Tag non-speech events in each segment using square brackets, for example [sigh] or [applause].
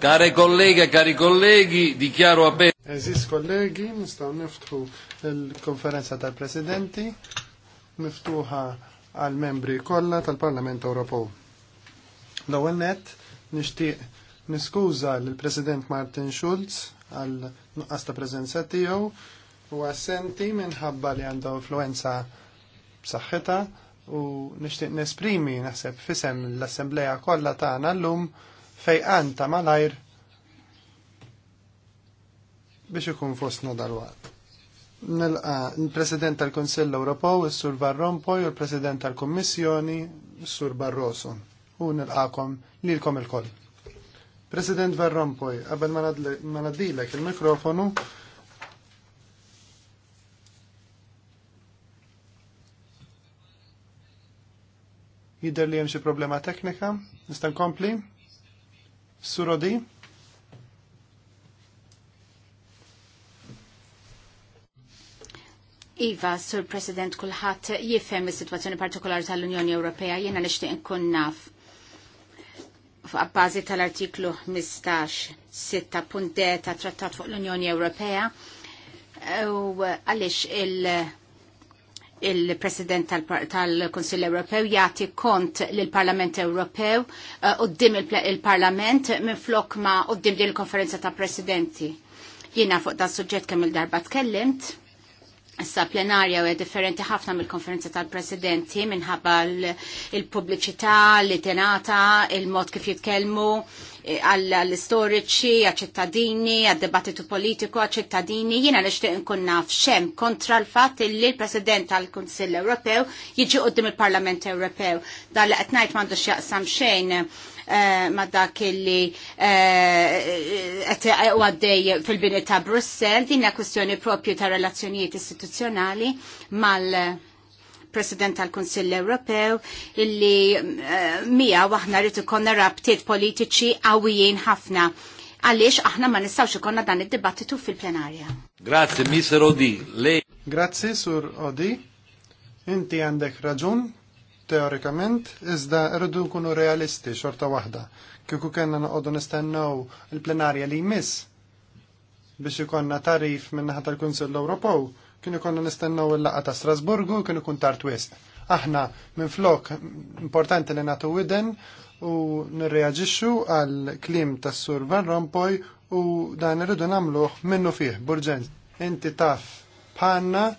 Care kollega, cari colleghi, dichiaro aperto. Eżis kollegi, nistaw niftħu il konferenza tal-presidenti, miftuħa għal-membri kollha tal-Parlament Ewropew. L-ewwel net nixtieq niskuża lill-President Martin Schulz għal nuqqas ta' preżenza tiegħu u assenti minħabba li għandu influenza b'saħħitha u nixtieq nesprimi naħseb fisem l-Assembleja kollha tagħna llum fejqan ta' malajr biex ikun fostna dal-waqt. Nilqa ah, il-President tal-Konsill Ewropew, is-Sur Van Rompuy u l-President tal-Kummissjoni, is-Sur Barroso. U nilqakom lilkom il-koll. President Van Rompuy, qabel ma nadilek il-mikrofonu, Jidher li hemm xi problema teknika, nista' nkompli? Surodi? Iva, Sur President, kulħadd jifhem is-sitwazzjoni partikolari tal-Unjoni Ewropea jiena nixtieq nkun naf f'abbażi tal-artiklu 15.6.d ta' Trattat fuq l-Unjoni Ewropea u għaliex il- il-President tal-Konsil tal Ewropew jagħti kont lill-Parlament Ewropew qudiem uh, il-Parlament il minflok ma qudiem din il-konferenza ta' Presidenti. Jina fuq dan suġġett kemm il-darba tkellimt. Issa plenarja u differenti ħafna mill-konferenza tal-presidenti minħabba l-pubbliċità li tenata, il-mod kif jitkellmu, għall-istoriċi, għal-ċittadini, għal-debattitu politiku, għal-ċittadini, jina li xtiq nkun naf xem kontra l-fat li l-President tal-Kunsill Ewropew jiġi għoddim il-Parlament Ewropew. Dalla li għetnajt mandu xjaqsam xejn eh, ma dak li eh, għaddej fil-bini ta' Brussel, dinna kwestjoni propju ta' relazzjonijiet istituzzjonali mal- President tal-Kunsill Ewropew illi eh, mija waħna rritu konna rabtiet politiċi għawijin ħafna. Għaliex aħna ma nistawx ikonna dan id-dibattitu fil-plenarja. Grazie, Mr. Odi. Grazie, Sur Odi. Inti għandek raġun, teorikament, iżda rridu nkunu realisti xorta waħda. Kieku kena noqogħdu nistennew il-plenarja li jmiss biex ikonna tarif minnaħat tal-Kunsill Ewropew kienu konna nistennaw il-laqa ta' Strasburgu, kienu kun tart Aħna minn flok importanti li natu widen u nirreagġixxu għal klim tas sur Van Rompuy u dan irridu namluħ minnu fih, burġen. Inti taf panna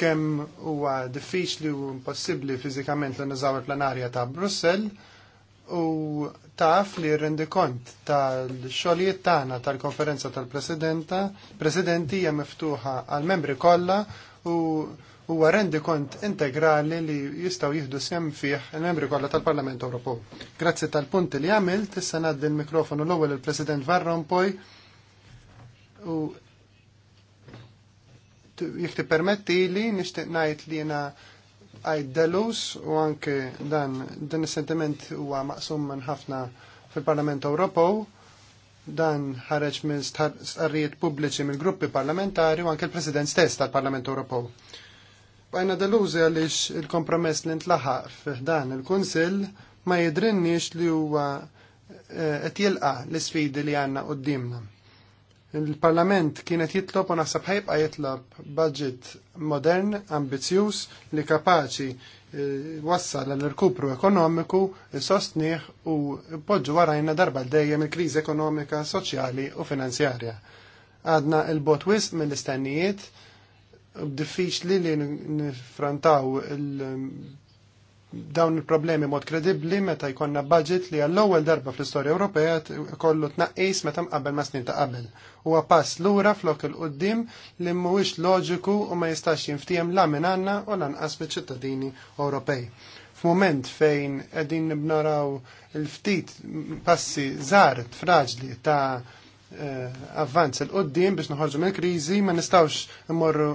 kemm huwa diffiċli u impossibbli fiżikament li niżaw il-planarja ta' Brussell, u taf li rendi kont tal-xogħlijiet tagħna tal-konferenza tal-presidenta, presidenti hija miftuħa għal-membri kollha u huwa rendi kont integrali li jistgħu jieħdu sem fih il-membri kollha tal-Parlament Ewropew. Grazzi tal-punti li għamilt, issa ngħaddi l-mikrofonu l-ewwel il-President Van Rompuy u jekk tippermetti li nixtieq ngħid li jiena għajdelus u anke dan dan is-sentiment huwa maqsum minn ħafna fil-Parlament Ewropew dan ħareġ minn stqarrijiet pubbliċi mill gruppi parlamentari u anke l-President stess tal-Parlament Ewropew. Bajna Deluzi għaliex il-kompromess li ntlaħaq f'dan il-Kunsill ma jidrinnix li huwa eh, qed jilqa' l-isfidi li għandna qudiemna. Il-Parlament kienet jitlob u nasab ħajbqa jitlob budget modern, ambizjuż li kapaċi eh, wassal l-rkupru ekonomiku, sostniħ u poġġu warajna darba l-dejjem il-kriżi ekonomika, soċjali u finanzjarja. Għadna il-bot wisq mill-istennijiet, b'diffiċ li li nifrantaw il dawn il-problemi mod kredibbli meta jkollna budget li għall-ewwel darba fl-istorja Ewropea kollu tnaqqis meta mqabbel ma' snin ta' qabel. Huwa pass lura flok il-qudiem li mhuwiex loġiku u ma jistax jinftijem la minn għandna u lanqas biċ ċittadini Ewropej. F'mument fejn qegħdin nibnaraw il-ftit passi żgħar fraġli ta' Eh, avvanz il-qoddim biex noħorġu mill kriżi ma nistawx immorru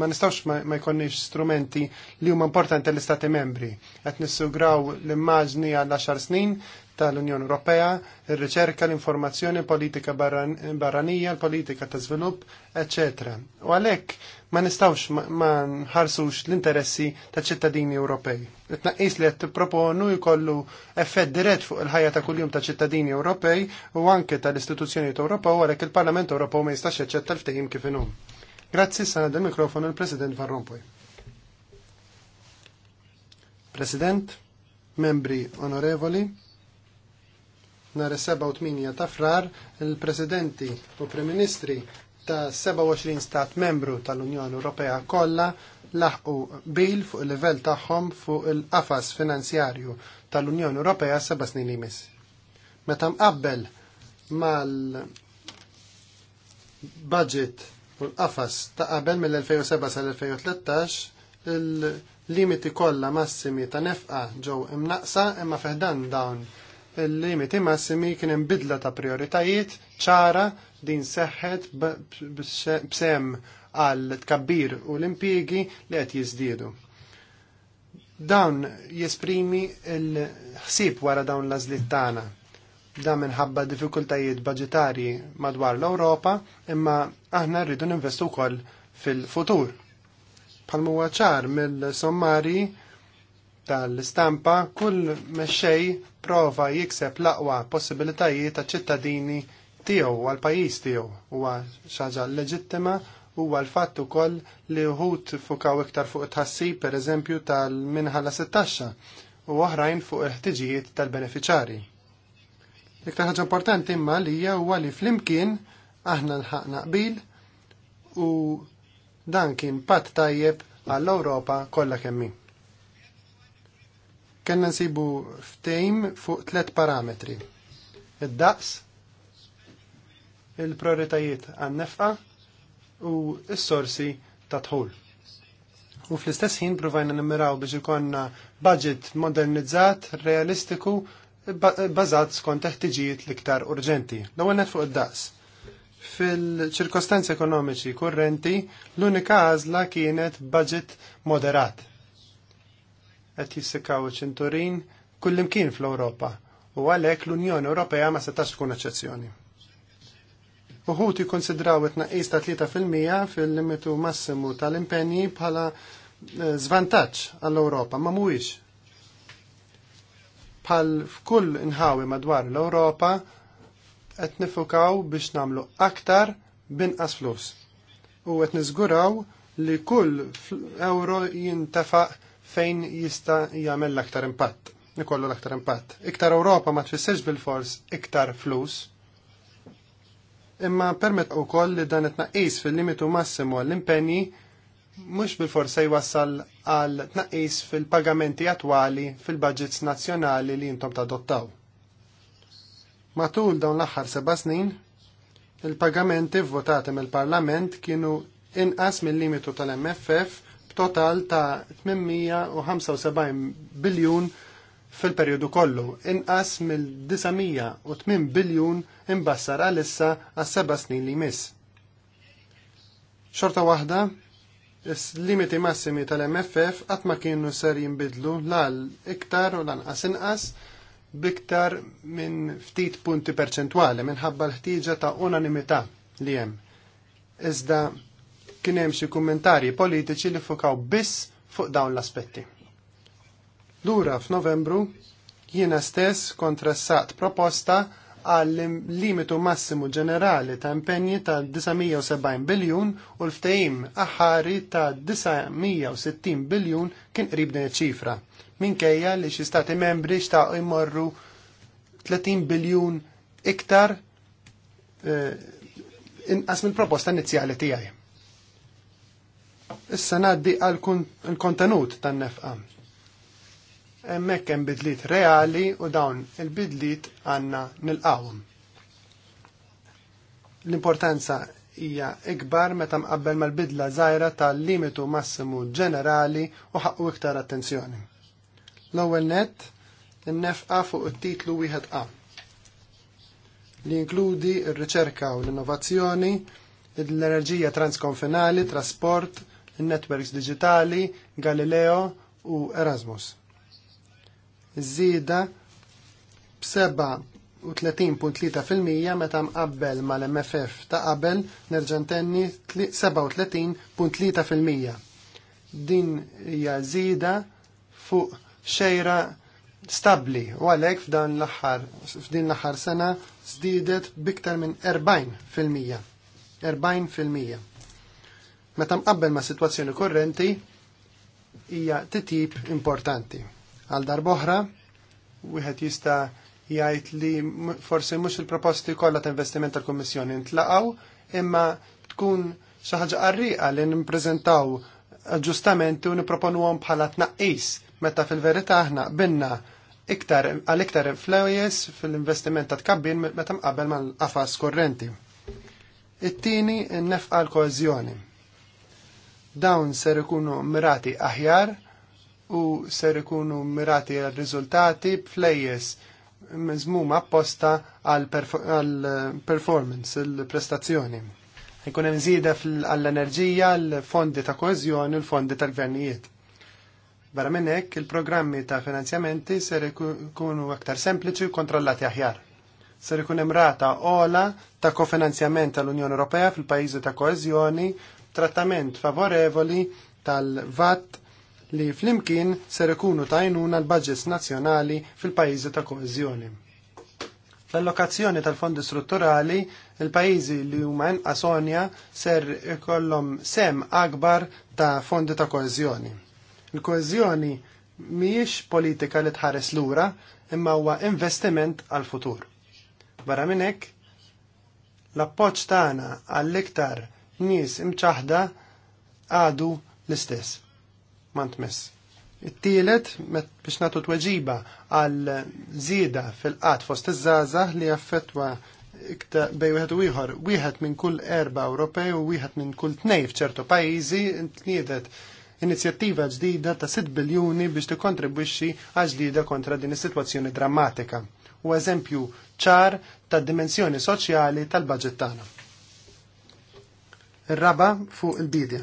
ma nistawx ma jkollniex strumenti li huma importanti l istati membri. Qed nissugraw l-immaġni għal 10 snin tal-Unjoni Ewropea, ir-riċerka, l-informazzjoni, politika barranija, l-politika ta' żvilupp, ecc. U għalhekk ma nistgħux ma nħarsux l-interessi ta' ċittadini Ewropej. It-tnaqqis li qed tipproponu jkollu effett dirett fuq il-ħajja ta' kuljum ta' ċittadini Ewropej u anke tal-istituzzjonijiet Ewropew għalhekk il-Parlament Ewropew ma jistax jaċċetta l-ftehim kif inhom. Grazzi sana del mikrofonu il-President Van Rompuy. President, membri onorevoli, nhar 7 ta' frar il-presidenti u prim-ministri ta' 27 stat membru tal-Unjoni Ewropea kollha laħqu bil fuq il-livell tagħhom fuq il-qafas finanzjarju tal-Unjoni Ewropea seba' snin imis. jmiss. Meta mqabbel mal-budget u l-qafas ta' qabel mill-2007 sal-2013 il-limiti kollha massimi ta' nefqa ġew imnaqsa imma feħdan dawn il-limiti massimi kien hemm bidla ta' prioritajiet ċara din seħħet b'sem għal tkabbir u l-impjiegi li qed jiżdiedu. Dawn jesprimi l-ħsieb wara dawn l-għażliet tagħna. Dan minħabba diffikultajiet budġetarji madwar l-Ewropa, imma aħna rridu ninvestu wkoll fil-futur. Palmu ċar mill-sommari tal-istampa kull mexxej prova jikseb l-aqwa possibilitajiet ta' ċittadini tiegħu għal pajjiż tiegħu huwa xaġa leġittima huwa l-fatt ukoll li wħud fukaw iktar fuq tħassib pereżempju tal-minħala 16 u oħrajn fuq il-ħtiġijiet tal-beneficjari. L-iktar ħaġa importanti imma li hija huwa li flimkien aħna nħaqna qbil u dan kien patt tajjeb għall-Ewropa kollha kemm Kenna nsibu ftejm fuq tlet parametri. Id-daqs, il-prioritajiet għan-nefqa u s-sorsi ta' tħul. U fl-istess ħin provajna nimmiraw biex ikonna budget modernizzat, realistiku, bazat skont teħtiġijiet l-iktar urġenti. L-ewwel fuq id-daqs fil-ċirkostanzi ekonomiċi kurrenti, l-unika għażla kienet budget moderat qed jissikaw iċ-ċinturin kullimkien fl-Ewropa u għalhekk l-Unjoni Ewropea ma setax tkun eċċezzjoni. Uħut jikkonsidraw it-tnaqqis ta' 3% fil-limitu massimu tal-impenji bħala eh, zvantaġġ għall-Ewropa, ma mhuwiex. Bħal f'kull inħawi madwar l-Ewropa qed nifukaw biex nagħmlu aktar binqas flus u qed niżguraw li kull euro jintafaq fejn jista' jagħmel l-aktar impatt, nikollu l-aktar impatt. Iktar Ewropa ma tfissirx bil-fors iktar flus. Imma permet ukoll li dan it naqis fil-limitu massimu għall-impenji mux bil se jwassal għal tnaqis fil-pagamenti attwali fil-budgets nazjonali li jintom tadottaw. Matul dawn l aħħar seba' snin, il-pagamenti votati mill-Parlament kienu inqas mill-limitu tal-MFF b'total ta' 875 biljun fil-periodu kollu, inqas mill-908 biljun imbassar għalissa għas seba snin li jmiss. Xorta waħda, s-limiti massimi tal-MFF qatt ma kienu ser jinbidlu l-għal iktar u lanqas inqas biktar minn ftit punti perċentwali minħabba l-ħtieġa ta' unanimità li hemm. Iżda kien hemm xi kummentarji politiċi li fokaw biss fuq dawn l-aspetti. Lura f'Novembru jiena stess kontrassat proposta għal limitu massimu ġenerali ta' impenji ta' 970 biljun u l-ftehim aħari ta' 960 biljun kien qrib din iċ-ċifra. Minkejja li xi stati membri xtaqgħu jmorru 30 biljun iktar eh, inqas mill-proposta inizjali tiegħi Issa naddi għal kontenut tan-nefqa. Hemmhekk hemm bidliet reali u dawn il-bidliet għandna nilqawhom. L-importanza hija ikbar meta mqabbel mal-bidla żgħira tal-limitu massimu ġenerali u ħaqqu iktar attenzjoni. L-ewwel net innefqa fuq it-titlu wieħed A li jinkludi r-riċerka u l-innovazzjoni, l-enerġija transkonfinali, trasport, il-networks digitali, Galileo u Erasmus. Zida b-37.3% meta mqabbel mal-MFF ta' qabel nerġantenni 37.3%. Din hija zida fuq xejra stabli u għalhekk f'dan l-aħħar f'din l-aħħar sena żdiedet biktar minn 40%. 40%. Meta mqabbel ma' situazzjoni korrenti hija titjib importanti. Għal darboħra, wieħed jista' jgħid li forsi mhux il-proposti kollha ta' investiment tal-Kummissjoni ntlaqgħu, imma tkun xi ħaġa qarriqa li nippreżentaw aġġustamenti u nipproponuhom bħala tnaqqis meta fil-verità aħna binna iktar għal iktar flowjes fil-investiment ta' tkabbin meta mqabbel mal-qafas korrenti. It-tieni nnefqa l-koeżjoni Dawn ser ikunu mirati aħjar u ser ikunu mirati għal riżultati flejjes mizmum apposta għal eh, performance, il-prestazzjoni. Ikun hemm żieda għall-enerġija, l-fondi ta' koeżjoni, l-fondi tal-gvernijiet. Barra minn hekk, il-programmi ta' finanzjamenti ser ikunu aktar sempliċi u kontrollati aħjar. Ser ikun hemm rata ola ta' kofinanzjament tal-Unjoni Ewropea fil-pajjiżi ta' koeżjoni trattament favorevoli tal-VAT li flimkien ser ikunu tajnuna l-budgets nazzjonali fil-pajjiżi ta' koezjoni. L-allokazzjoni tal-fondi strutturali, il-pajjiżi li huma asonja ser ikollhom sem akbar ta' fondi ta' koezjoni. il koezjoni mhijiex politika li tħares lura, imma huwa investiment għal futur. Barra minn hekk, l-appoġġ tagħna għall-iktar nies imċaħda għadu l-istess. Ma tmess. It-tielet, biex nagħtu tweġiba għal żieda fil-qat fost iż-żgħażagħ li jaffettwa bej wieħed u ieħor, wieħed minn kull erba' Ewropej u wieħed minn kull tnej f'ċertu pajjiżi tniedet inizjattiva ġdida ta' 6 biljuni biex tikkontribwixxi għal ġdida kontra din is-sitwazzjoni drammatika. U eżempju ċar tad dimensjoni soċjali tal-baġġett tagħna. Ir-raba fuq il-bidja.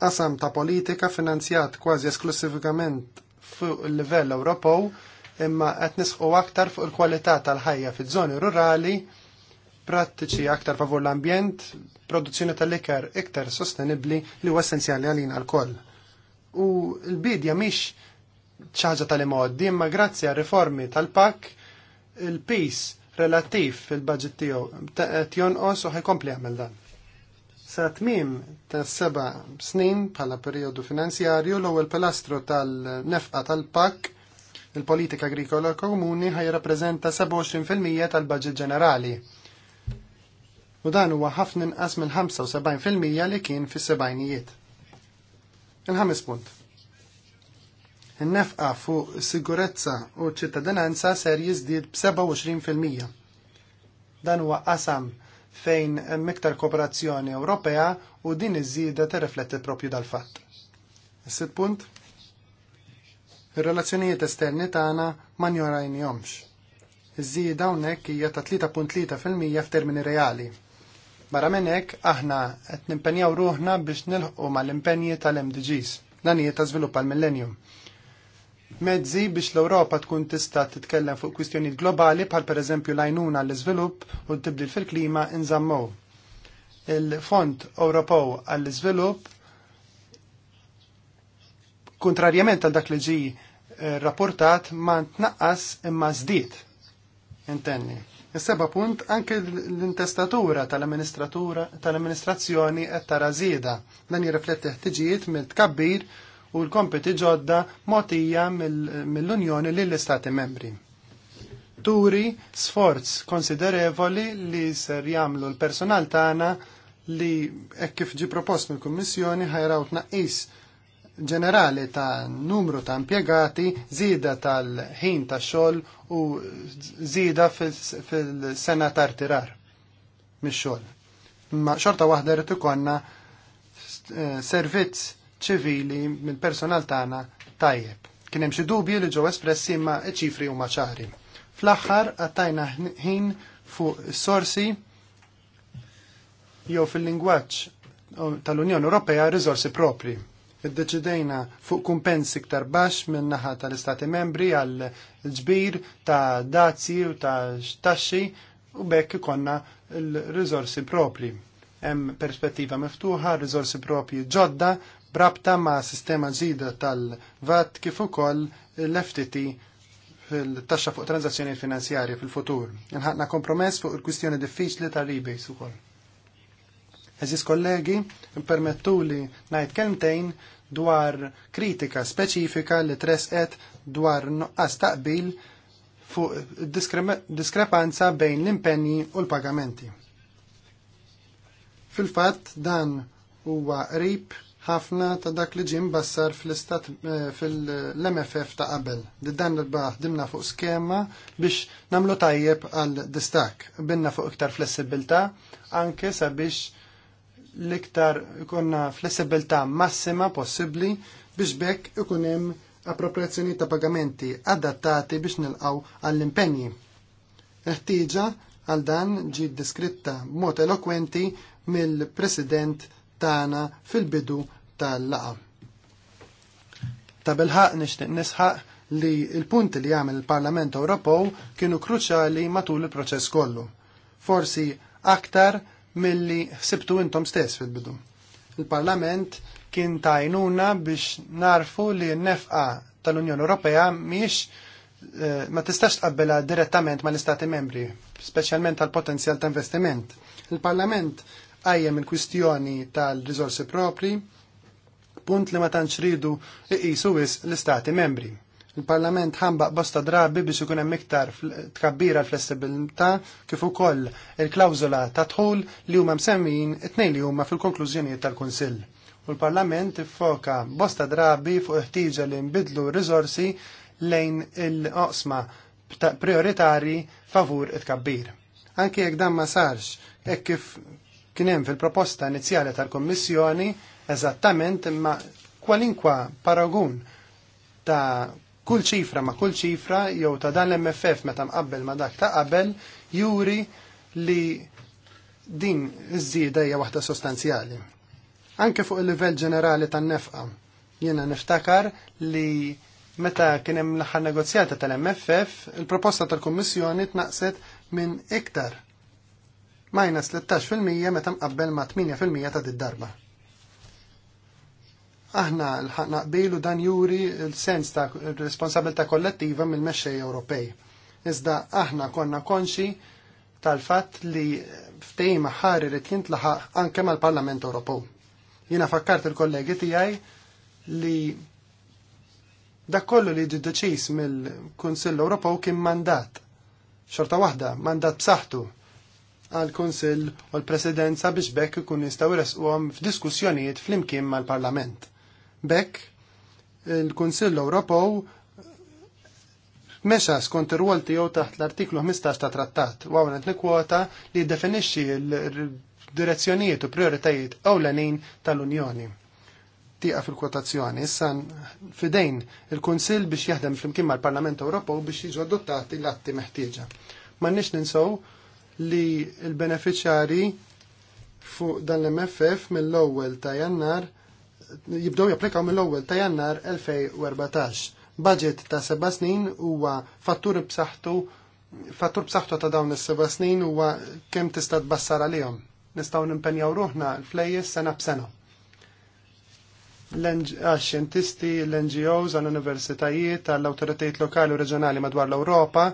Qasam ta' politika finanzjat kważi esklusivament fuq il-livell Ewropew imma qed nisħu aktar fuq il-kwalità tal-ħajja fiż-żoni rurali, prattiċi aktar favur l-ambjent, produzzjoni tal-iker iktar sostenibbli li huwa essenzjali għalin għal-koll. U l-bidja mhix ċaġa tal-imoddi, imma grazzi għal riformi tal-pak il-pis relattiv fil-budget tiegħu qed jonqos u ħajkompli jagħmel dan. Sa tmim ta' seba snin bħala periodu finanzjarju l-ewwel pilastru tal-nefqa tal-pak il-politika agrikola komuni ħaj rappresenta 27% tal-budget ġenerali. U dan huwa ħafna inqas minn 75% li kien fis-sebgħinijiet. Il-ħames punt. In-nefqa fuq sigurezza u ċittadinanza ser jiżdied b'27%. Dan huwa qasam fejn hemm iktar kooperazzjoni Ewropea u din iż-żieda tirrifletti propju dal-fatt. Is-sitt punt? Ir-relazzjonijiet esterni tagħna ma njorajnihomx. Iż-żieda hawnhekk hija ta' 3.3 fil-mija f'termini reali. Barra minn hekk aħna qed nimpenjaw ruħna biex nilħqu mal-impenji tal-MDGs, dan hija ta' żvilupp għall-millennium mezzi biex l-Ewropa tkun tista' titkellem fuq kwistjonijiet globali bħal pereżempju l-għajnuna l-iżvilupp u t-tibdil fil-klima inżammow. Il-Fond Ewropew għall-iżvilupp kontrarjament għal dak li ġi eh, rapportat ma tnaqqas imma żdied. Intenni. Is-seba punt anke l-intestatura tal-amministratura tal-amministrazzjoni qed tara żieda. Dan jirrifletti ħtiġijiet mill-tkabbir u l-kompeti ġodda motija mill-Unjoni lill-Istati membri. Turi sforz konsiderevoli li ser jagħmlu l-personal tagħna li hekk kif ġi propost mill-Kummissjoni ħajraw tnaqis ġenerali ta' numru ta' impiegati, zida tal-ħin ta' xogħol u zida fil-sena ta' rtirar mix xogħol. Ma xorta waħda rritu konna eh, servizz ċivili mill-personal tagħna tajjeb. Kien hemm xi dubji li ġew espressi imma ċifri huma ċari. Fl-aħħar għattajna ħin fuq sorsi jew fil-lingwaġġ tal-Unjoni Ewropea riżorsi propri. Iddeċidejna fuq kumpensi iktar baxx minn naħa tal-Istati membri għal ġbir ta' dazzi u ta' taxxi u bekk ikonna l-riżorsi propri. Hemm perspettiva miftuħa, riżorsi propri ġodda brabta ma' sistema ġdida tal-VAT kif ukoll l-FTT fil-taxxa fuq transazzjoni finanzjarji fil-futur. Inħatna kompromess fuq il-kwistjoni diffiċli tal-rebates ukoll. Eżis kollegi, permettu li najt kelmtejn dwar kritika speċifika li tresqet dwar nuqqas taqbil fuq diskrepanza bejn l-impenni u l-pagamenti. Fil-fatt dan huwa qrib ħafna ta' dak li ġim bassar fil-istat eh, fil-MFF ta' qabel. Diddan l-baħ dimna fuq skema biex namlu tajjeb għal distak. Binna fuq iktar flessibilta, anke sabiex l-iktar ikonna flessibilta massima possibli biex bekk ikunem appropriazzjoni ta' pagamenti adattati biex nilqaw għall-impenji. Ħtieġa għal dan ġi diskritta b'mod elokwenti mill-President Tana fil-bidu tal-laqa. Ta' bilħaq nixtieq nisħaq li il-punti li jagħmel il-Parlament Ewropew kienu kruċjali matul il-proċess kollu. Forsi aktar milli ħsibtu intom stess fil-bidu. Il-Parlament kien tajnuna biex narfu li n-nefqa tal-Unjoni Ewropea miex eh, ma tistax tqabbela direttament mal istati membri, speċjalment tal potenzjal ta' investiment. Il-Parlament għajja il-kwistjoni tal-rizorsi propri, punt li ma tantx ridu iqisu wis l-istati membri. Il-Parlament ħambaq bosta drabi biex ikun hemm iktar tkabbira l-flessibilità kif ukoll il-klawżola ta' dħul li huma msemmin it-tnejn li huma fil-konklużjonijiet tal-Kunsill. U l-Parlament iffoka bosta drabi fuq ħtieġa li nbidlu riżorsi lejn il-oqsma prioritari favur it-kabbir. Anke jekk dan ma sarx, hekk kif kien hemm fil-proposta inizjali tal-Kommissjoni eżattament imma kwalinkwa paragun ta' kull ċifra ma' kull ċifra jew ta' dan l-MFF meta mqabbel ma' dak ta' qabel juri li din iż-żieda hija waħda sostanzjali. Anke fuq il-livell ġenerali tan-nefqa jiena niftakar li meta kien hemm l-aħħar negozjata tal-MFF, il-proposta tal-Kummissjoni tnaqset minn iktar minus 13% meta mqabbel ma' 8% ta' darba Aħna l-ħakna qbilu dan juri l-sens ta' responsabilta' kollettiva mill-mexxej Ewropej. Iżda aħna konna konxi tal-fatt li ftejma ħari li jintlaħaq anke mal-Parlament Ewropew. Jiena fakkart il-kollegi tiegħi li dak kollu li ġiddeċis mill-Kunsill Ewropew kien mandat. Xorta waħda, mandat b'saħħtu għal kunsill u l-Presidenza biex bekk ikun jistgħu jresquhom f'diskussjonijiet flimkien mal-Parlament. Bekk il-Kunsill Ewropew mexa skont ir-rwol tiegħu taħt l-artiklu 15 ta' trattat u għawnet kwota li jiddefinixxi l-direzzjonijiet u prioritajiet ewlenin tal-Unjoni. Tieqa fil-kwotazzjoni issa fidejn il-Kunsill biex jaħdem flimkien mal-Parlament Ewropew biex jiġu adottati l-atti meħtieġa. Ma nix ninsow li l-beneficjari fuq dan l-MFF mill-ewwel ta' jannar jibdew japplikaw mill-ewwel ta' jannar 2014. Budget ta' seba' snin huwa fattur b'saħħtu fattur b'saħħtu ta' dawn is-seba' snin huwa kemm tista' tbassar għalihom. Nistgħu nimpenjaw ruħna l-flejjes sena b'sena. L-xjentisti, l-NGOs, għall-universitajiet, għall-awtoritajiet lokali u reġjonali madwar l-Ewropa,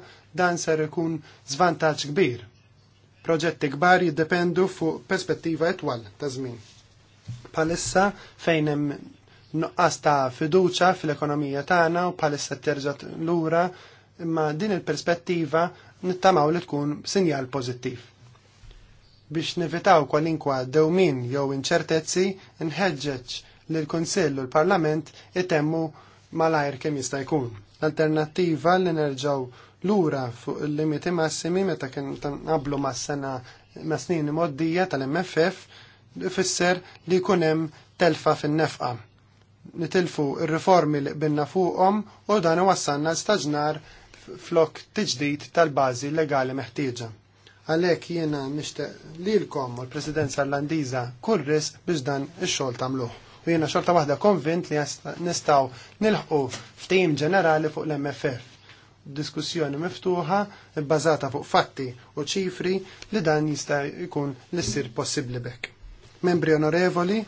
dan ser ikun żvantaġġ kbir Proġetti kbar jiddependu fuq perspettiva etwal ta' żmien. Palissa fejn hemm nuqqas ta' fiduċa fil-ekonomija tagħna u palissa terġa' lura imma din il-perspettiva nittamaw li tkun sinjal pożittiv biex nevitaw kwalinkwa dewmin jew inċertezzi nħeġġeġ li l-Konsill u l-Parlament itemmu malajr kemm jista' jkun. L-alternattiva li nerġgħu lura fuq il-limiti massimi meta kien tanqablu mas-sena ma' snin moddija tal-MFF ifisser li jkun hemm telfa fin-nefqa. Nitilfu ir-riformi li qbilna fuqhom u dan wassalna l-staġnar flok tiġdid tal-bażi legali meħtieġa. Għalhekk jiena nixtieq lilkom u l-Presidenza Irlandiża kull risq biex dan ix-xogħol tagħmluh u jiena xorta waħda konvint li nistgħu nilħqu ftim ġenerali fuq l-MFF diskussjoni miftuħa bbażata fuq fatti u ċifri li dan jista' jkun l-issir possibbli bekk. Membri onorevoli,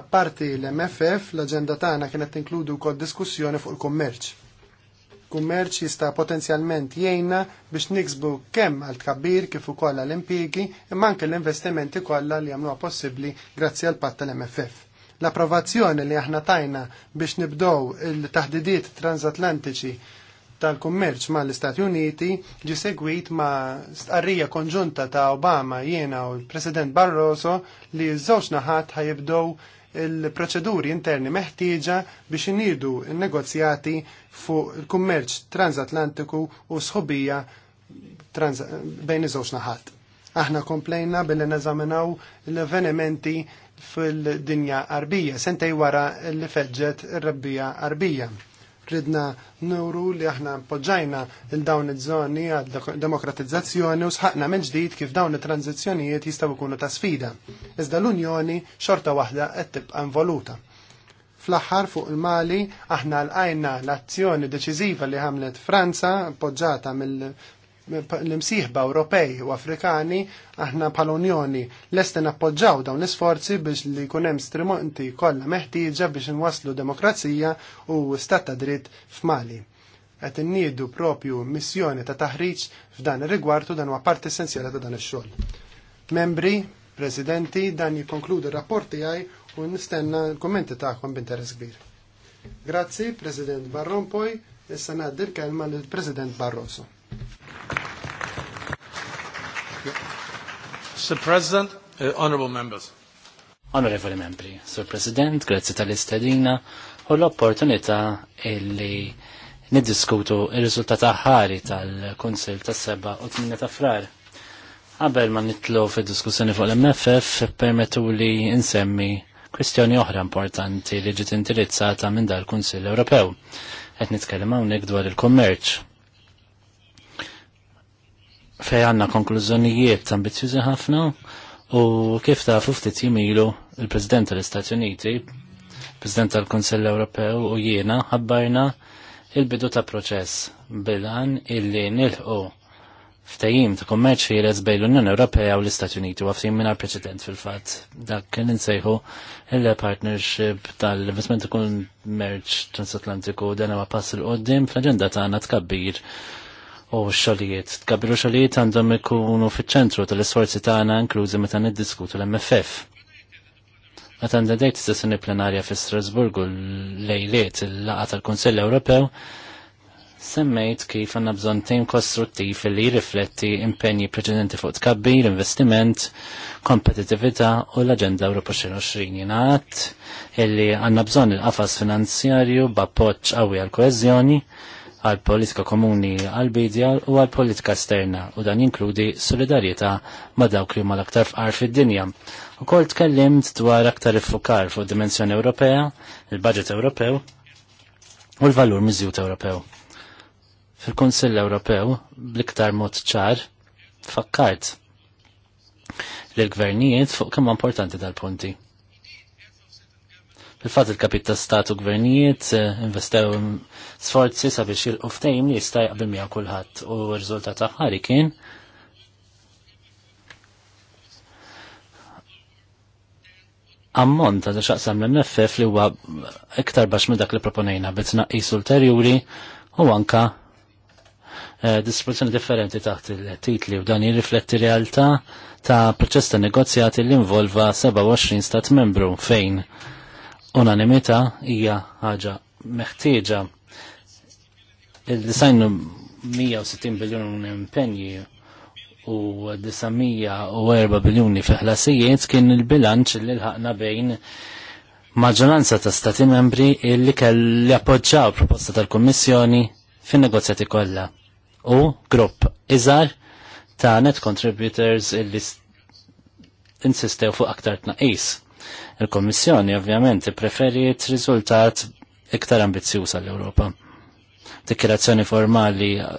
apparti l-MFF, l-agenda tagħna kienet tinkludu wkoll diskussjoni fuq il-kummerċ. Kummerċ jista' potenzjalment jgħinna biex niksbu kemm għal tkabbir kif ukoll għal impjiegi imma anke l-investimenti kollha li jagħmluha possibbli grazzi għal patt tal-MFF l-approvazzjoni li aħna tajna biex nibdow il-taħdidiet transatlantiċi tal-kummerċ ma l-Istati Uniti ġi segwit ma stqarrija konġunta ta' Obama jiena u l-President Barroso li ż-żewġ naħat ħajibdow il-proċeduri interni meħtieġa biex inidu il-negozjati fuq il-kummerċ transatlantiku u sħobija trans bejn iż-żewġ naħat. Aħna komplejna billi neżaminaw l-avvenimenti fil-dinja arbija, sentej wara li feġġet ir-rebbija arbija ridna nuru li aħna poġġajna il-dawn iż-żoni għad demokratizzazzjoni u sħaqna minn ġdid kif dawn it-tranzizzjonijiet jistgħu jkunu ta' sfida. Iżda l-Unjoni xorta waħda qed tibqa' involuta. Fl-aħħar fuq il-Mali aħna lqajna l-azzjoni deċiżiva li ħamlet Franza poġġata mill l-imsieħba Ewropej u Afrikani aħna bħal Unjoni lest nappoġġaw dawn l-isforzi biex li jkun hemm strimonti kollha meħtieġa biex inwasslu demokrazija u stat ta' dritt f'Mali. Qed inniedu propju missjoni ta' taħriġ f'dan ir-rigward u dan huwa parti essenzjali ta' dan ix-xogħol. Membri, Presidenti, dan jikkonkludi r-rapport tiegħi u nistenna l-kummenti tagħkom b'interess kbir. Grazzi, President Barrompoj, issa ngħaddi l-kelma lill-President Barroso. Sir President, uh, Honorable Members. Onorevoli Membri, Sir President, grazie tal-istedina u l-opportunità illi niddiskutu il-rizultat ħari tal-Konsil tas seba u 8 ta' frar. Qabel ma nitlu fi diskussjoni fuq l-MFF, permetu li insemmi kwestjoni oħra importanti li ġiet indirizzata minn dal-Kunsill Ewropew. Qed nitkellem hawnhekk dwar il-kummerċ fej għanna konklużjonijiet ambizjużi ħafna u kif ta' ftit jimilu il-President tal-Istati Uniti, President tal-Konsell Ewropew u jiena ħabbarna il-bidu ta' proċess bilan illi nilħu ftajim ta' kummerċ ħieles bejn l-Unjoni Ewropea u l-Istati Uniti u għaftim minn preċedent fil-fatt. Dak kien insejħu il-partnership tal-investment u kummerċ transatlantiku dan huwa pass il qoddim fl-aġenda tagħna tkabbir u xogħlijiet. Tkabbilu xogħlijiet għandhom ikunu fiċ-ċentru tal-isforzi tagħna inklużi meta niddiskutu l-MFF. Meta ndedejt sessjoni plenarja fi Strasburgu lejliet il-laqa tal-Kunsell Ewropew, semmejt kif għanna bżon tim kostruttiv li jirrifletti impenji preċedenti fuq tkabbir, investiment, kompetitività u l-Aġenda Ewropa 2020 jingħat illi għanna bżon il-qafas finanzjarju b'appoġġ qawwi għal koeżjoni għal politika komuni għal bidja u għal politika esterna u dan jinkludi solidarieta ma dawk li huma l-aktar fqar fid-dinja. Ukoll tkellimt dwar aktar iffukar fuq dimensjoni Ewropea, il-budget Ewropew u l-valur miżjut Ewropew. Fil-Kunsill Ewropew bliktar mod ċar fakkart l-gvernijiet fuq kemm importanti dal-punti. Fil-fat il-kapit ta' statu gvernijiet eh, investew sforzi sabiex il uftajm li jista' jaqbel miegħu kulħadd u r-riżultat kien ammont għadda xaqsam l-MFF li huwa iktar bax minn dak li proponejna bit naqis ulterjuri u anka eh, dispozizjoni differenti taħt il-titli u dan jirrifletti realtà ta' proċess ta' negozjati li involva 27 stat membru fejn unanimità hija ħaġa meħtieġa. Il-design 160 biljun impenji u 904 biljuni fi ħlasijiet kien il-bilanċ li lħaqna bejn maġġoranza ta' stati membri illi kelli appoġġaw proposta tal kummissjoni fin negozjati kollha u grupp iżgħar ta' net contributors illi insistew fuq aktar tnaqis Il-Kommissjoni ovvjament preferiet riżultat iktar ambizzjuż għall europa Dikirazzjoni formali uh,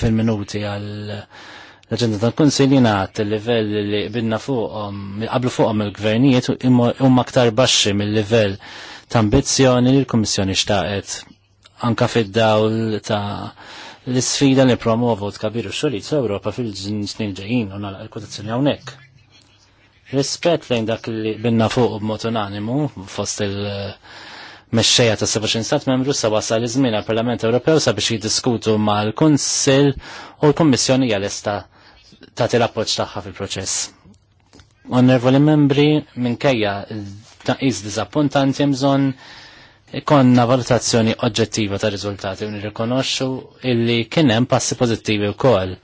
fil-minuti għal l-ġenda tal-Kunsil jingħat il-livell li binna fuqhom qablu fuqhom il-gvernijiet huma aktar baxxi mill-livell ta' ambizzjoni li l-Kummissjoni xtaqet anka fid-dawl ta' l-sfida li promovu tkabiru xogħlijiet l-Ewropa fil-ġnien ġejjin u nagħlaq il-kwotazzjoni hawnhekk rispett lejn dak li binna fuq b'mod unanimu fost il- mexxejja ta' 27 stat membru sa wasal iż-żmien għall-Parlament Ewropew sabiex jiddiskutu mal-Kunsill u l-Kummissjoni għal-esta tagħti l-appoġġ tagħha fil-proċess. Onorevoli membri, minkejja taqis diżappuntanti hemm bżonn ikonna valutazzjoni oġġettiva ta' riżultati u nirrikonoxxu illi kien hemm passi pożittivi wkoll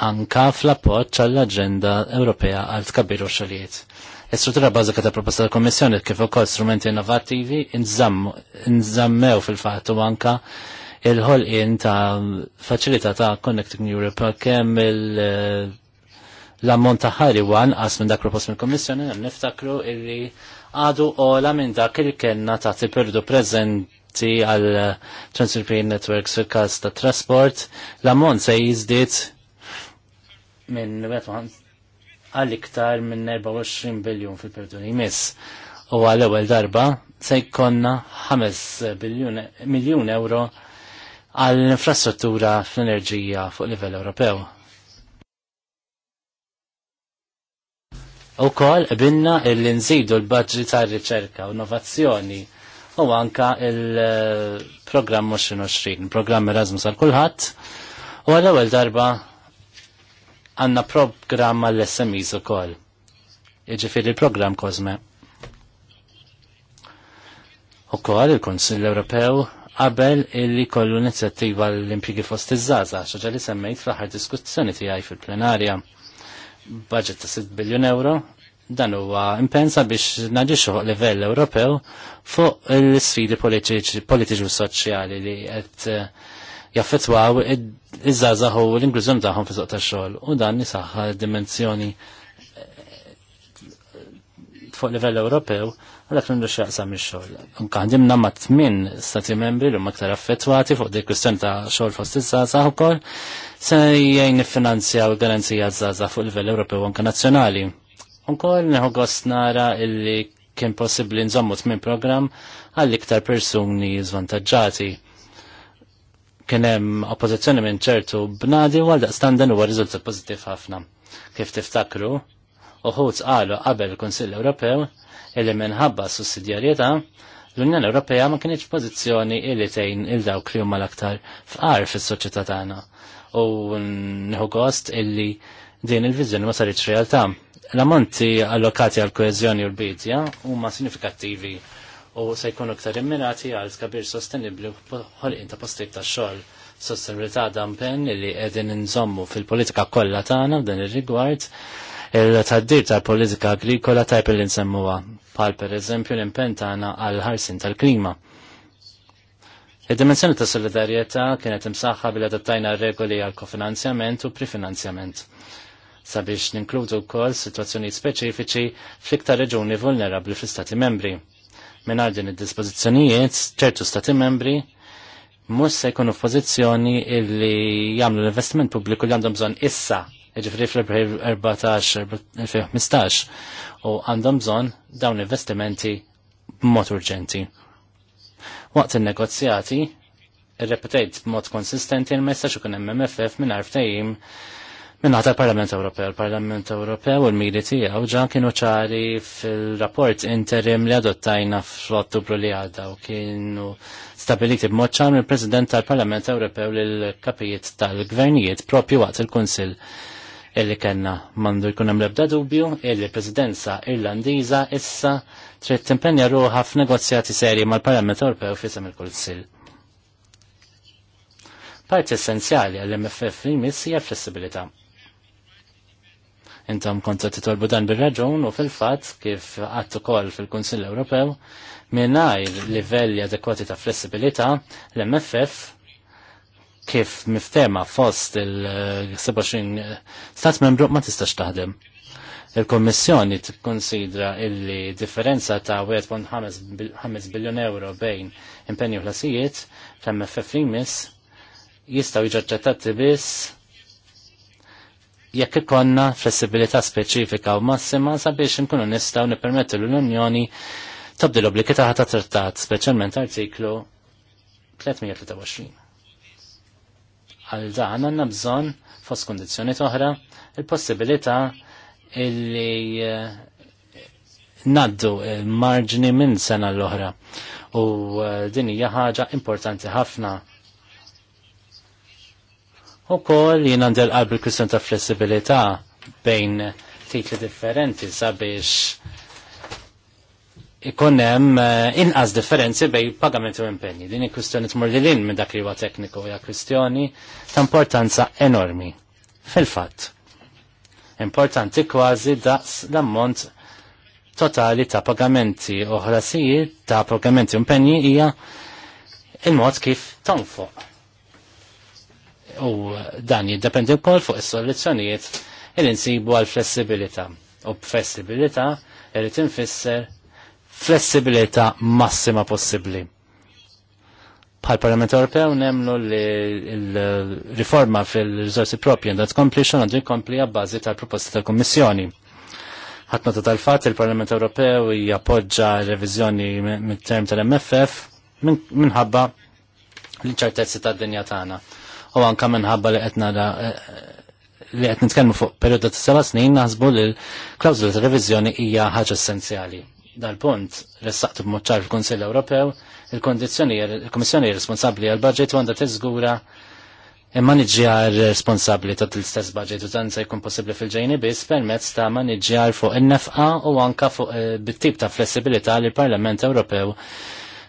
anka fl-appoġġ għall-Aġenda Ewropea għal tkabbir xogħlijiet. Is-struttura bażika ta' proposta tal-Kommissjoni kif ukoll strumenti innovattivi nżammew fil-fatt u anka il-ħolqien ta' faċilità ta' Connecting Europe kemm il- l-ammont ta' ħari wan qas minn dak propost mill-Kommissjoni niftakru li għadu ola minn dak il kellna ta' perdu prezenti għal Trans-European Networks fil-każ ta' trasport, l-ammont se jiżdied minn għal-iktar minn 24 biljon fil pertuni miss jmiss. U għal-ewel darba se jkonna 5 miljun euro għall-infrastruttura fl-enerġija fuq livell Ewropew. U kol binna il-nżidu l-budget ta' riċerka u innovazzjoni u anka il-programm 2020, il-programm Erasmus għal kulħadd u għal-ewwel darba għanna programm għall-SMEs u kol. Iġifir il-programm kozme. U kol il-Konsil Ewropew qabel illi kollu inizjattiva l-impjigi fost iż-żaza, xaġa li semmejt fl-aħħar diskussjoni tiegħi fil-plenarja. Budget ta' 6 biljun euro, dan huwa impensa biex naġixxu fuq livell Ewropew fuq l-sfidi politiċi u soċjali li qed eh, jaffetwaw iż-żazaħu l-Ingliżem tagħhom fi suq tax-xogħol u dan nisaħħa dimensjoni eh, fuq livell Ewropew għalhekk nindu x'jaqsam ix-xogħol. Nkaħdimna ma' tmien stati membri li huma aktar affettwati fuq dik kwistjoni ta' xogħol fost iż-żazaħ ukoll se jgħin u garanzija żgħażagħ fuq livell Ewropew anke nazzjonali. Ukoll neħu gost nara illi kien possibbli nżommu tmien programm għall iktar persuni zvantagġati kien hemm oppożizzjoni minn ċertu bnadi u għaldaq standan huwa riżultat pożittiv ħafna. Kif tiftakru, uħuċ qalu qabel il-Kunsill Ewropew illi minħabba sussidjarjetà l-Unjoni Ewropea ma kienieċ pożizzjoni illi tejn il dawk li huma l-aktar fqar fis-soċjetà tagħna. U nħu gost illi din il vizjoni ma saritx realtà. L-ammonti allokati għal koeżjoni u l-bidja huma sinifikattivi u se jkunu aktar immirati għal skabir sostenibli u ħolqin ta' postijiet ta' xogħol. Sostenibilità dan pen li qegħdin inżommu fil-politika kollha tagħna f'dan ir-rigward il-taddir tal-politika agrikola tajp li nsemmuha bħal pereżempju l-impenn tagħna għal ħarsin tal-klima. Id-dimensjoni ta' solidarjetà kienet imsaħħa bil adattajna regoli għal kofinanzjament u prifinanzjament sabiex ninkludu wkoll sitwazzjonijiet speċifiċi fl-iktar reġuni vulnerabbli fl-Istati membri minar din id dispozizjonijiet ċertu stati membri mhux se jkunu f'pożizzjoni illi jagħmlu l-investiment pubbliku li għandhom bżonn issa ġifri fl 14 15 u għandhom bżon dawn investimenti b'mod urġenti. Waqt il-negozjati, il-repetajt b'mod konsistenti il-messaċ u kunem MFF minn arftajim Minna l Parlament Ewropew, il-Parlament Ewropew u l-miri tiegħu ġan kienu ċari fil-rapport interim li adottajna fl-Ottubru li għadda u kienu stabiliti b'mod ċar mill-President tal-Parlament Ewropew lil kapijiet tal-gvernijiet propju waqt il-Kunsill illi kellna mandu jkun hemm l-ebda dubju illi presidenza Irlandiża issa trid timpenja ruħa f'negozjati serji mal-Parlament Ewropew fisem il-Kunsill. Parti essenzjali għall-MFF li hija flessibilità Intom kontu titolbu dan bil-raġun u fil-fat kif għattu kol fil-Kunsill Ewropew minnajr livelli adekwati ta' flessibilità l-MFF kif miftema fost il-27 stat membru ma tistax taħdem il-Kommissjoni tikkonsidra illi differenza ta' 1.5 biljon euro bejn impenju ħlasijiet fl-MFF jmiss jistaw jiġaċċettati biss jekk ikonna flessibilità speċifika u massima sabiex nkunu nistgħu nippermettu l-Unjoni tobdi l-obbligi tagħha ta' trattat, speċjalment artiklu 323. Għal dan għandna bżonn fost kondizzjonijiet oħra il-possibilità illi eh, naddu il-marġni minn sena l-oħra. U eh, din hija ħaġa importanti ħafna U kol jien għandel qalb il-kwistjon ta' flessibilità bejn titli differenti sabiex ikonem eh, inqas differenzi bej pagament u impenni. Din il kustjoni tmur li lin minn dak li huwa tekniku hija kwistjoni ta' importanza enormi. Fil-fatt. Importanti kważi daqs l-ammont totali ta' pagamenti u ħrasijiet ta' pagamenti u impenni hija il-mod kif tonfoq u dan jiddependi wkoll fuq is-soluzzjonijiet li nsibu għal flessibilità. U flessibilità irid infisser flessibilità massima possibbli. Bħal Parlament Ewropew nemlu li l-riforma fil-riżorsi propri għandha tkompli xogħol għandu jkompli għabbażi tal-proposti tal-Kummissjoni. Ħadd ta' tal-fatt il-Parlament Ewropew jappoġġa reviżjoni mit-term tal-MFF minħabba l-inċertezzi tad-dinja tagħna u anka minħabba li qed da eh, li qed nitkellmu fuq perjodu ta' seba' snin naħsbu li l-klawżula ta' reviżjoni hija ħaġa essenzjali. Dal-punt ressaqtu b'mod ċar fil konsil Ewropew, il komissjoni il-Kummissjoni responsabbli għal-budget u għandha tiżgura Il-manager e responsabli ta' l-istess budget u dan se jkun possibbli fil-ġejni biss permezz ta' manager fuq in-nefqa u anka fuq eh, bit-tip ta' flessibilità li l-Parlament Ewropew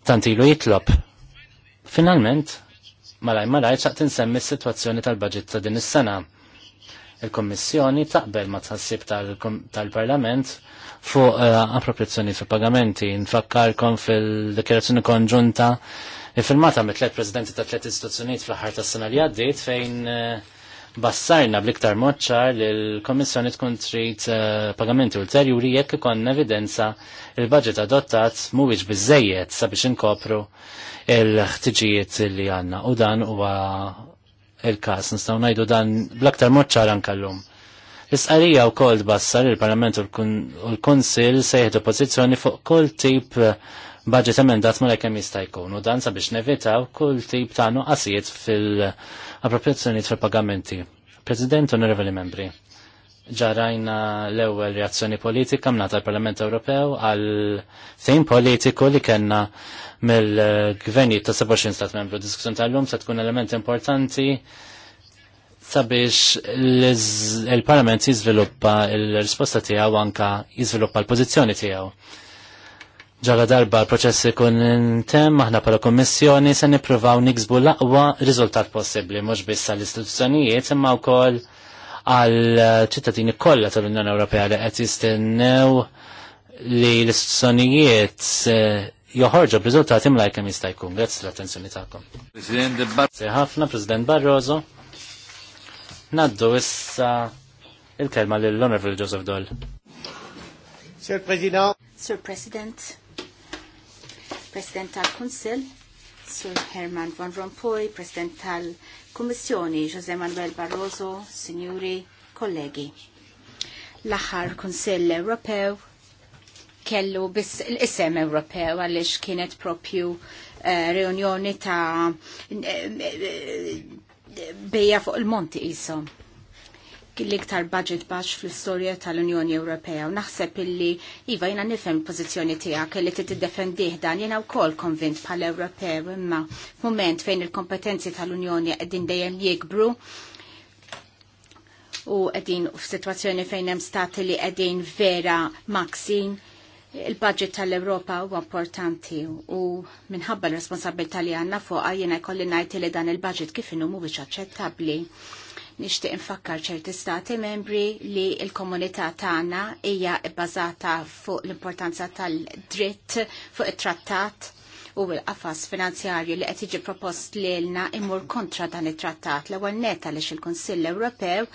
tantilu jitlob. Finalment, Malaj malaj ċaq insemmi s-situazzjoni tal-budget ta' din is-sena. Il-Kommissjoni taqbel ma tħassib tal-Parlament fuq eh, appropriazzjoni fil pagamenti. Nfakkarkom fil-dikjerazzjoni konġunta eh, firmata mit tlet presidenti ta' tliet istituzzjonijiet fl-ħar tas-sena li għaddiet fejn uh, bassajna bliktar moċċar li l-Komissjoni tkun trid eh, pagamenti ulterjuri jekk ikon evidenza il-budget adottat mhuwiex biżejjed sabiex inkopru il-ħtiġijiet li għandna u dan huwa il-każ nistgħu ngħidu dan bl-aktar moċċar ankallum. L-isqarija wkoll bassar il-Parlament u l-Kunsill se jieħdu pożizzjoni fuq kull tip budget emendat ma mela kemm jista' jkun u dan sabiex nevitaw kull tip ta' nuqqasijiet fil-appropriazzjonijiet fil-pagamenti. President, onorevoli membri, ġarajna l-ewwel reazzjoni politika mnata l-Parlament Ewropew għal fejn politiku li kellna mill-gvernijiet ta' 27 stat membru. Diskussjoni tal-lum se tkun element importanti sabiex il-Parlament jiżviluppa l risposta tiegħu anka jiżviluppa l-pożizzjoni tiegħu ġala darba l-proċess ikun tem, aħna pala kommissjoni se nippruvaw niksbu l-aqwa rizultat possibbli, mhux biss għall-istituzzjonijiet imma wkoll għal ċittadini kollha tal-Unjoni Ewropea li qed jistennew li l-istituzzjonijiet joħorġu b'riżultati mlaj kemm jista' jkun. Grazzi l-attenzjoni tagħkom. President Barroso. ħafna President Barroso. Naddu issa il-kelma lill-Honorable Joseph Doll. Sir President. Sir President President tal-Kunsil, Sur Herman Van Rompuy, President tal-Kummissjoni, José Manuel Barroso, Signori, kollegi. L-aħħar Kunsell Ewropew kellu biss l-isem Ewropew għaliex kienet propju eh, reunjoni ta' beja eh, eh, bejja fuq il-monti jisom l-iktar budget baxx fl-istorja tal-Unjoni Ewropea u naħseb illi iva jina nifhem pożizzjoni tiegħek li trid tiddefendih dan jiena wkoll konvint pal Ewropew imma moment fejn il-kompetenzi tal-Unjoni qegħdin dejjem jikbru u qegħdin f'sitwazzjoni fejn hemm stati li qegħdin vera maksin il-budget tal-Europa huwa importanti u minħabba l-responsabilità li għandna fuqa jiena jkolli ngħid li dan il-budget kif mu biex aċċettabbli. Nixtieq infakkar ċerti stati membri li l-komunità tagħna hija bbażata fuq l-importanza tal-dritt fuq it-trattat u l-qafas finanzjarju li qed jiġi propost lilna imur kontra dan it-trattat l-ewwel neta għaliex il-Kunsill Ewropew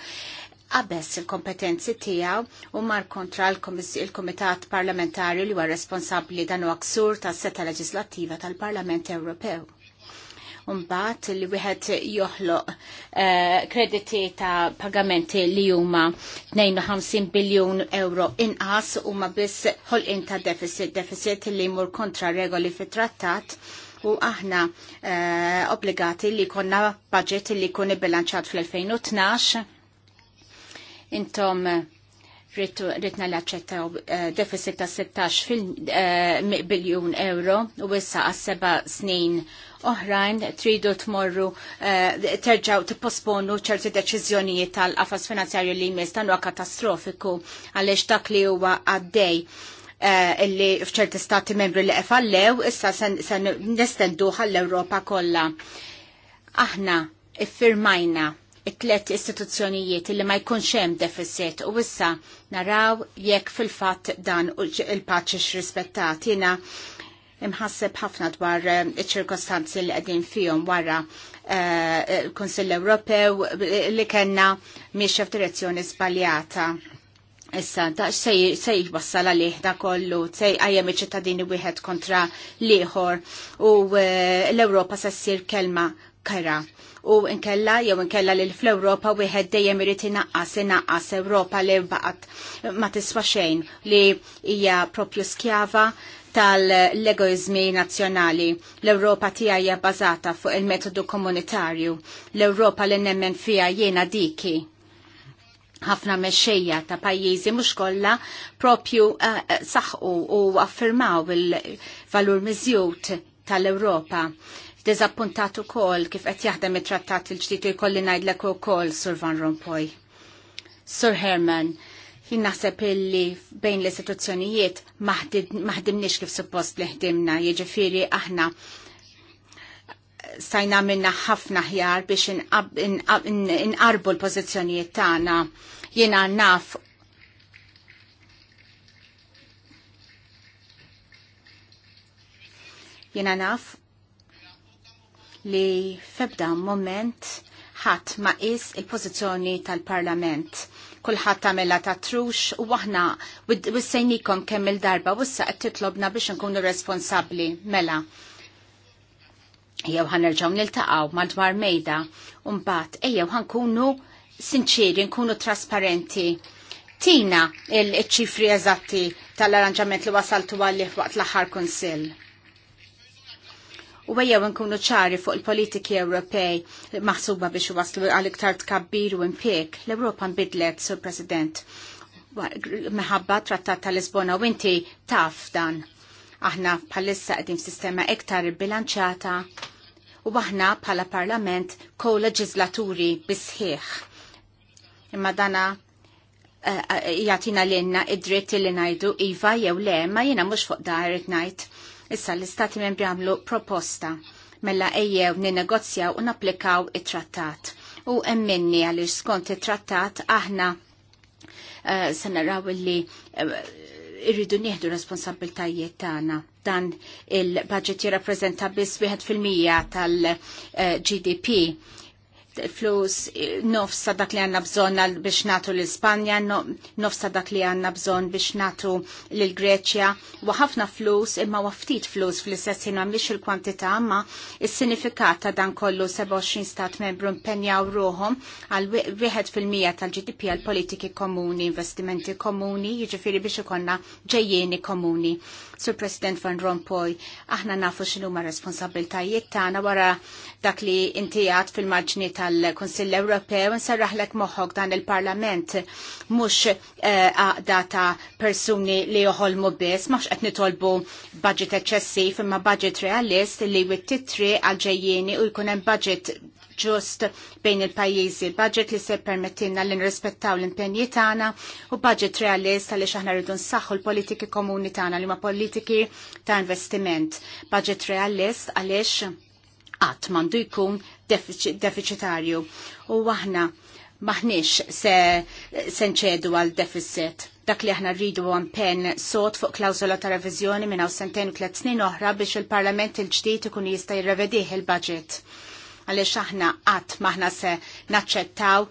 qabess il-kompetenzi tijaw u mar kontra il-Komitat Parlamentari li huwa responsabli dan u aksur ta' seta leġislativa tal-Parlament Ewropew mbagħad li wieħed joħloq eh, krediti ta' pagamenti li huma 52 biljun euro inqas huma biss ħolqien ta' deficit, deficit li jmur kontra regoli fit-trattat u aħna uh, obbligati li konna budget li kun bilanċat fl-2012. Intom ritna l-accettaw eh, deficit ta' 16 eh, biljun euro u issa għas seba snin oħrajn tridu tmorru eh, terġaw tipposponu ċerti deċiżjonijiet tal-qafas finanzjarju li jmiss dan katastrofiku għaliex dak li huwa għaddej illi fċerti stati membri li fallew issa sen nestendu għall-Ewropa kollha. Aħna iffirmajna it-tlet istituzzjonijiet li ma jkunx hemm deficit u issa naraw jekk fil-fatt dan il-paċi x-rispettat. Jena imħasseb ħafna dwar eh, iċ-ċirkostanzi li qegħdin fihom wara eh, il-Kunsill Ewropew li kellna miex f'direzzjoni żbaljata. Issa, da se wassala liħ da kollu, se għajem iċ-ċittadini wieħed kontra liħor u eh, l-Ewropa se ssir kelma kera u nkella jew nkella lil fl-Ewropa wieħed dejjem irid inaqqas inaqqas Ewropa li mbaqgħet ma tiswa xejn li hija propju skjava tal-legoizmi nazzjonali. L-Ewropa tija hija bażata fuq il-metodu komunitarju. L-Ewropa li nemmen fiha jiena diki ħafna mexxejja ta' pajjiżi mhux kollha propju eh, saħqu u affirmaw il-valur miżjut tal-Ewropa. Dizappuntat ukoll kif qed jaħdem it-trattat il-ġdid jkolli ngħidlek ukoll Sur Van Rompuy. Sur Herman, jien naħseb illi bejn l-istituzzjonijiet maħdimniex kif suppost li ħdimna, jiġifieri aħna sajna minna ħafna ħjar biex inqarbu l-pożizzjonijiet tagħna. Jiena naf Jiena naf li febda moment ħadd ma is il-pożizzjoni tal-Parlament. Kulħadd tamela ta' trux u aħna wissejnikom kemm il-darba wissa qed titlobna biex nkunu responsabbli mela. Jew ħanerġgħu niltaqgħu madwar mejda u mbagħad ejjew ħankunu sinċiri, nkunu trasparenti. Tina il-ċifri eżatti tal-arranġament li wasaltu għalli waqt l-aħħar kunsill u għajew nkunu ċari fuq il-politiki Ewropej maħsuba biex waslu għal iktar tkabbir u impiek. L-Ewropa nbidlet, Sur President, meħabba trattat tal-Lisbona u inti taf dan. Aħna bħalissa qegħdin sistema iktar bilanċata u aħna bħala parlament ko-leġislaturi bisħieħ. Imma dana eh, eh, jatina l-inna id-dritt li najdu iva jew le, ma jina mux fuq id najt. Issa l-Istati membri għamlu proposta mella ejjew ninegozjaw u napplikaw it-trattat. U emminni għalli skont it-trattat aħna uh, eh, sanaraw li uh, eh, irridu nieħdu responsabiltajiet tagħna dan il-budget jirrappreżenta biss wieħed fil-mija tal-GDP. Eh, uh, flus nofs ta' dak li għanna bżon biex natu l-Ispanja, nofs ta' dak li għanna bżon biex natu l-Greċja, u ħafna flus imma waftit flus fl-istess jina miex il-kwantita imma il-sinifikat ta' dan kollu 27 stat membru mpenjaw ruħom għal 1% tal-GDP għal politiki komuni, investimenti komuni, jġifiri biex ikonna ġejjeni komuni. Sur President Van Rompuy, aħna nafu xinu ma' responsabiltajiet tagħna wara dak li inti għad fil-marġni tal-Kunsill Ewropew nsarraħlek moħħok dan il-Parlament mhux eh, għaqda ta' persuni li joħolmu biss, mux għet nitolbu budget eċċessiv imma budget realist li wittitri għal ġejjieni u jkun hemm budget ġust bejn il-pajjiżi, il budget li se permettina li nirrispettaw l-impenji tagħna u budget realist għaliex aħna rridu nsaħħu l-politiki komuni tagħna li ma politiki ta' investiment. Budget realist għaliex qatt m'għandu jkun deficitarju u aħna maħniex se senċedu għal deficit. Dak li aħna rridu għan pen sot fuq klawzola ta' revizjoni minn għaw sentejn u tlet snin oħra biex il-parlament il-ġdijt ikun jista' jirrevedih il-budget għaliex aħna qatt maħna se naċċettaw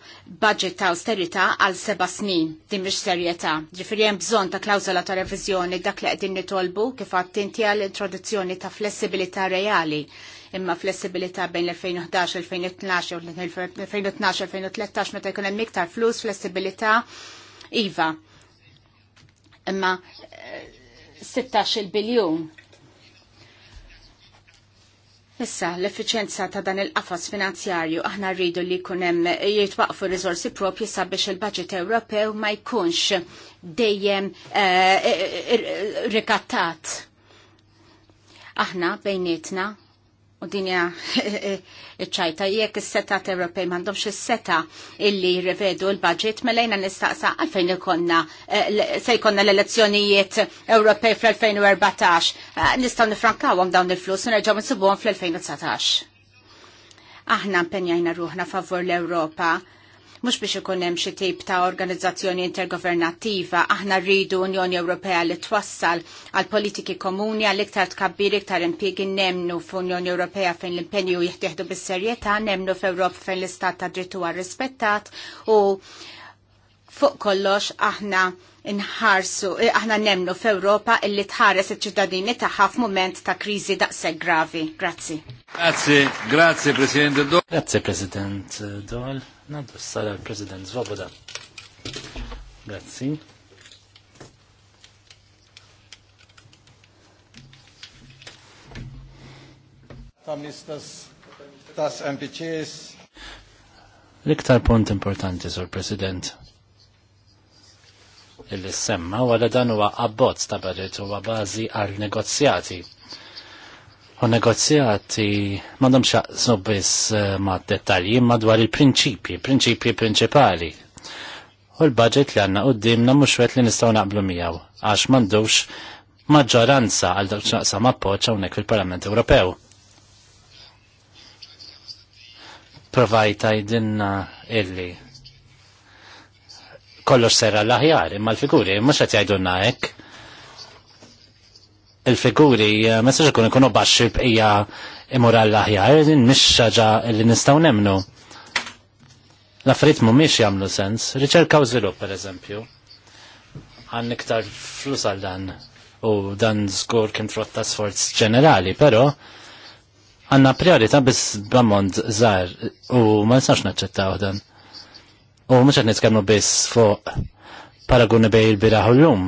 budget ta' għal seba' snin din mhix serjetà. Ġifieri hemm bżonn ta' klawzola ta' reviżjoni dak li qegħdin nitolbu kif għattinti għal introduzzjoni ta' flessibilità reali imma flessibilità bejn l-2011, 2012 u l-2012, 2013 meta jkun hemm iktar flus, flessibilità iva. Imma 16 eh, biljun Issa, l efficienza ta' dan il-qafas finanzjarju aħna rridu li kunem jitwaqfu rizorsi propju sabiex il-budget Ewropew ma jkunx dejjem eh, rikattat. Aħna bejnietna U dinja [laughs] ċajta, jekk is-seta Ewropej m'għandhomx is-seta illi rivedu l-budget melejna nistaqsa għalfejn ikonna eh, se jkollna l-elezzjonijiet Ewropej fl-2014. Eh, nistgħu nifrankawhom dawn il-flus u nerġgħu nsibuhom fl-2019. Aħna mpenjajna ruħna favor l-Ewropa mhux biex ikun hemm xi tip ta' organizzazzjoni intergovernattiva, aħna rridu Unjoni Ewropea li twassal għal politiki komuni għal iktar tkabbir iktar impjiegi nemnu f'Unjoni Ewropea fejn l-impenju jittieħdu bis-serjetà, nemnu f'Ewropa fejn l-istat ta' dritt huwa rispettat u fuq kollox aħna nħarsu, eh, aħna nemnu f'Ewropa illi tħares iċ-ċittadini tagħha f'mument ta' kriżi daqshekk gravi. Grazzi. Grazzi, grazie Presidente Dol. Grazie President Dol. Nadu, s-sala l-President Zvoboda. Grazzi. Tamistas, tas MPCs. L-iktar punt importanti, Sur President, illi semma wara dan huwa abbozz ta' budget huwa bażi għal negozjati U negozjati mandom xaqsu biss eh, ma' dettalji madwar il-prinċipji, prinċipji prinċipali. U l-budget li għanna qoddimna mux wet li nistaw naqblu miegħu għax mandux maġġoranza għal dak ma appoġġ hawnhekk fil-Parlament Ewropew. Provajta jidinna illi kollox serra l-aħjar, imma l-figuri, mux għat jajdunna hekk il-figuri eh, ma s ikun ikunu baxxi bqija imur għall-aħjar, din mhix li nistgħu nemnu. L-affarijiet mhumiex jagħmlu sens, riċerka u żvilupp pereżempju. Għan iktar flus għal dan u dan żgur kien trotta sforz ġenerali, però għanna priorita biss b'ammont żgħar u ma nistax naċċettaw dan. U mhux qed nitkellmu biss fuq paragoni bej il-biraħ u l-lum,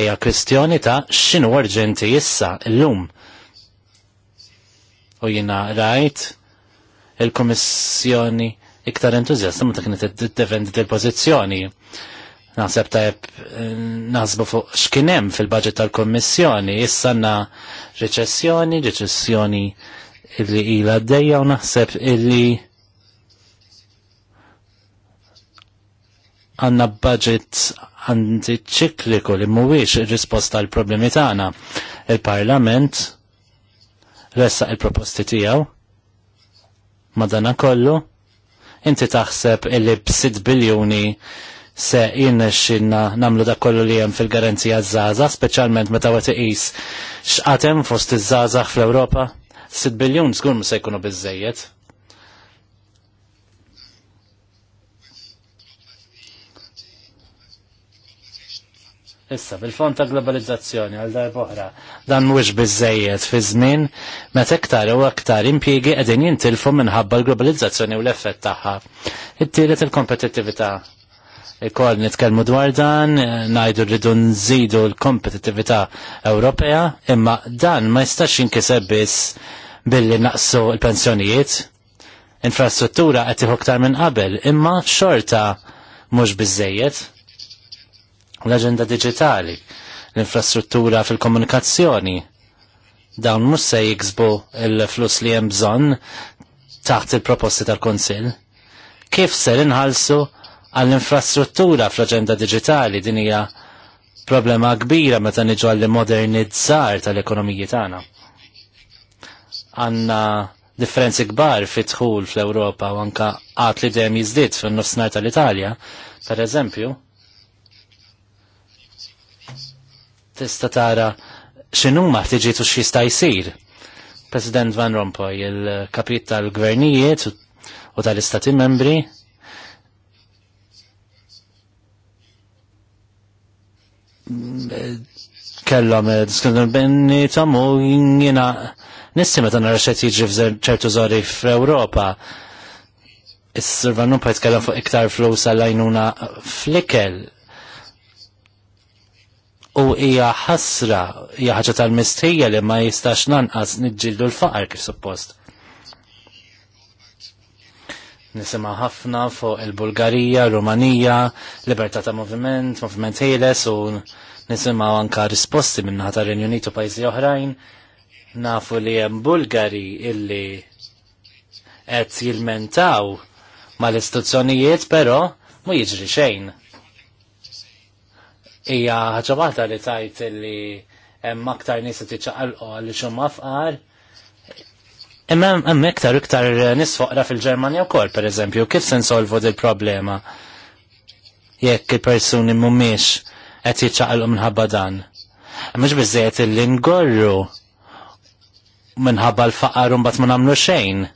Eja kwestjoni ta' x'inhu urġenti issa lum U jiena rajt il-Kummissjoni iktar ma meta kienet tiddefendi il-pożizzjoni. Naħseb jeb eh, naħsbu fuq x'kien hemm fil budget tal-Kummissjoni, issa na' riċessjoni, riċessjoni illi d għaddejja u naħseb illi għanna budget għandi ċikliku li mhuwiex ir-risposta għal problemi tagħna. Il-Parlament ressa il-proposti tiegħu madana kollu inti taħseb illi b biljuni se jinnexxinna namlu da kollu li hemm fil-garanzija żgħażagħ, speċjalment meta wet iqis x'qatem fost iż-żgħażagħ fl-Ewropa? 6 biljun żgur ma se jkunu biżejjed Issa, bil fond ta' globalizzazzjoni għal oħra. dan mhuwiex biżejjed fi żmien meta iktar u aktar impjiegi qegħdin jintilfu minħabba l-globalizzazzjoni u l-effett tagħha. Ittielet il-kompetittività. Ikoll nitkellmu dwar dan, ngħidu rridu nżidu l-kompetittività Ewropea, imma dan ma jistax jinkiseb biss billi naqsu l-pensjonijiet. Infrastruttura qed tieħu aktar minn qabel, imma xorta mhux biżejjed l-agenda digitali, l-infrastruttura fil-komunikazzjoni. Dawn mhux se jiksbu l flus li hemm bżonn taħt il-proposti tal-Konsil. Kif se inħalsu għall-infrastruttura fl-agenda digitali din hija problema kbira meta niġu għall modernizzar tal-ekonomiji tagħna. Għandna differenzi kbar fi tħul fl-Ewropa u anka għat li dejjem jiżdied fin-nofsinhar tal-Italja, per eżempju, tista tara x'inhu ma ħtiġiet jista' x'jista' jsir. President Van Rompuy, il-kapit tal-gvernijiet u tal-istati membri, kellom eh, diskundur benni tamu jina nissima ta' nara xet jiġi f'ċertu zori f'Europa. Is-Sirvan Rumpa jitkellem fuq iktar flus għal-għajnuna fl-ikel u hija ħasra hija ħaġa tal-mistħija li ma jistax nanqas niġġieldu l-faqar kif suppost. Nisema ħafna fuq il-Bulgarija, Rumanija, libertà ta' moviment, moviment ħieles u nisimgħu anka risposti minn ħata Unit u pajjiżi oħrajn. Nafu li hemm Bulgari illi qed jilmentaw mal-istituzzjonijiet però mu jiġri xejn hija ħaċabata li tajt li hemm aktar nies qed jiċċaqalqu għal xhom fqar. Imma hemm iktar iktar fil foqra fil-Ġermanja wkoll pereżempju, kif se nsolvu dil problema jekk il-persuni mhumiex qed jiċċaqalqu minħabba dan. Mhux biżejjed li ngorru minħabba l-faqar u mbagħad ma nagħmlu xejn.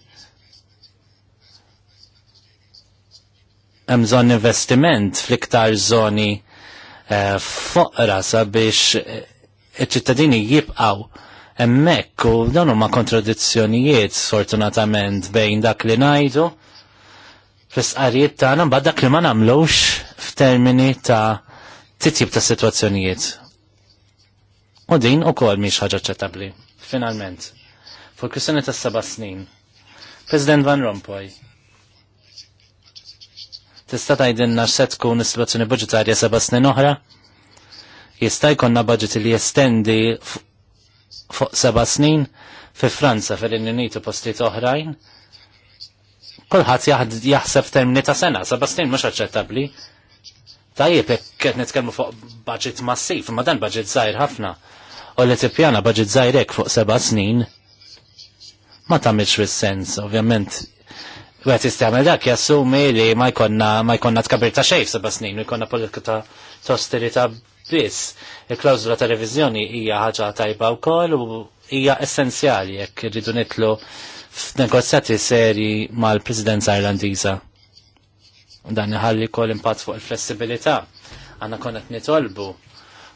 Hemm bżonn investiment fl-iktar żoni Eh, foqra sabiex eh, iċ-ċittadini jibqaw emmek u dan huma kontradizzjonijiet sfortunatament bejn dak li ngħidu fis-qarijiet tagħna mbagħad dak li ma nagħmlux f'termini ta' titjib ta' sitwazzjonijiet. U din ukoll mhix ħaġa ċettabbli. Finalment. Fuq kwistjoni tas seba' snin. President Van Rompuy Tista' tgħidilna x'se tkun is-sitwazzjoni budġetarja seba' snin oħra? Jista' jkollna budget li jestendi fuq seba' snin fi Franza fil-Renju Unitu postijiet oħrajn. Kulħadd jaħseb termini ta' sena, seba' snin mhux aċċettabbli. Tajjeb, qed nitkellmu fuq budget massiv, ma dan budget żgħir ħafna. U li tippjana budget żgħirek fuq seba' snin ma tagħmilx fis-sens, ovvjament Għet istamil dak jassumi li ma jkonna ma jkonna tkabir ta' xejf seba' snin, jkonna politika ta' tosterita biss. Il-klawzula ta' revizjoni hija ħaġa tajba wkoll u hija essenzjali jekk irridu nitlu f'negozjati seri mal-Presidenza Irlandiża. Dan iħalli kol impatt fuq il-flessibilità. Għanna konet nitolbu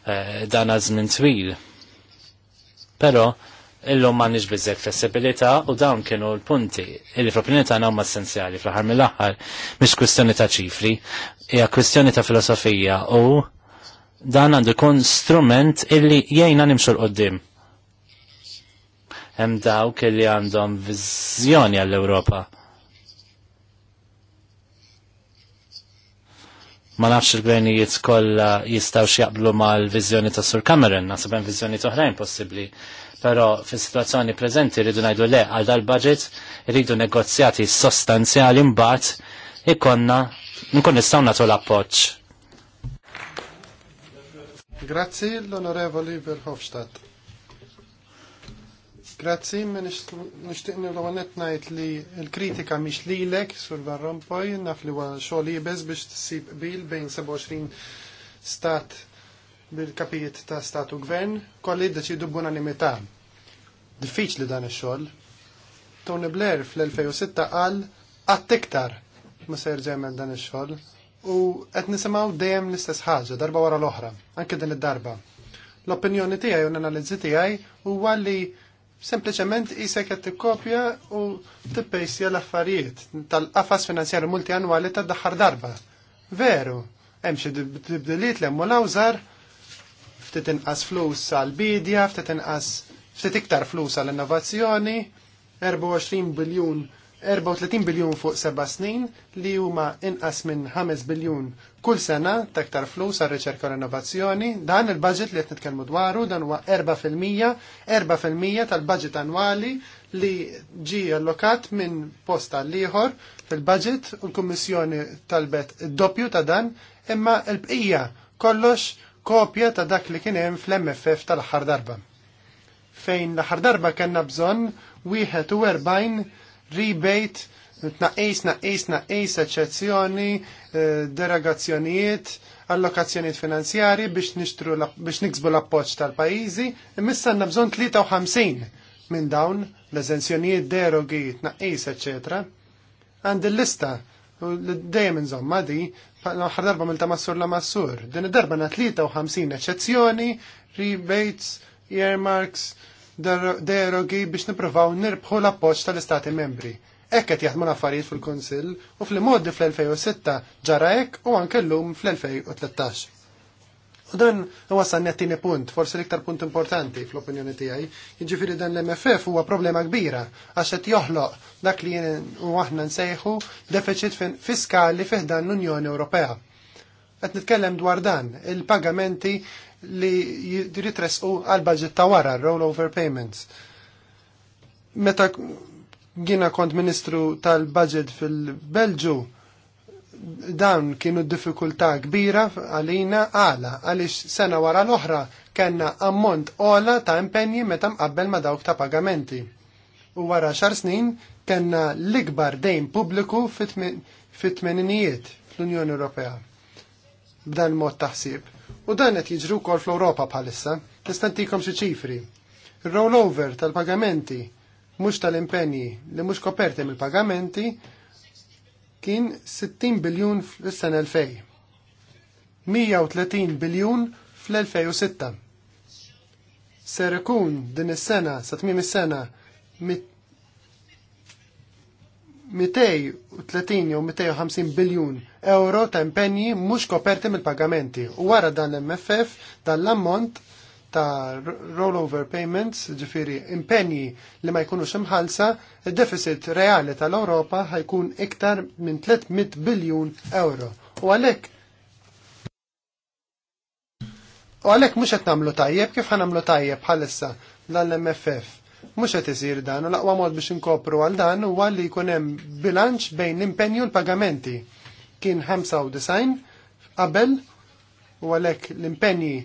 eh, dan għazmin twil. Pero, illum m'għandniex bizzek flessibilità u dawn kienu l-punti illi fl-opinjoni tagħna essenzjali fl-aħħar mill-aħħar mhix kwistjoni ta' ċifri, hija kwistjoni ta' filosofija u dan għandu jkun strument illi jgħinna nimxu l-qoddim. Hemm dawk illi għandhom viżjoni għall-Ewropa. ma nafx il-gvernijiet kollha jistgħu jaqblu mal-viżjoni ta' Sur Cameron, nasib hemm viżjoni oħrajn possibbli. Però fis situazzjoni preżenti rridu ngħidu le għal dal-budget rridu negozjati sostanzjali mbagħad ikonna nkun nistgħu nagħtu l-appoġġ. Grazzi l-Onorevoli Verhofstadt. Grazzi, ma nishtiqni l għonet najt li l-kritika miex lilek sur Van Rompuy, naf li għan xogħol jibes biex sib bil bejn 27 stat bil kapijiet ta' statu gvern kolli id-deċidu b'unanimità. Diffiċli dan ix-xogħol. Tony Blair fl-2006 qal għattiktar ma ser ġemel dan ix-xogħol u qed nisimgħu dejjem l-istess ħaġa darba wara l-oħra, anke din id-darba. L-opinjoni tiegħi u l-analiżi tiegħi huwa li sempliciment jisek qed tikkopja u tippejsja l-affarijiet tal-qafas finanzjarju multianwali ta' daħħar darba. Veru, hemm xi tibdiliet li hemm l-awżar ftit inqas flus għal bidja, ftit inqas ftit iktar flus għal innovazzjoni, 24 biljun 34 biljun fuq seba' snin li huma inqas minn 5 biljun kull sena taktar flus għal riċerka u innovazzjoni. Dan il-budget li qed nitkellmu dwaru dan huwa 4%, 4% tal-budget annwali li ġi allokat minn posta l-ieħor fil-budget u l-Kummissjoni talbet id-doppju ta' dan imma l-bqija kollox kopja ta' dak li kien hemm fl-MFF tal-aħħar darba. Fejn l-aħħar darba kellna bżonn wieħed u erbajn rebate tnaqqis, naqis, naqis, eċċezzjoni, eh, derogazzjonijiet, allokazzjonijiet finanzjari biex nixtru biex niksbu l-appoġġ tal-pajjiżi, imissa għandna bżonn 53 minn dawn l-eżenzjonijiet derogi, tnaqqis, eċetera. Għandi l-lista dejjem inżomma di l-aħħar darba mill tamassur la massur. Din id-darba na 53 eccezzjoni, rebates, earmarks, derogi biex niprofaw nirbħu l-appoġġ tal-Istati membri. Ekket qed jaħdmu l-affarijiet fil-Kunsill u fl-modi fl-2006 ġara hekk u anke llum fl-2013. U dan wasan nettini punt, forse l-iktar punt importanti fl-opinjoni tiegħi. Jiġifieri dan l-MFF huwa problema kbira għax qed joħloq dak li jien u aħna nsejħu deficit fiskali fih dan l-Unjoni Ewropea. Qed nitkellem dwar dan, il-pagamenti li jitresqu għal budget ta' wara, rollover payments. Meta gina kont ministru tal-budget fil-Belġu, dawn kienu diffikultà kbira għalina għala għaliex sena wara l-oħra kellna ammont għola ta' impenji meta mqabbel ma' dawk ta' pagamenti. U wara xar snin kellna l-ikbar dejn pubbliku fit-tmeninijiet fl-Unjoni Ewropea. B'dan mod taħsib. U dan qed jiġri wkoll fl-Ewropa bħalissa. Nista' ntikom xi ċifri. rollover tal-pagamenti mhux tal-impenji li mhux koperti mill-pagamenti kien 60 biljun fis-sena 2000. 130 biljun fl-2006. Ser ikun din is-sena sa tmiem is-sena 230 jew 250 biljun euro ta' impenji mhux koperti mill-pagamenti. U wara dan l-MFF dan l-ammont ta' rollover payments, ġifiri impenji li ma jkunux imħalsa, il-deficit reali tal-Europa ħajkun iktar minn 300 biljun euro. U għalek U għalek mux għet namlu tajjeb, kif għanamlu tajjeb bħalissa l-MFF? Mux għet isir dan, u laqwa mod biex inkopru għal dan u għalli jkunem bilanċ bejn l-impenju l-pagamenti. Kien 95 qabel u għalek l-impenji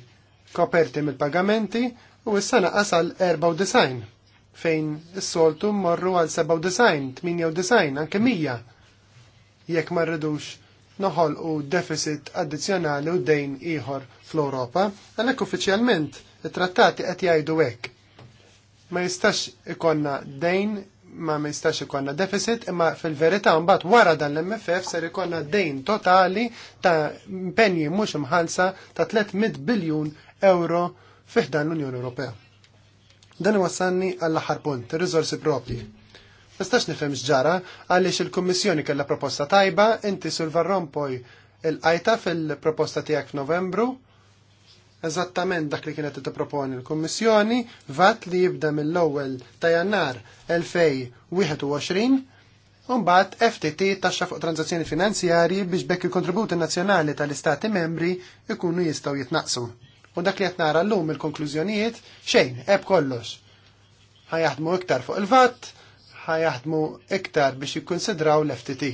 koperti mill-pagamenti u s sena għal 94 fejn is-soltu mmorru għal 97, 98, anke 100 jekk ma rridux noħol u deficit addizzjonali u dejn ieħor fl-Ewropa, għalhekk uffiċjalment it-trattati qed jgħidu hekk. Ma jistax ikonna dejn ma ma jistax ikonna deficit, imma fil-verità mbagħad wara dan l-MFF ser ikonna dejn totali ta' impenji mhux imħalsa ta' 300 biljun euro fiħdan l-Unjoni Ewropea. Dan wasanni għall-aħħar punt, ir-riżorsi propri. Nistax nifhem x'ġara għaliex il-Kummissjoni kellha proposta tajba, inti sur Varrompoj il-qajta fil-proposta tiegħek f'Novembru, eżattament dak li kienet tipproponi l-Kummissjoni, vat li jibda mill-ewwel ta' Jannar 2021 Umbat FTT taxxa fuq transazzjoni finanzjarji biex bekk il-kontributi nazzjonali tal-Istati membri ikunu jistgħu jitnaqsu. U dak li qed nara llum il-konklużjonijiet xejn, eb kollox. Ħajaħdmu iktar fuq il-vatt, ħajaħdmu iktar biex jikkonsidraw l-FTT.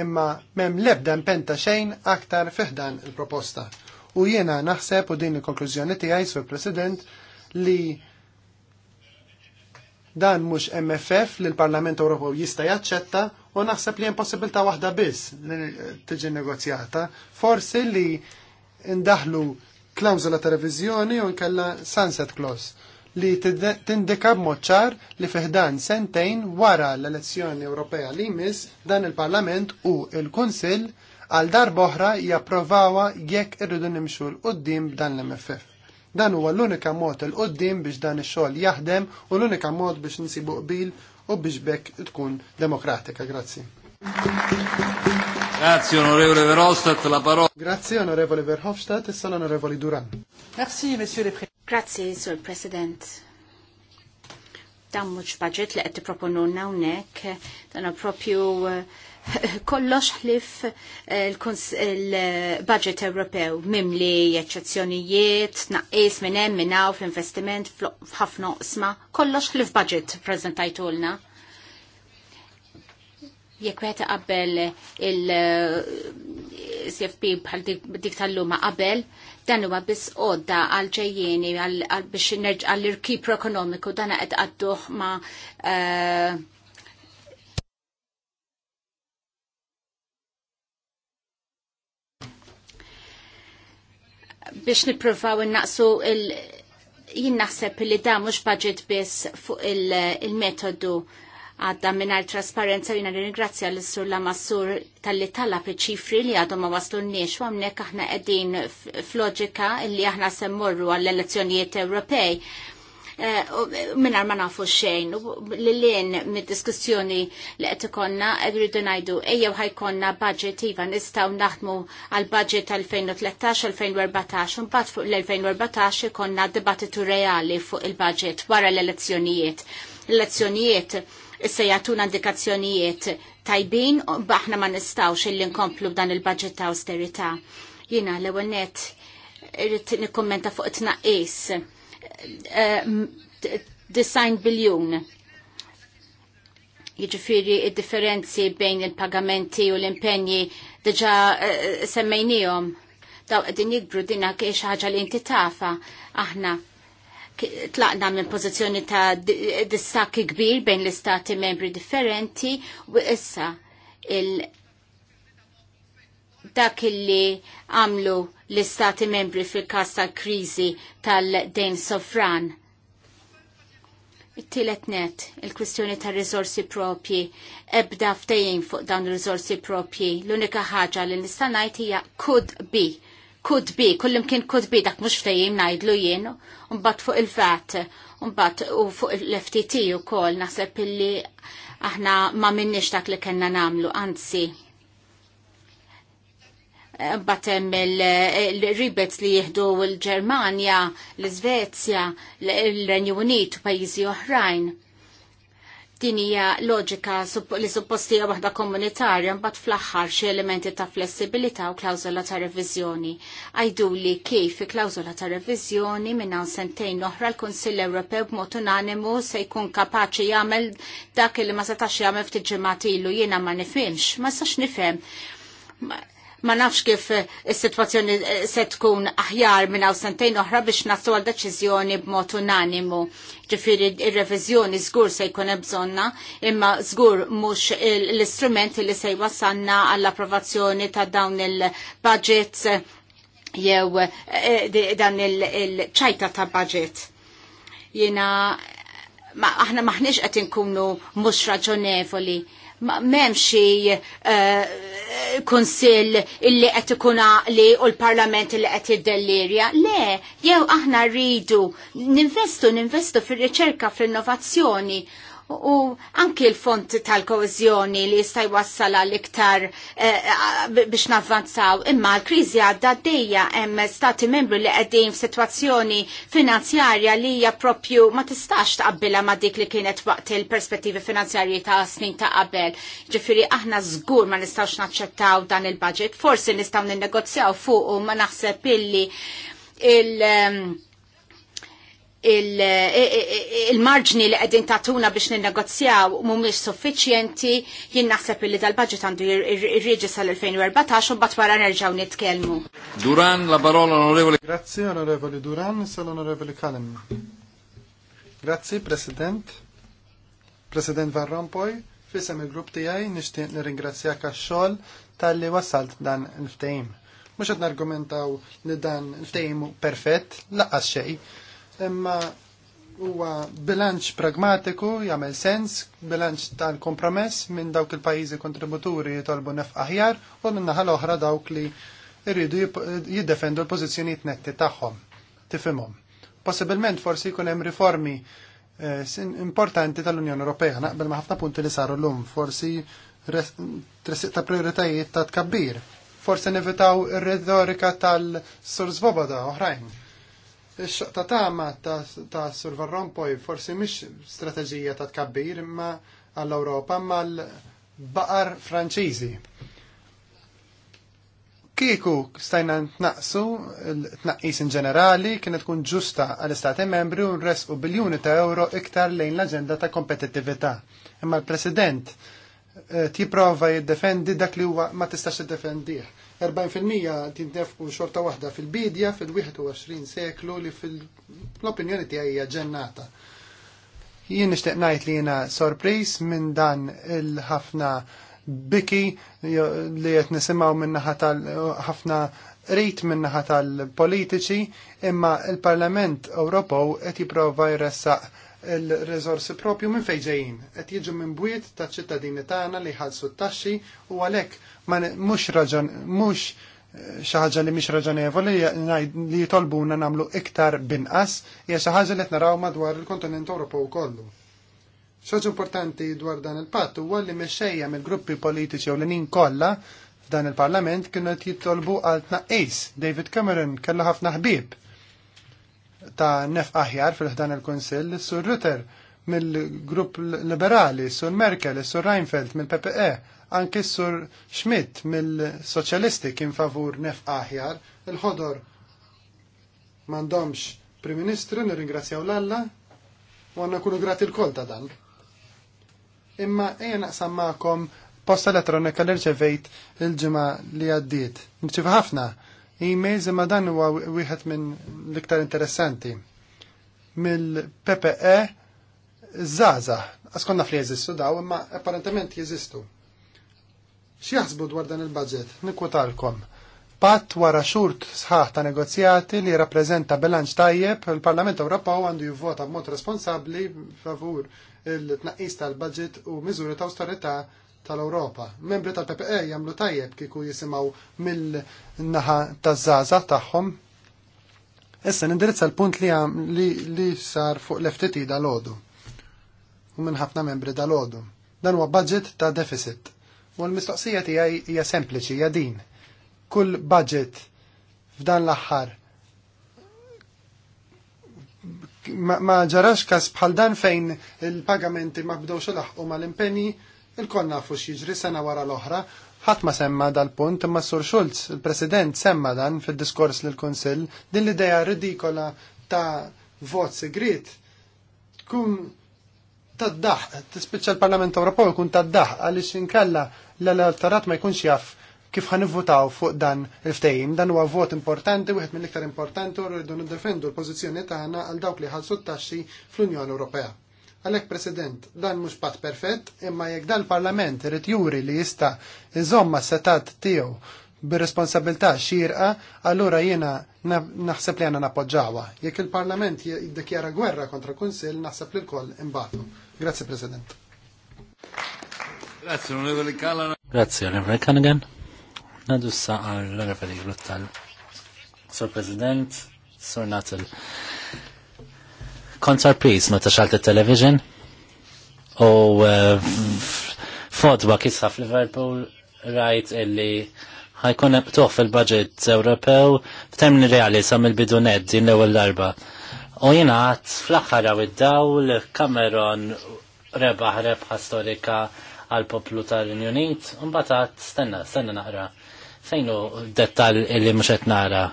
Imma mem lebda mpenta xejn aktar fiħdan il-proposta. U jiena naħseb u din il-konklużjoni tiegħi sur President li dan mhux MFF li l-Parlament Ewropew jista' jaċċetta u naħseb li hemm possibilità waħda biss li tiġi negozjata. Forsi li ndaħlu klawzola ta' reviżjoni u nkella sunset clause li tindika b'moċċar ċar li fiħdan sentejn wara l-elezzjoni Ewropea li jmiss dan il-Parlament u il-Kunsill għal dar boħra japprovawa jekk irridu nimxu l-qoddim b'dan l-MFF. Dan huwa l-unika mod il-qoddim biex dan ix-xogħol jaħdem u l-unika mod biex nsibu qbil u biex bekk tkun demokratika. Grazzi. Grazie onorevole Verhofstadt, la parola. Grazie onorevole Verhofstadt e sono onorevole Duran. Merci, monsieur le Président. Grazie, Sur President. Dan mhux budget li qed tipproponuna hawnhekk, dan proprju eh, [laughs] kollox ħlif eh, il-budget Ewropew mimli eċċezzjonijiet, naqis minn hemm minn hawn fl-investiment f'ħafna oqsma, kollox ħlif budget preżentajtulna jekk weta qabel il-CFP eh, bħal dik tal-luma qabel, dan huwa biss għodda għal ġejjieni għal biex għall irkipru ekonomiku dan qed għadduh ma eh, biex nippruvaw innaqsu il jinnaħseb naħseb li da mhux budget biss fuq il-metodu il metodu għadda minar trasparenza jina ringrazzja l-sur la massur tal-li talab ċifri li għadhom ma waslu n-niex u għamnek aħna għedin floġika li aħna semmorru għall-elezzjonijiet Ewropej eh, Minnar ma nafu xejn li l lien mid-diskussjoni li qed ikonna rridu ngħidu ejjew ħajkonna budget iva nistgħu naħdmu għal budget 2013-2014 mbagħad fuq l-2014 ikonna dibattitu reali fuq il-budget wara l-elezzjonijiet. L-elezzjonijiet issa jatuna indikazzjonijiet tajbin baħna ma nistawx illi nkomplu b'dan il-budget ta' austerita. Jina l-ewwel net irrid nikkummenta fuq it-tnaqqis. Eh, design biljun. Jiġifieri il differenzi bejn il-pagamenti u l-impenji diġà eh, semmejnijom. Daw din jikbru dinha kiex ħaġa li inti tafa aħna tlaqna minn pożizzjoni ta' distak kbir bejn l-istati membri differenti u issa il dak li għamlu l-istati membri fil-kas tal-krizi tal-dejn sovran. It-tielet net, il-kwistjoni ta' rizorsi propji, ebda ftejjin fuq dawn rizorsi propji, l-unika ħaġa li nista' ngħid hija could be kutbi, kullimkien be, dak mux fejjim najdlu jien, unbat fuq il-vat, unbat u fuq l-FTT u kol, naħseb illi aħna ma minnix dak li kena namlu, anzi. Batem il-ribets li jihdu l-Germania, l-Svezja, l-Renju Unit u pajizi oħrajn Din hija loġika li suppostija waħda komunitarja mbagħad fl-aħħar xi elementi ta' flessibilità u klawżola ta' reviżjoni. Għajdu li kif klawżola ta' reviżjoni minn hawn sentejn oħra l-Kunsill Ewropew b'mod unanimu se jkun kapaċi jagħmel dak li ma setax jagħmel ftit ġimgħat ilu jiena ma nifhimx, ma sax nifhem ma nafx kif eh, is-sitwazzjoni eh, se tkun aħjar minn hawn sentejn oħra biex nasu għal deċiżjoni b'mod unanimu. Ġifiri ir-reviżjoni żgur se jkun hemm bżonna, imma żgur mhux l-istrumenti li se jwassalna għall-approvazzjoni ta' dawn il-budgets jew eh, dan il-ċajta ta' budget. Jiena aħna maħniex qed inkunu mhux raġonevoli memxi uh, kunsill illi qed ikun għaqli u l-parlament illi qed jiddelirja. Le, jew aħna rridu ninvestu, ninvestu fir-riċerka, fl-innovazzjoni, u anki l-font tal kohezjoni li jista' jwassal l iktar eh, biex navvanzaw imma l-kriżi għadda għaddejja hemm stati membri li qegħdin f'sitwazzjoni finanzjarja li hija propju ma tistax taqabbilha ma dik li kienet waqt il-perspettivi finanzjarji ta' snin ta' qabel. Ġifieri aħna żgur ma nistgħux naċċettaw dan il-budget, forsi nistgħu ninnegozjaw fuq u ma naħseb illi il- um, il-marġni li għedin tatuna biex ninnegozjaw mumiex suffiċjenti, jien naħseb li dal-budget għandu jirriġi sal-2014 u bat wara nerġaw nitkelmu. Duran, la parola onorevoli. Grazie onorevoli Duran, sal-onorevoli Kalem. Grazie, President. President Van Rompuy, fissem il-grupp tijaj, nishtiq nirringrazzjak għax-xol tal-li wasalt dan il-ftejim. Mux għed nargumentaw li dan il-ftejim perfett, laqqas xej imma huwa bilanċ pragmatiku jagħmel sens, bilanċ tal-kompromess minn dawk il-pajjiżi kontributuri jitolbu nef aħjar u minn naħa l-oħra dawk li jridu jiddefendu l-pożizzjonijiet netti tagħhom tifhimhom. Possibilment forsi jkun hemm riformi eh, importanti tal-Unjoni Ewropea naqbel ma ħafna punti li saru llum, forsi tresiq ta' prioritajiet ta' tkabbir. Forsi nevitaw ir-retorika tal-Sur Svoboda oħrajn Ix-xaqta tama ta' Sur Van forsi mhix strateġija ta' tkabbir ma' għall-Ewropa ma' l-baqar Franċiżi. Kieku stajna tnaqsu t tnaqqis in ġenerali kienet tkun ġusta għall-Istati membri u biljoni biljuni ta' euro iktar lejn l-aġenda ta' kompetittività. Imma l-President eh, tipprova jiddefendi dak li huwa ma tistax tiddefendih 40% tintefku xorta waħda fil-bidja fil-21 seklu li fil-opinjoni tiegħi għajja ġennata. Jien nixtieq ngħid li jiena sorpris minn dan il-ħafna biki li qed nisimgħu minn naħa tal-ħafna rejt minn tal-politiċi imma il-Parlament Ewropew qed jipprova jressaq il resorsi propju minn fejġejjin. Qed jiġu minn bwiet ta' ċittadini tagħna li ħallsu t-taxxi u għalhekk ma mhux raġan mhux eh, xi ħaġa li mhix raġonevoli li jitolbuna nagħmlu iktar binqas hija xi ħaġa li qed naraw madwar il-kontinent Ewropew kollu. Xogħol importanti dwar dan il-patt huwa li mexxejja mill-gruppi politiċi u l-nin kollha f'dan il-Parlament kienu qed jitolbu għal tnaqqis. David Cameron kellu ħafna ħbieb ta' nef aħjar fil-ħdan il-Konsil, sur Rutter mill-Grupp Liberali, sur Merkel, sur Reinfeldt mill-PPE, anki sur Schmidt mill-Soċjalisti kien favur nef aħjar, il-ħodor mandomx Prim Ministru, nirringrazzjaw l-Alla, u għanna kunu grati l-kol ta' dan. Imma ejja naqsam ma'kom posta elettronika li irċevejt il-ġimgħa li għaddiet. Nċif ħafna emails ma dan huwa wieħed minn l-iktar interessanti. Mill-PPE Zaza, għaskonna fli jeżistu daw, imma apparentament jeżistu. X'jaħsbu dwar dan il-budget? Nikwotalkom. Pat wara xurt sħaħ ta' negozjati li rappresenta bilanċ tajjeb, il-Parlament Ewropew għandu jivvota b'mod responsabbli favur il-tnaqqis tal-budget u miżuri ta' austerità tal-Europa. Membri tal-PPE jamlu tajjeb kiku jisimaw mill-naħa taż-żaza tagħhom. Issa nindirizza l-punt li, li, li sar fuq l-FTT dal-ħodu. U minn ħafna membri dal-ħodu. Dan huwa budget ta' deficit. U l-mistoqsija tiegħi hija sempliċi hija din. Kull budget f'dan l-aħħar ma, ma ġarax kas bħal dan fejn il-pagamenti ma bdewx laħqu mal impenni Il-koll nafu xieġri sena wara l-oħra, ħadd ma semma dal-punt imma Sur Schulz, il-President semma dan fil diskors l kunsill din l-idea ridikola ta' vot segret kun ta' daħ tispiċċa l-Parlament Ewropew kun ta' daħ għaliex inkella l-elettorat ma jkunx jaff kif ħan votaw fuq dan il-ftejim, dan huwa vot importanti, wieħed mill-iktar importanti u rridu niddefendu l-pożizzjoni tagħna għal dawk li ħalsu t-taxxi fl-Unjoni Ewropea. Għalek, President, dan mux pat perfett, imma jekk dan parlament rrit juri li jista iżomma setat tiegħu bir-responsabilità xirqa, allura jiena naħseb li għana napoġġawa. Jekk il-Parlament jiddikjara gwerra kontra Kunsil, naħseb li l-koll imbatu. Grazie, President. Grazie, onorevoli Callanan. Grazie, onorevoli Callaghan. Nadu s-saqa l-referi tal Sor President, Sor Natal kont sorpriż ma xalt il-television u eh, fodba kisa f'Liverpool rajt illi ħajkun tuħ fil-budget Ewropew f'termini reali sam il-bidu ned din l-ewwel darba. U jiena għat fl-aħħar id l Cameron rebaħ rebħa storika għal poplu tal-Unjonit, un batat, stenna, stenna naqra. Fejnu dettal illi muxet nara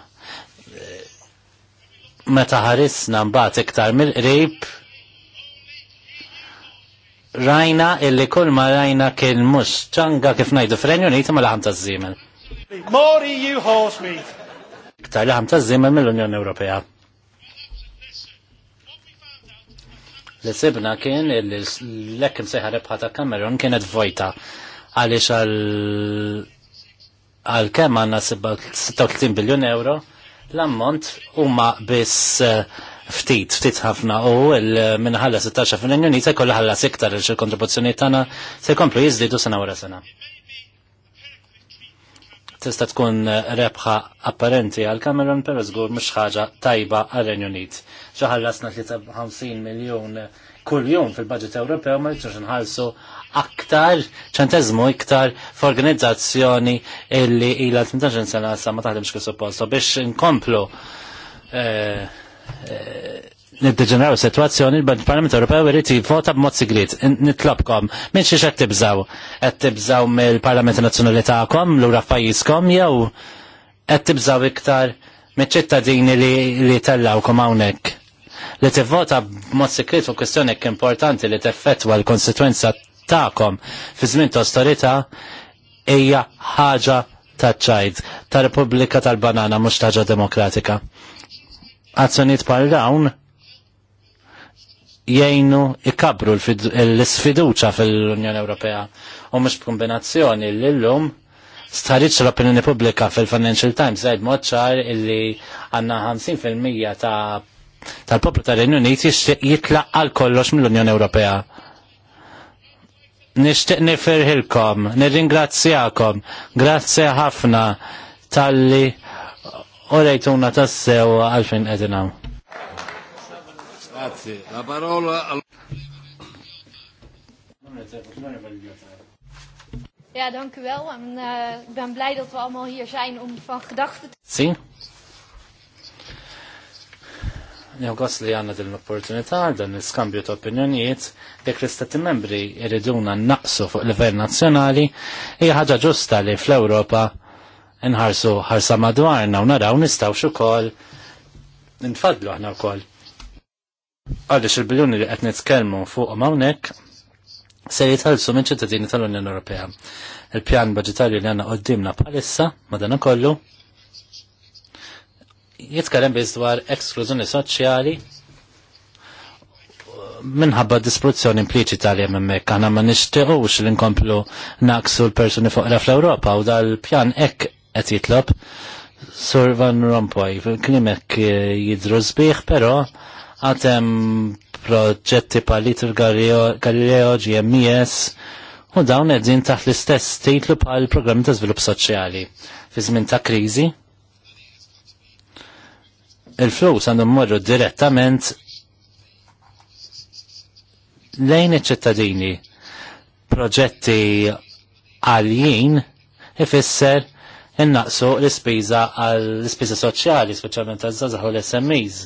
meta ħarisna mbagħad iktar mill-qrib rajna illi kull ma rajna kien mhux ċanga kif ngħidu frenju Unit ma laħam taż-żiemel. More EU horse meat. Iktar laħam taż-żiemel mill-Unjoni Ewropea. Li sibna kien illi l-ekkim seħa rebħa ta' Kamerun kienet vojta għaliex għal għal kemm għandna 36 biljun euro l-ammont huma biss eh, ftit, ftit ħafna u l- minħalla 16 fil Unit se kollha ħallas iktar il kontribuzzjoni tagħna se jkomplu jiżdiedu sena wara sena. Tista' tkun eh, rebħa apparenti għal Cameron però żgur mhux ħaġa tajba għal Renju Unit. Xi ħallasna 53 miljun kuljum fil-budget Ewropew ma jiġux nħallsu aktar ċentezmu iktar f'organizzazzjoni illi ila 18 sena sa ma taħdimx kif supposto biex nkomplu eh, eh, niddeġeneraw situazzjoni il-Parlament Ewropew irid jivvota b'mod sigrit. Nitlobkom, minn xiex qed tibżaw? Qed tibżaw mill-Parlament Nazzjonali tagħkom lura f'pajjiżkom jew qed tibżaw iktar miċ ċittadini li tellawkom hawnhekk? li tivvota b'mod sigrit fuq kwestjoni importanti li teffettwa l-konsekwenza T'akom, fi żmien ta' storita hija ħaġa taċ-ċajd ta' Repubblika tal-Banana mhux ħaġa demokratika. Azzjonijiet bħal dawn jgħinu ikabru l-sfiduċa fil-Unjoni Ewropea u mhux kombinazzjoni l-lum starriċ l-opinjoni pubblika fil-Financial Times zaħid moċċar illi għanna 50% ta' tal-poplu tal-Renju Unit jitlaq għal kollox mill-Unjoni Ewropea nishtiq nifirħilkom, nirringrazzjakom, grazzi ħafna tal-li u rejtuna tassew għalfin edinaw. Grazie, la parola al... Ja, dank u wel. Eh, ik ben blij dat we allemaal hier zijn om van gedachten te... zien. Newgos li għanna din l-opportunità dan l-skambju ta' opinjonijiet jekk l-istati membri jriduna naqsu fuq livell nazzjonali hija ħaġa ġusta li fl-Ewropa nħarsu ħarsa madwarna u naraw nistaw xukoll nfadlu aħna wkoll. Għaliex il-biljuni li qed nitkellmu fuq hawnhekk se jitħallsu minn ċittadini tal-Unjoni Ewropea. Il-pjan budġetarju li għandna qoddimna bħalissa madana kollu jitkellem biss dwar eksklużjoni soċjali minħabba disprozzjoni impliċita li hemmhekk aħna ma nixtiequx li nkomplu naqsu l-persuni foqra fl-Ewropa u dal-pjan hekk qed jitlob Sur Van Rompuy, hemmhekk jidru sbieħ, pero hemm proġetti palitur galileo GMES u dawn qegħdin taħt l-istess titlu bħal programmi ta' żvilupp soċjali. Fi żmien ta' kriżi, il-flus għandhom morru direttament lejn iċ-ċittadini. Proġetti għaljien ifisser innaqsu l-ispiża għall-ispiża soċjali, speċjalment għaż-żazaħ u l-SMEs.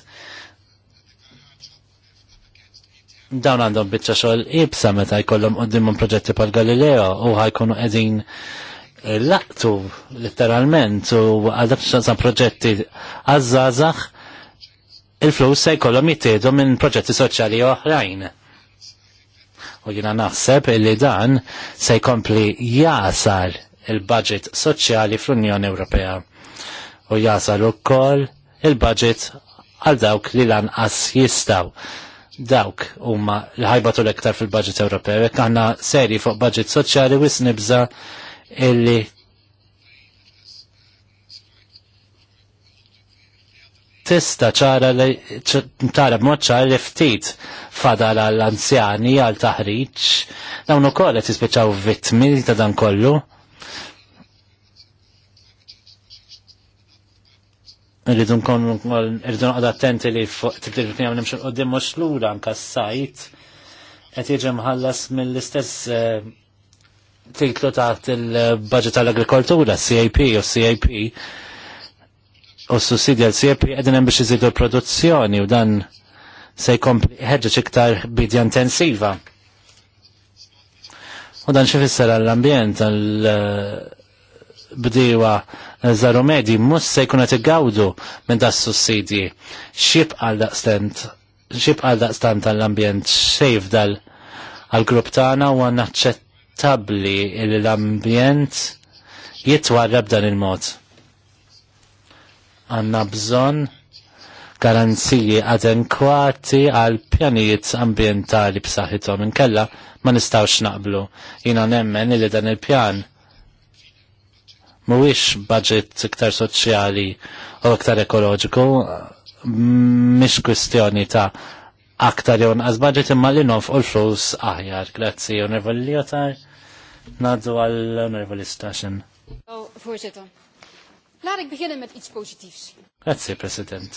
Dawn għandhom biċċa xogħol ibsa meta jkollhom qudiemhom proġetti pal Galileo u ħajkunu qegħdin laqtu letteralment u għal xansan proġetti għazzazax il-flus se jkollhom jittiedu minn proġetti soċjali oħrajn. U jiena naħseb li dan se jkompli jasal il-budget soċjali fl-Unjoni Ewropea u jasal ukoll il-budget għal dawk li lanqas jistaw. Dawk huma l-ħajbatu l-ektar fil-budget Ewropew, jekk aħna seri fuq budget soċjali wis nibża illi tista ċara ċara b'mod ċar li ftit fadal għall anzjani għal taħriġ dawn ukoll qed jispiċċaw vittmi ta' dan kollu. Irridu nkunu irridu noqgħod attenti li fuq tibdil kien hemm nimxu qudiem mhux lura anke s-sajt qed jiġi ħallas mill-istess eh, titlu taħt il-budget tal-agrikoltura, CAP u CAP u s-sussidja l-siepri għedin hemm biex iżidu l-produzzjoni u dan se jkompli ħeġġeġ iktar bidja intensiva. U dan x'ifisser fisser għall-ambjent għall bdiwa Zaru medji mhux se jkunet għawdu minn da s-sussidji. għal daqstant għal daqstant għall-ambjent xejf dal għall-grupp tagħna u naċċettabbli l-ambjent jitwarrab dan il-mod. Għanna bżon garanziji adenkwati għal pjanijiet ambientali b'saħħithom inkella ma nistawx naqblu. Jina nemmen li dan il-pjan mhuwiex budget iktar soċjali u iktar ekoloġiku, mhix kwistjoni ta' aktar jew nqas budget imma li u l-flus aħjar. Grazzi, onorevoli Liotar, nadu għall-onorevoli Stashen. Oh, Laat ik beginnen met iets positiefs. Grazie, president.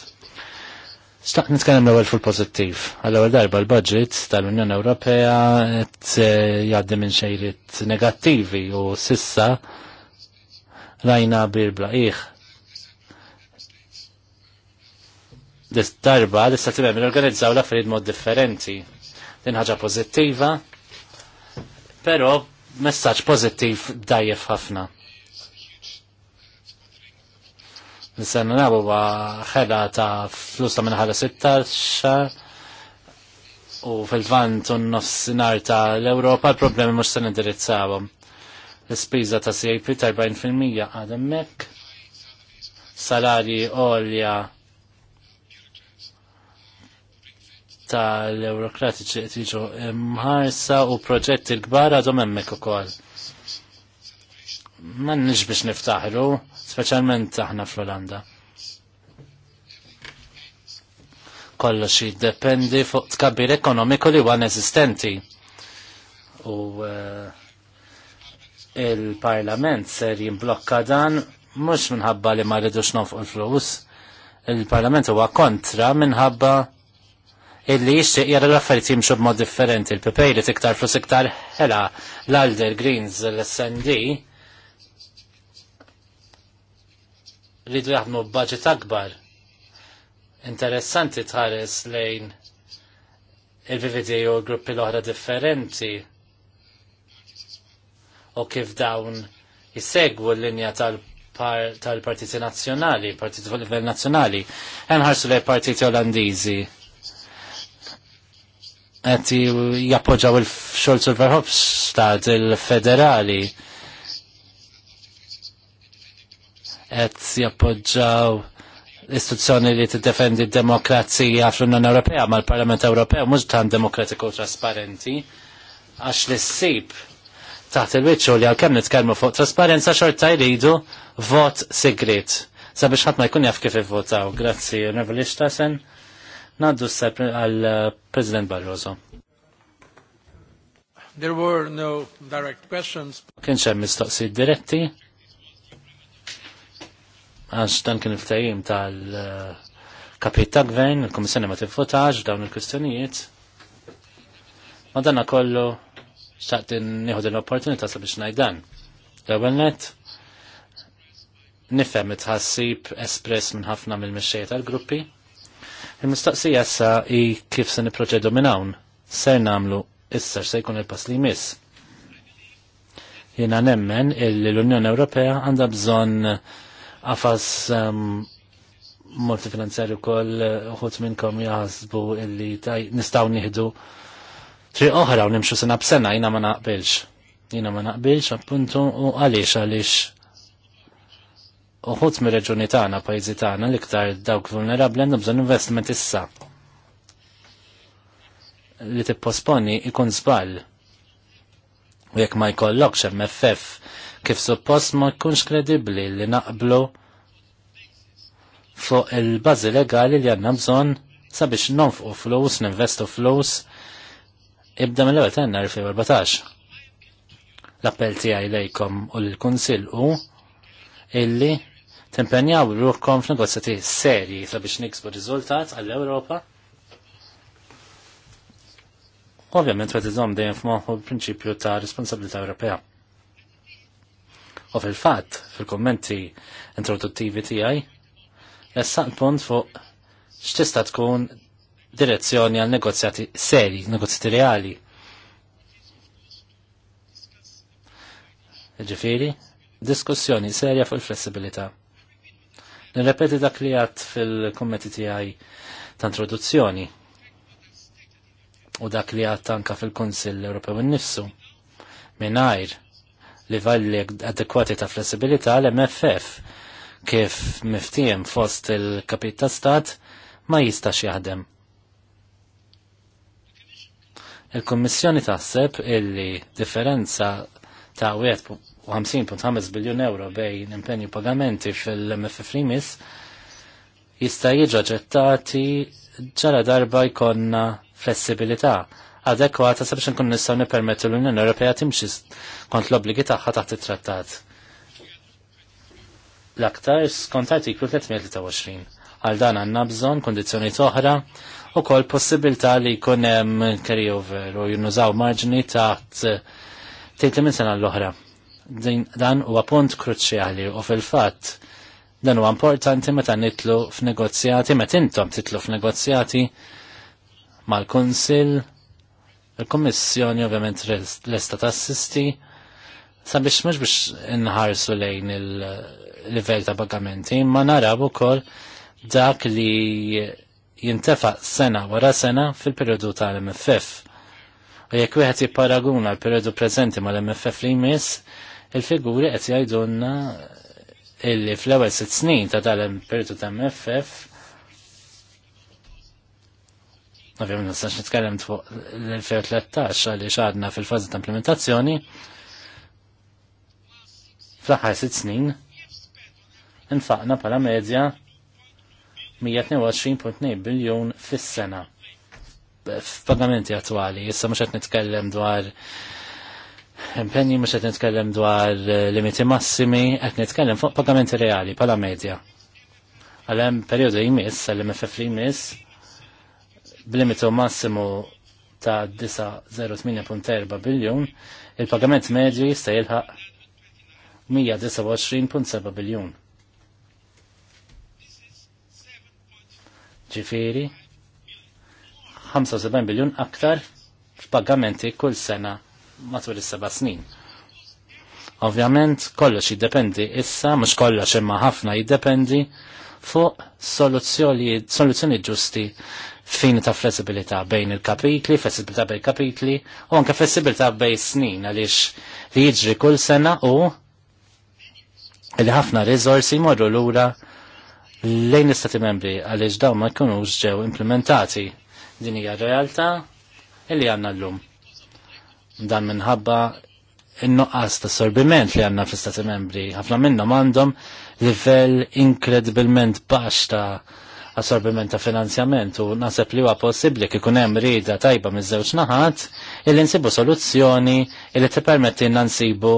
Staqt nitkellem l-ewwel fuq pożittiv. Għall-ewwel darba l-budget tal-Unjoni Ewropea qed eh, jgħaddi minn xejriet negattivi u sissa rajna birbla blaqih Dis darba tista' tibgħu organizzaw l-affarijiet mod differenti. Din ħaġa pożittiva, però messaġġ pożittiv dajjef ħafna. Nisan nabu ba ħela ta' flusa minn ħala 16 u fil-vant un nofsinar ta' l-Europa l-problemi mux sen indirizzawom. l spiza ta' CIP ta' 40% għadem mek, salari olja tal-eurokratiċi tiġu imħarsa u proġetti l-kbar għadhom hemmhekk ukoll mannix biex niftaħlu, specialment aħna fl-Olanda. Kollox jiddependi fuq tkabbir ekonomiku li għan eżistenti. U uh, il-parlament ser jimblokka dan mux minħabba li ma rridux nofq l flus Il-parlament huwa kontra minħabba illi jixtieq jara l-affarijiet jimxu b'mod differenti. Il-PP li tiktar flus iktar ħela l-Alder Greens l-SND rridu jaħdmu b'baġit akbar. Interessanti tħares lejn il-VVD u gruppi l-oħra differenti u kif dawn jissegwu l-linja tal-partiti tal nazjonali, partiti fuq livell nazjonali, ħarsu lejn partiti olandizi. Għetti jappoġaw il-Scholz u il-Verhofstadt il-federali. il scholz u il il federali il et jappoġġaw istituzzjoni li tiddefendi d-demokrazija fl-Unjoni Ewropea ma l-Parlament Ewropew mhux tant demokratiku trasparenti għax li ssib taħt il-wiċċu li għalkemm nitkellmu fuq trasparenza xorta jridu vot segret. Sabiex ħadd ma jkun jaf kif ivvotaw. Grazzi, Nevel Stasen. Naddu s-sep għal-President uh, Barroso. There were no direct questions. Kien xemm mistoqsijiet diretti għax dan kien il-ftajim tal-kapit gvern, il-komissjoni ma dawn il-kwistjonijiet. Ma danna kollu xaqtin nieħu din l-opportunità sabiex ngħid dan. L-ewwel net nifhem it-ħassib espress minn ħafna mill-mexxejja tal-gruppi. Il-mistoqsija sa hi kif se niproċedu minn hawn. Ser nagħmlu issa se jkun il-pass li jmiss. Jiena nemmen il unjoni Ewropea għandha bżonn għafas ehm, multi u koll uħut minnkom jazbu illi nistaw nieħdu tri oħra u nimxu sena b'sena jina ma naqbilx. Jina ma naqbilx appuntu u għaliex għaliex uħut mir reġuni tagħna pajjiżi tagħna li ktar dawk vulnerabbli għandhom bżonn investment issa. Li t-posponi ikun żball. U jekk ma jkollokx MFF kif suppost ma jkunx kredibbli li naqblu fuq il-bażi legali li għandna bżonn sabiex nonfqu flus, ninvestu flus ibda mill-ewwel ta' nhar 2014. L-appell tiegħi lejkom u l-Kunsill hu illi timpenjaw ruhkom f'negozjati serji sabiex niksbu riżultat għall-Ewropa Ovvjament għed iżom dejjem f'moħħu l-prinċipju ta' responsabilità Ewropea. U fil-fatt, fil-kommenti introduttivi tiegħi, ressaqt punt fuq x'tista' tkun direzzjoni għal negozjati seri, negozjati reali. Ġifiri, diskussjoni serja fuq il-flessibilità. Nirrepeti dak li għat fil-kommenti tiegħi ta' introduzzjoni u dak li għat anka fil-Kunsill Ewropew innifsu mingħajr livelli adekwati ta' flessibilità l-MFF kif miftijem fost il-kapit ta' stat ma jistax jaħdem. Il-Kommissjoni taħseb illi differenza ta' 50.5 biljun euro bejn impenju pagamenti fil-MFF rimis jista' jiġa ġettati ġara darba jkonna flessibilità adekwata sabiex nkun nistgħu nippermettu l-Unjoni Ewropea timxi kont l-obbligi tagħha taħt it-trattat. L-aktar skont artiklu 323. Għal dan għandna bżonn kondizzjonijiet oħra wkoll possibilità li jkun hemm carryover u jinnużaw marġni taħt tejt minn sena l-oħra. Dan huwa punt kruċjali u fil-fatt dan huwa importanti meta nitlu f'negozjati, meta intom titlu f'negozjati mal-Kunsill Il-Kommissjoni ovvjament l-esta tassisti sabiex mhux biex inħarsu lejn il-livell ta' pagamenti, ma narabu ukoll dak li jintefa sena wara sena fil-periodu tal-MFF. U jekk wieħed jipparaguna l-periodu preżenti mal-MFF li jmiss, il-figuri qed jgħidulna illi fl-ewwel sitt snin ta' dal-periodu ta' MFF Ovvijament nistax nitkellem fuq l-2013 li xadna fil-fazi ta' implementazzjoni fl-aħħar sitt snin infaqna pala medja 122.2 biljun fis-sena f'pagamenti attwali. Issa mhux qed nitkellem dwar impenji mhux qed nitkellem dwar eh, limiti massimi, qed nitkellem fuq pagamenti reali pala medja. Għalhemm perjodu jmiss, għall-MFF li jmiss, b'limitu massimu ta' 9.08 biljun, il-pagament medju jista' jilħaq 129.7 biljun. Ġifiri, 75 biljun aktar f'pagamenti kull sena matul is-seba' snin. Ovvjament kollox jiddependi issa, mhux kollox imma ħafna jiddependi fuq soluzzjoni ġusti fin ta' flessibilità bejn il-kapitli, flessibilità bejn kapitli u anke flessibilità bejn snin għaliex li jiġri kull sena u li ħafna morru l lura lejn l-istati membri għaliex dawn ma jkunux ġew implementati din hija realtà għanna għandna llum. Dan minħabba in-nuqqas ta' sorbiment li għandna fl-istati membri, ħafna minnhom għandhom livell inkredibilment baxx ta' assorbiment ta' finanzjament u nasib li huwa possibbli kif ikun hemm rieda tajba miż-żewġ naħat illi nsibu soluzzjoni illi tippermettilna nsibu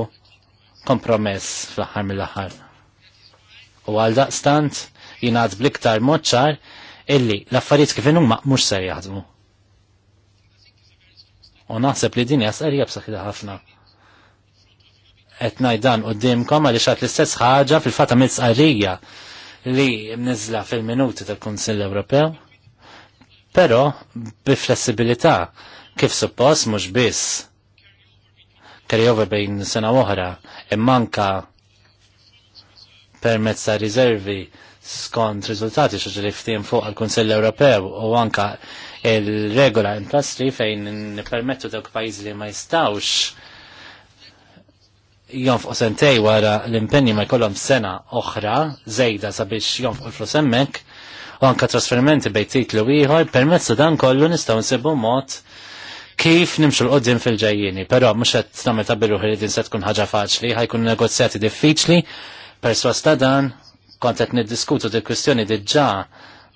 kompromess fl-aħħar mill-aħħar. U għal daqstant jingħad bliktar moċċar illi l-affarijiet kif huma mhux se jaħdmu. U naħseb li din jasqerja b'saħħitha ħafna. Qed ngħid dan qudiemkom għaliex għad l-istess ħaġa fil-fatta mill-sqarrija li mnizla fil-minuti tal-Kunsill Ewropew, però bi-flessibilità kif suppost mhux biss carryover bejn sena oħra immanka permezz ta' riservi skont riżultati xaġri ftiem fuq għall kunsill Ewropew u anka il-regola in fejn permettu dawk pajjiżi li ma jistawx jonfqu sentej wara l-impenni ma jkollhom sena oħra żejda sabiex jonfqu l-flus hemmhekk u anka trasferimenti bejn titlu ieħor permezz dan kollu nistgħu nsibu mod kif nimxu l-qoddim fil-ġejjini, però mhux qed nagħmel ta' biru din se tkun ħaġa faċli, ħajkun negozjati diffiċli, perswas ta' dan kont qed niddiskutu di kwistjoni diġà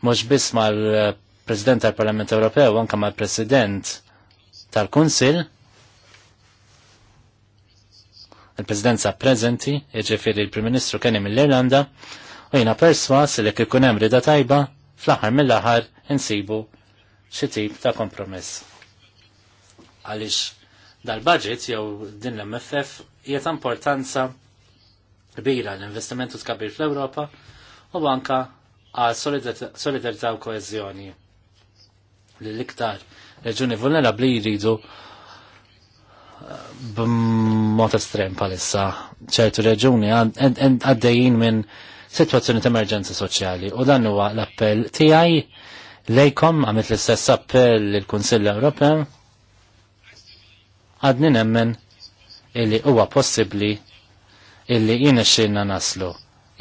mhux biss mal-President tal-Parlament Ewropew anke mal-President tal-Kunsill il-Presidenza preżenti, jiġifieri l-Prim Ministru kien mill-Irlanda, u jiena perswas li kikunem hemm rida tajba fl-aħħar mill-aħħar insibu xi tip ta' kompromess. Għaliex dal-budget jew din l-MFF hija ta' importanza kbira l-investimentu tkabir fl-Ewropa u anka għal solidarità u koeżjoni. L-iktar reġuni vulnerabli jridu b'mod estrem palissa ċertu reġuni għaddejjin minn situazzjoni ta' emerġenza soċjali u dan huwa l-appell tiegħi lejkom għamilt l-istess appell il-Kunsill Ewropew għadni nemmen illi huwa possibbli illi jien xinna naslu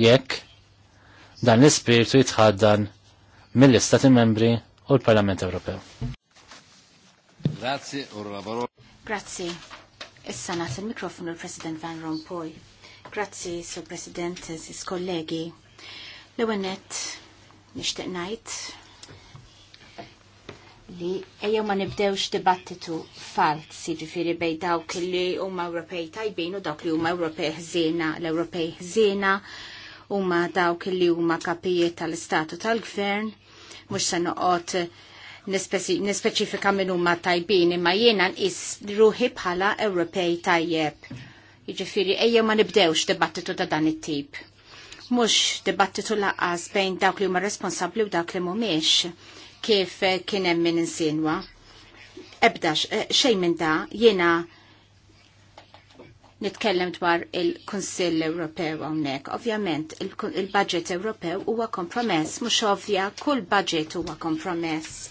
jekk dan l-ispirtu jitħaddan mill-Istati Membri u l-Parlament Ewropew. Grazie, Grazie. Issa nagħti il-mikrofonu l-President Van Rompuy. Grazzi, Sur President, Sis kollegi. l għennet nixtieq ngħid li ejjew ma nibdewx dibattitu fals, jiġifieri bej dawk li huma Ewropej tajbin u dawk li huma Ewropej zina, l-Ewropej zina, huma dawk li huma kapijiet tal-istatu tal-gvern, mhux se noqgħod nispeċifika minn huma tajbin imma jiena nqis ruħi bħala Ewropej tajjeb. Jiġifieri ejja ma nibdewx dibattitu ta' dan it-tip. Mhux dibattitu laqas bejn dawk li huma responsabbli u dawk li mhumiex kif kien hemm min insinwa. Ebda e, xejn minn da jiena nitkellem dwar il-Kunsill Ewropew hawnhekk. Ovvjament il-budget Ewropew huwa kompromess, mhux ovvja kull budget huwa kompromess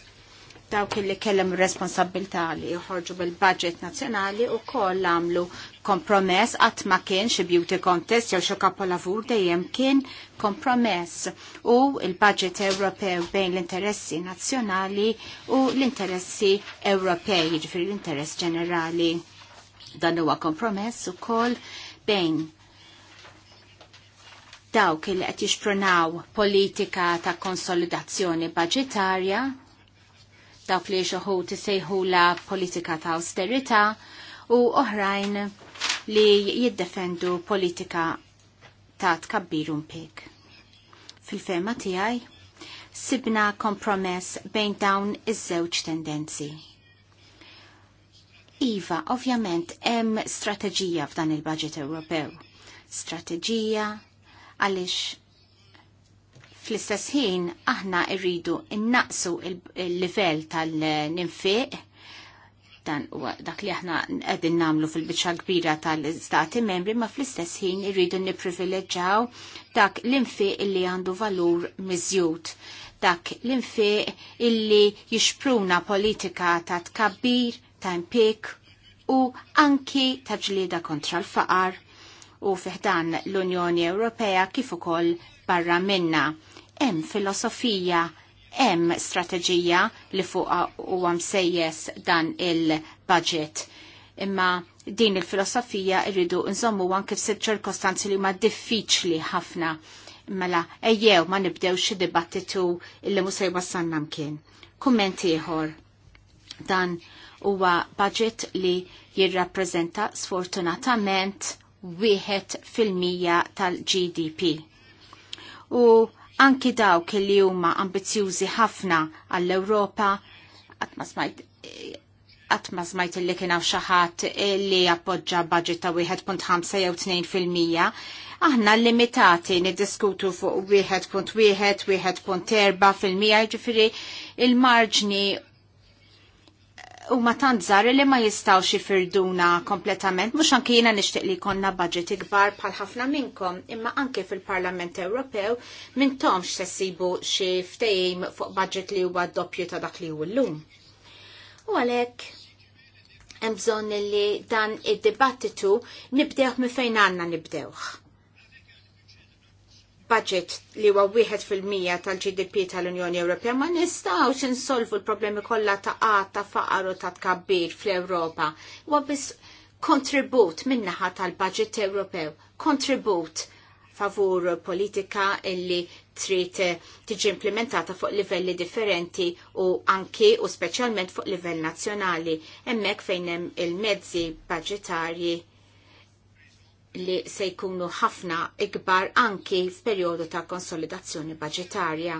dawk li kellem responsabilta li joħorġu bil-budget nazjonali u koll għamlu kompromess għat ma kien xie beauty contest jew xie kapolavur dejjem kien kompromess u il-budget Ewropew bejn l-interessi nazjonali u l-interessi Ewropej, ġifri l-interess ġenerali. Dan huwa kompromess u koll bejn dawk li qed jixpronaw politika ta' konsolidazzjoni budgetarja dawk li xoħut la politika ta' austerita u oħrajn li jiddefendu politika ta' tkabbir pik. fil ferma tijaj, sibna kompromess bejn dawn iż-żewġ tendenzi. Iva, ovvjament, hemm strateġija f'dan il-budget Ewropew. Strateġija għaliex Fl-istess ħin aħna rridu innaqsu il-livell tal-ninfiq dan dak li aħna qegħdin nagħmlu fil-biċċa kbira tal-istati membri ma fl-istess ħin irridu nipprivileġġjaw dak l-infiq illi għandu valur miżjud dak l-infiq illi jixpruna politika ta' tkabbir, ta' impik u anki ta' ġlieda kontra l-faqar u fiħdan l-Unjoni Ewropea kif ukoll barra minna Hemm filosofija, hemm strateġija li fuq huwa msejjes dan il-budget. Imma din il-filosofija irridu nżommu kif f'sitt ċirkostanzi li huma diffiċli ħafna. Mela, ejjew ma nibdewx dibattitu illi musej wassanna kien. Kumment ieħor. Dan huwa budget li jirrappreżenta sfortunatament wieħed fil-mija tal-GDP. U anki dawk li huma ambizjużi ħafna għall-Ewropa, ma smajt li kien hawn xi ħadd li appoġġa budget ta' 1.5 jew 2%, aħna limitati niddiskutu fuq 1.1, 1.4 fil-mija jiġifieri il-marġni u ma tant li ma jistawx jifirduna kompletament, mux anki jina nishtiq li konna budget ikbar bħal ħafna minnkom, imma anki fil-Parlament Ewropew minn tomx sessibu xi ftejim fuq budget li huwa doppju ta' dak li hu l-lum. U għalek, hemm bżonn li dan id-dibattitu nibdewh minn fejn għandna nibdewh budget li huwa wieħed fil-mija tal-GDP tal-Unjoni Ewropea ma nistgħux insolvu l-problemi kollha ta' qat ta' faqar u ta' tkabbir fl-Ewropa. Huwa biss kontribut min-naħa tal-budget Ewropew, kontribut favur politika illi trid tiġi implementata fuq livelli differenti u anki u speċjalment fuq livell nazzjonali, hemmhekk fejn hemm il-mezzi budgetarji li se jkunu ħafna ikbar anki f'perjodu ta' konsolidazzjoni budgetarja.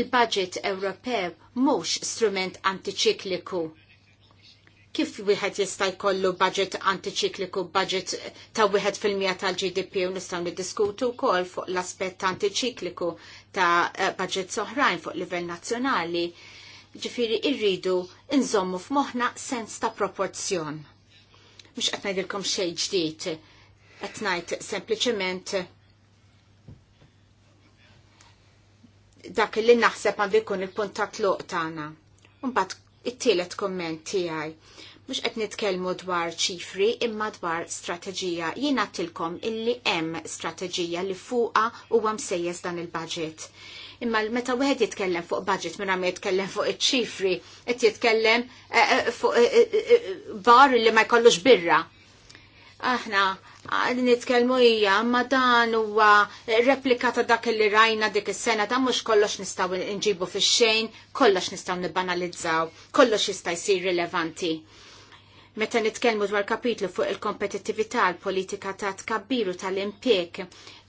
Il-budget Ewropew mhux strument antiċikliku kif wieħed jista' jkollu budget antiċikliku budget ta' wieħed fil-mija tal-GDP u nistgħu niddiskutu wkoll fuq l-aspett antiċikliku ta' eh, budget soħrajn fuq livell nazzjonali. Ġifieri rridu nżommu f'moħħna sens ta' proporzjon. Mhux qed ngħidilkom xejn ġdid qed ngħid sempliċement dak li naħseb għandu jkun il-punt ta' tluq tagħna. Mbagħad it-tielet komment tiegħi mux qed nitkellmu dwar ċifri imma dwar strateġija. Jiena tilkom illi hemm strateġija li fuqa huwa msejjes dan il-budget. Imma meta wieħed jitkellem fuq budget minn ma jitkellem fuq iċ-ċifri, qed jitkellem eh, eh, fuq eh, bar li ma jkollux birra. Aħna li nitkellmu hija ma dan huwa replika ta' dak li rajna dik is-sena ta' mhux kollox nistgħu nġibu fix-xejn, kollox nistgħu nibbanalizzaw, kollox jista' jsir rilevanti. Meta nitkellmu dwar kapitlu fuq il-kompetittività l-politika ta' tkabbiru tal-impjek,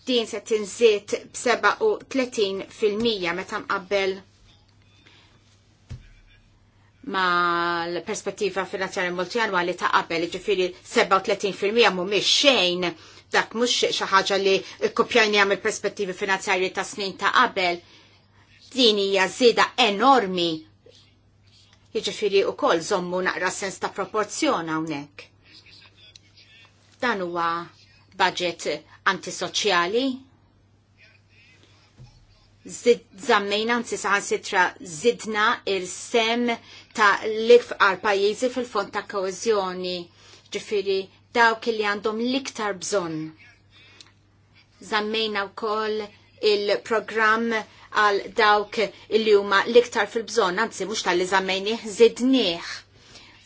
din se tinżied b'37 fil-mija meta mqabbel ma l-perspettiva finanzjarja li ta' qabel, ġifiri 37% mhumiex xejn dak mhux xi ħaġa li kopjajni għam il-perspettivi finanzjarja ta' snin ta' qabel. Din hija żieda enormi. Jiġifieri wkoll żommu naqra sens ta' proporzjon hawnhekk. Dan huwa budget antisoċjali zammejna nsi saħan sitra zidna il-sem ta' l għal pajizi fil-fond ta' kohezjoni ġifiri dawk li għandhom l-iktar bżon. Zammejna u koll il-program għal dawk li huma l-iktar fil-bżon, anzi mux tal-li zammejni zidniħ.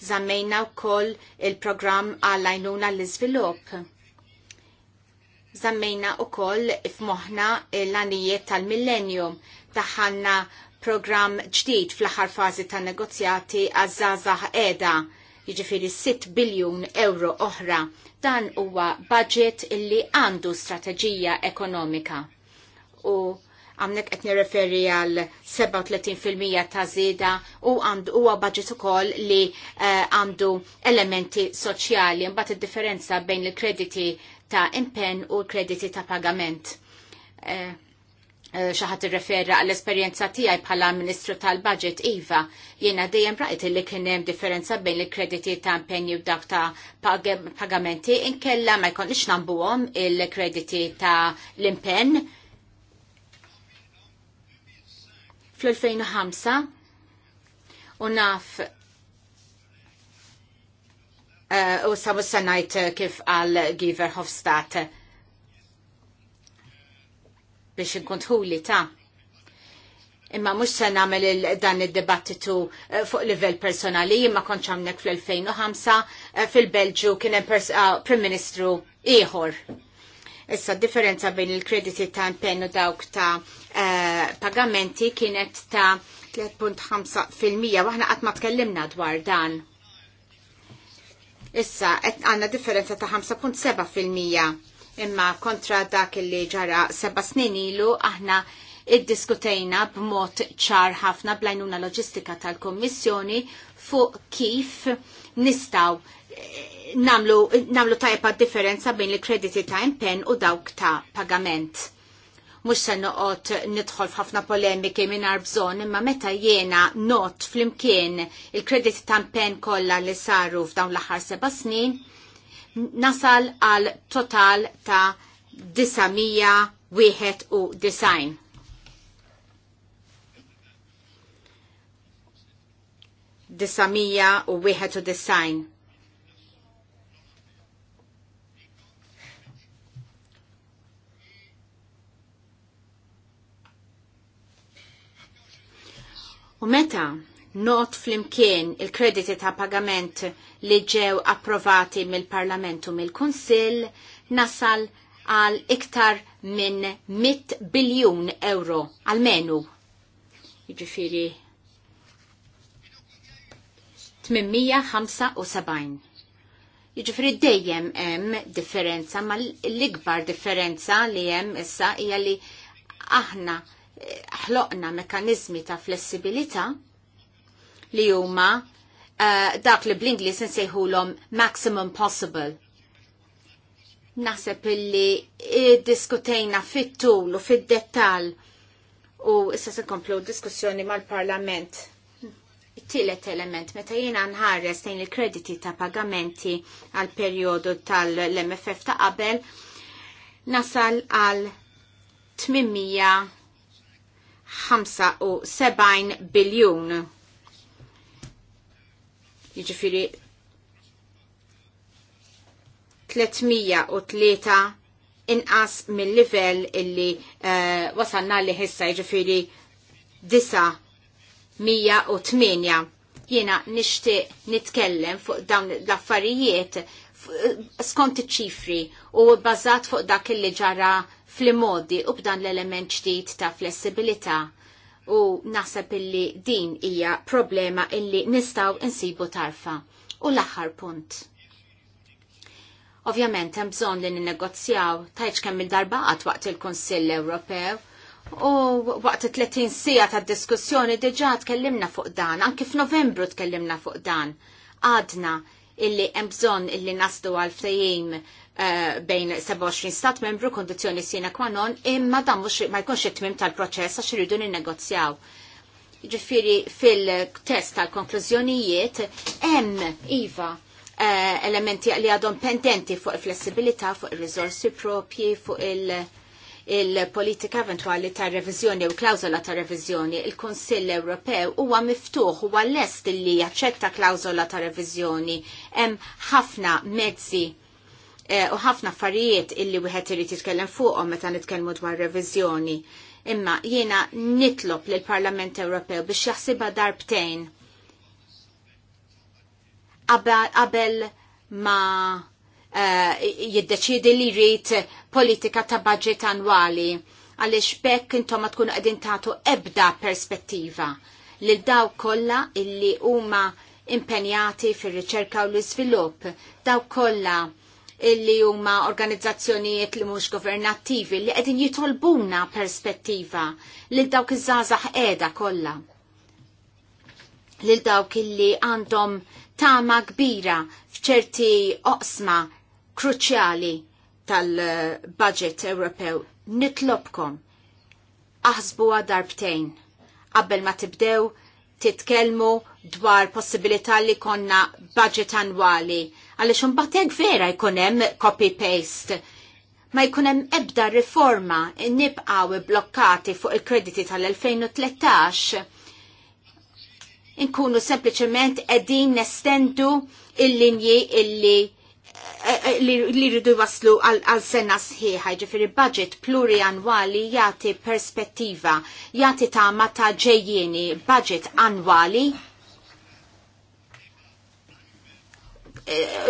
Zammejna u koll il-program għal għajnuna l-izvilup Zammejna u koll f'moħna l-anijiet tal-millennium taħanna program ġdid fl-aħħar fażi tan negozjati għaż edha jġifiri jiġifieri 6 biljun euro oħra. Dan huwa budget illi għandu strateġija ekonomika. U għamnek qed nirreferi għal 37% ta' zida u għandu huwa budget ukoll li eh, għandu elementi soċjali. Mbagħad id-differenza bejn il-krediti ta' impenn u krediti ta' pagament. Eh, eh xaħat referra għall-esperienza tijaj bħala Ministru tal-Budget Iva, jena dejjem rajt li kienem differenza bejn il-krediti ta' impenju dak ta' pagamenti, inkella ma jkonix nambuhom il-krediti ta' l-impenn. Fl-2005, u naf Eh, u sabu sanajt eh, kif għal Giver Hofstadt biex nkun tħuli ta' imma mux se namel dan il-dibattitu eh, fuq livell personali, imma konċ għamnek fl-2005 fil-Belġu kien ah, Prim Ministru ieħor. Issa differenza bejn il-krediti ta' impennu dawk ta' pagamenti kienet ta' 3.5% waħna qatt ma tkellimna dwar dan. Issa, għanna differenza ta' 5.7% imma kontra dak li ġara seba snin ilu aħna id-diskutejna b'mod ċar ħafna blajnuna loġistika tal-Kommissjoni fuq kif nistaw eh, namlu, namlu tajpa differenza bejn il-krediti ta' impen u dawk ta' pagament mhux se noqgħod nidħol f'ħafna polemiki mingħajr bżonn imma meta jiena not flimkien il-kredit tampen kollha li saru f'dawn l-aħħar seba' snin nasal għal total ta' design. Disamija u wieħed u design U meta not flimkien il-krediti ta' pagament li ġew approvati mill-Parlamentu mill-Kunsill nasal għal iktar minn 100 biljun euro għal-menu. Ġifiri 875. Jiġifieri dejjem hemm differenza, ma l-ikbar differenza li hemm issa hija li aħna ħloqna mekanizmi ta' flessibilità li huma uh, dak li bl-Inglis insejħulhom maximum possible. Naħseb illi diskutejna fit-tul u fid-dettal u issa se nkomplu diskussjoni mal-Parlament. It-tielet element meta jiena nħares tejn il-krediti ta' pagamenti għal perjodu tal-MFF ta' qabel nasal għal 800 75 biljun. Jiġifieri 303 inqas mill-livell illi uh, wasalna li ħissa jiġifieri 908. Jiena nixtieq nitkellem fuq dawn l-affarijiet skont iċ-ċifri u bbażat fuq dak li ġara fl-modi u b'dan l-element ġdid ta' flessibilità u naħseb illi din hija problema illi nistaw insibu tarfa. U l-aħħar punt. Ovvjament hemm bżonn li ninnegozjaw tajġ kemm il-darba għat waqt il-Kunsill Ewropew u waqt 30 sija ta' diskussjoni diġà tkellimna fuq dan, anki f'Novembru tkellimna fuq dan. Għadna illi hemm bżonn illi nasdu għal fejjim Eh, bejn 27 stat membru kondizjoni sina kwa non imma dan mux ma jkunx it-tmim tal-proċess għax iridu ninnegozjaw. Ġifiri fil-test tal-konklużjonijiet hemm iva eh, elementi li għadhom pendenti fuq il-flessibilità, fuq il-rizorsi propji, fuq il- il-politika eventuali ta' revizjoni u klawzola ta' revizjoni, il-Konsill Ewropew huwa miftuħ huwa lest li jaċċetta klawzola ta' revizjoni hemm ħafna mezzi Eh, u ħafna affarijiet illi wieħed irid jitkellem fuqhom meta nitkellmu dwar reviżjoni. Imma jiena nitlob lill parlament Ewropew biex jaħsibha darbtejn qabel ma eh, jiddeċidi li jrid politika ta' budget annwali għaliex bekk intom ma tkunu qegħdin tagħtu ebda perspettiva lil daw kollha illi huma impenjati fir-riċerka u l-iżvilupp, daw kollha illi huma organizzazzjonijiet li mhux governattivi li qegħdin jitolbuna perspettiva lil dawk iż-żgħażagħ qiegħda kollha. Lil dawk illi għandhom tama kbira f'ċerti oqsma kruċjali tal-budget Ewropew. Nitlobkom aħsbuha darbtejn qabel ma tibdew titkellmu dwar possibilità li konna budget annwali għaliex imbagħad vera jkun hemm copy-paste. Ma jkun hemm ebda riforma nibqgħu blokkati fuq il-krediti tal-2013. Inkunu sempliċement qegħdin nestendu il-linji illi eh, li rridu waslu għal sena sħiħa, ġifiri budget plurianwali jati perspettiva, jati ta' mata ġejjini budget annwali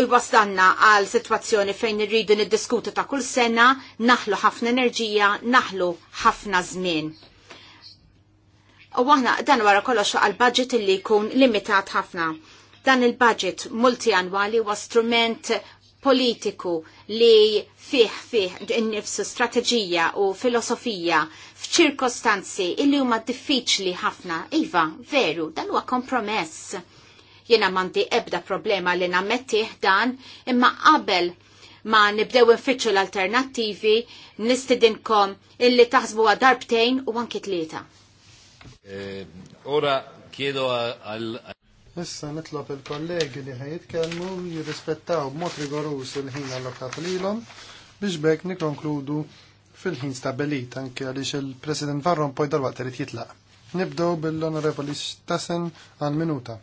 jwastanna eh, għal situazzjoni fejn irridu niddiskutu ta' kull sena, naħlu ħafna enerġija, naħlu ħafna żmien. U aħna dan wara kollox għal budget li jkun limitat ħafna. Dan il-budget multianwali huwa strument politiku li fih fih innifsu strateġija u filosofija f'ċirkostanzi illi huma diffiċli ħafna. Iva, veru, dan huwa kompromess Jena mandi ebda problema li nammettih dan imma qabel ma nibdew nfittxu l-alternattivi nistidinkom illi taħsbu darbtejn u anki tlieta. Eh, ora kiedu għal. Issa nitlob il-kollegi li ħajitkellmu jirrispettaw b'mod rigorus il-ħin allokat lilhom biex bekk nikonkludu fil-ħin stabilit anke għaliex il-President Varron poi irid jitlaq. Nibdew bil-Onorevoli Stassen għal minuta.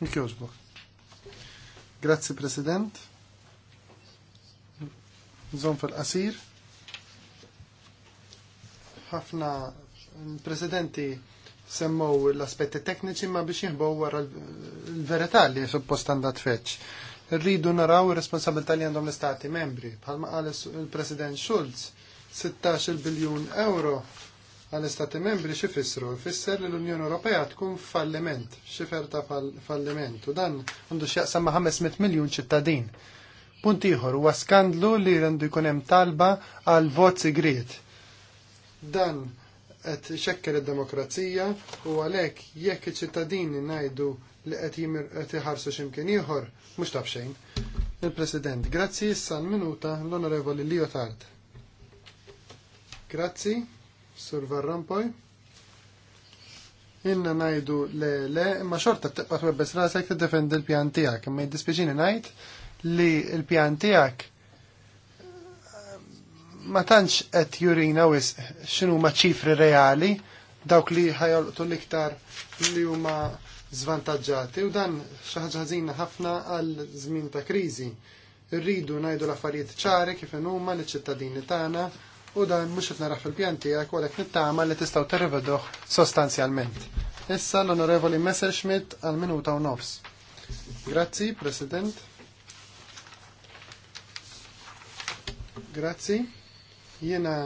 Nikjożbok. Grazzi President. Zon fil-qasir. Ħafna presidenti semmow l-aspetti tekniċi ma biex jihbow wara l-verità li suppost għandat feċ. Rridu naraw ir-responsabilità li għandhom l-istati membri. Bħalma qal il-President Schulz 16 biljun euro għal-Istati membri xifissru, fisser li l-Unjoni Ewropea tkun falliment, xifer ta' falliment, u dan għandu xjaqsam ma' 500 miljon ċittadin. Punt ieħor huwa skandlu li rendu jkun hemm talba għal vot sigriet. Dan qed xekker id-demokrazija u għalhekk jekk iċ-ċittadini ngħidu li qed jħarsu x'imkien ieħor mhux taf xejn. Il-President, grazzi issa minuta l-Onorevoli Liotard. Grazzi. Sur Varrampoj. Inna najdu le le, imma xorta t-tibqa t-webbes rasek t-defend il-pjan tijak, imma jiddispieċini najt li il-pjan tijak eh, ma tantx qed jurina wis xinu ma ċifri reali dawk li ħajolqtu l-iktar li huma zvantagġati u dan xi ħaġa ħafna għal żmien ta' kriżi. Irridu ngħidu l-affarijiet ċari kif huma liċ-ċittadini tagħna u dan mhux qed naraħ fil-pjanti u kolek nittama li tistaw tervedoħ sostanzjalment. Issa l-Onorevoli Messerschmidt għal minuta u nofs. Grazzi, President. Grazzi. Jiena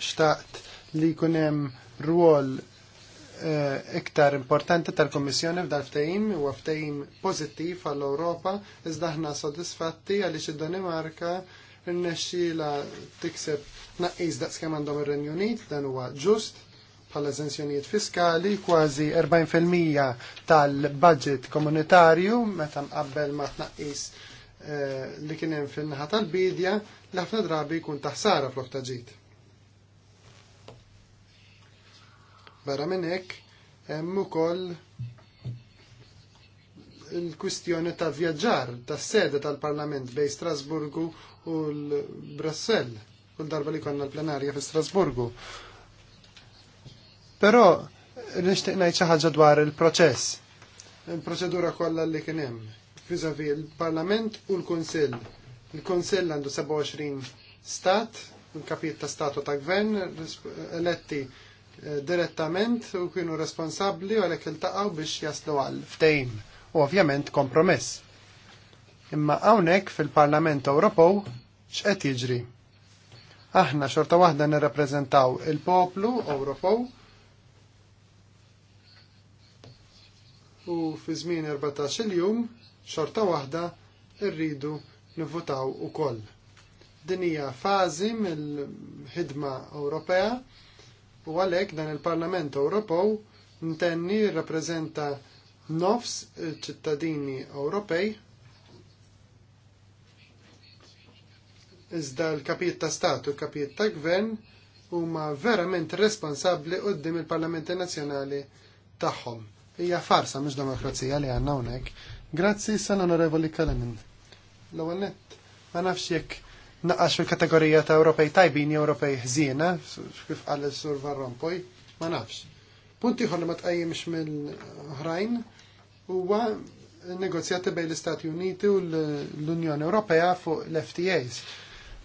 xtaqt li kunem ruol eh, iktar importanti tal komissjoni f'dal ftehim u ftehim pozittiv għall europa iżdaħna sodisfatti għaliex id-Danimarka rnexxiela tikseb naqis daqs kemm għandhom ir-Renju Unit, dan huwa ġust bħala eżenzjonijiet fiskali kważi 40% tal-budget komunitarju meta mqabbel ma tnaqqis eh, li kien hemm fin-naħa tal-bidja li ħafna drabi jkun taħsara flok ta' ġid. Barra minn hekk hemm ukoll il-kwistjoni ta' vjaġġar tas sede tal-Parlament bej Strasburgu u l-Brassell u l-darba li konna l-plenarja fi Strasburgu. Però nishtiq ngħid xi ħaġa dwar il-proċess. Il-proċedura kollha li kien hemm viżavi il-Parlament u l-Kunsill. Il-Kunsill għandu 27 stat, il kapit ta' statu ta' gvern, eletti eh, direttament u kienu responsabli u għalek il-taqaw biex jaslu għal ftejn u ovvjament kompromess. Imma hawnhekk fil-Parlament Ewropew x'qed jiġri? Aħna xorta waħda nirrappreżentaw il-poplu Ewropew u fi żmien 14-il jum xorta waħda rridu nivvutaw ukoll. Din hija fażi mill-ħidma Ewropea u għalhekk dan il-Parlament Ewropew ntenni rappreżenta nofs ċittadini Ewropej iżda l-kapijiet ta' statu, l-kapijiet ta' gvern huma verament responsabbli qudiem il-Parlamenti Nazzjonali tagħhom. Hija farsa mhux demokrazija li għandna hawnhekk. Grazzi sal onorevoli Kalamin. L-ewwel nett ma nafx jekk naqax fil-kategorija ta' Ewropej tajbini Ewropej ħżiena, kif qal sur Varrompoj, ma nafx. Punti ħolli ma tqajjimx mill-ħrajn huwa negozjati bejn l-Istati Uniti u l-Unjoni Ewropea fuq l-FTAs.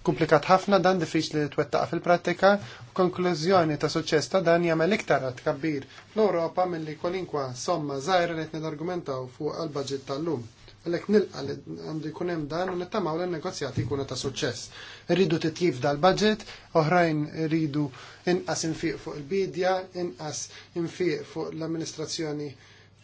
Komplikat ħafna dan diffiċli li twettaq fil-prattika, konklużjoni ta' suċċess ta' dan jagħmel iktar tkabbir l-Ewropa milli kwalinkwa somma żgħira li qed nargumentaw fuq għall budget tal-lum għalek nilqa li għandu jkun hemm dan u nittamaw li negozjati jkunu ta' suċċess. Rridu titjib dal-budget, oħrajn rridu inqas infiq fuq il-bidja, inqas infiq fuq l-amministrazzjoni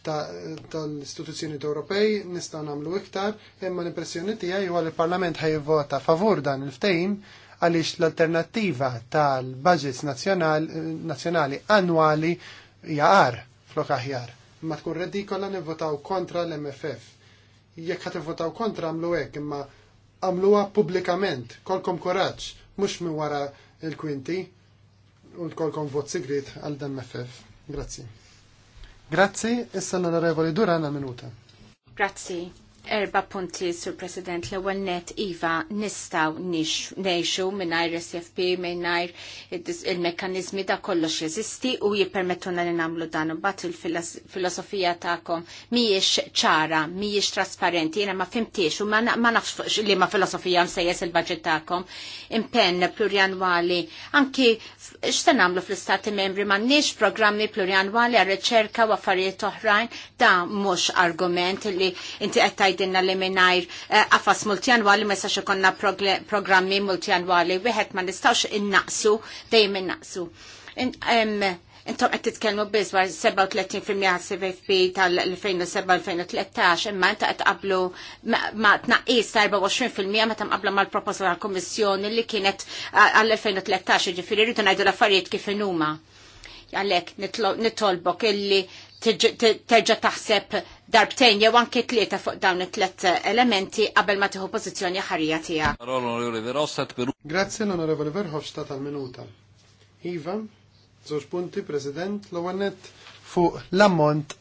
tal-istituzzjoni ta Ewropej nistgħu nagħmlu iktar, imma l-impressjoni tiegħi huwa li l-Parlament ħajvota favur dan il-ftehim għaliex l-alternattiva tal-budgets nazzjonali annwali jaqar flok aħjar. Ma tkun redikola nivvotaw kontra l-MFF. Jekk ħat votaw kontra għamlu hekk, imma għamluha pubblikament, kolkom koraġġ, mhux minn wara il-kwinti u kolkom vot sigrit għal dan MFF. Grazie. Grazzi, issa l-onorevoli Duran għal minuta. Grazzi. Erba punti sur President l ewwel net Iva nistaw neħxu minnajr SFP minnajr il-mekanizmi da kollox jeżisti u jipermettuna li namlu dan u bat il-filosofija ta'kom miex ċara, miex trasparenti, jena ma fimtiex u ma nafx li ma filosofija msejjes il-budget ta'kom impenn plurianwali anki xta namlu fl-istati membri ma nix programmi plurianwali għal-reċerka u affarijiet oħrajn da mux argument li inti għettaj għajdinna li minnajr għafas eh, multijanwali, ma jistax konna programmi multijanwali, wieħed ma nistax innaqsu dejjem innaqsu. Intom qed titkellmu biss dwar 37% CVFP tal-2007-2013 imma inta qed tqablu ma tnaqqis ta' 24% meta ma mal-proposta tal-Kummissjoni li kienet eh, għall-2013 ġifiri rridu ngħidu l-affarijiet kif numa għalek nitolbok illi terġa' taħseb darbtejn jew anke tlieta fuq dawn it-tlet elementi qabel ma tieħu pożizzjoni ħarija tiegħek. Grazie l-Onorevoli Verhofstadt tal-minuta. Iva, żewġ punti, President, l-ewwel fuq l-ammont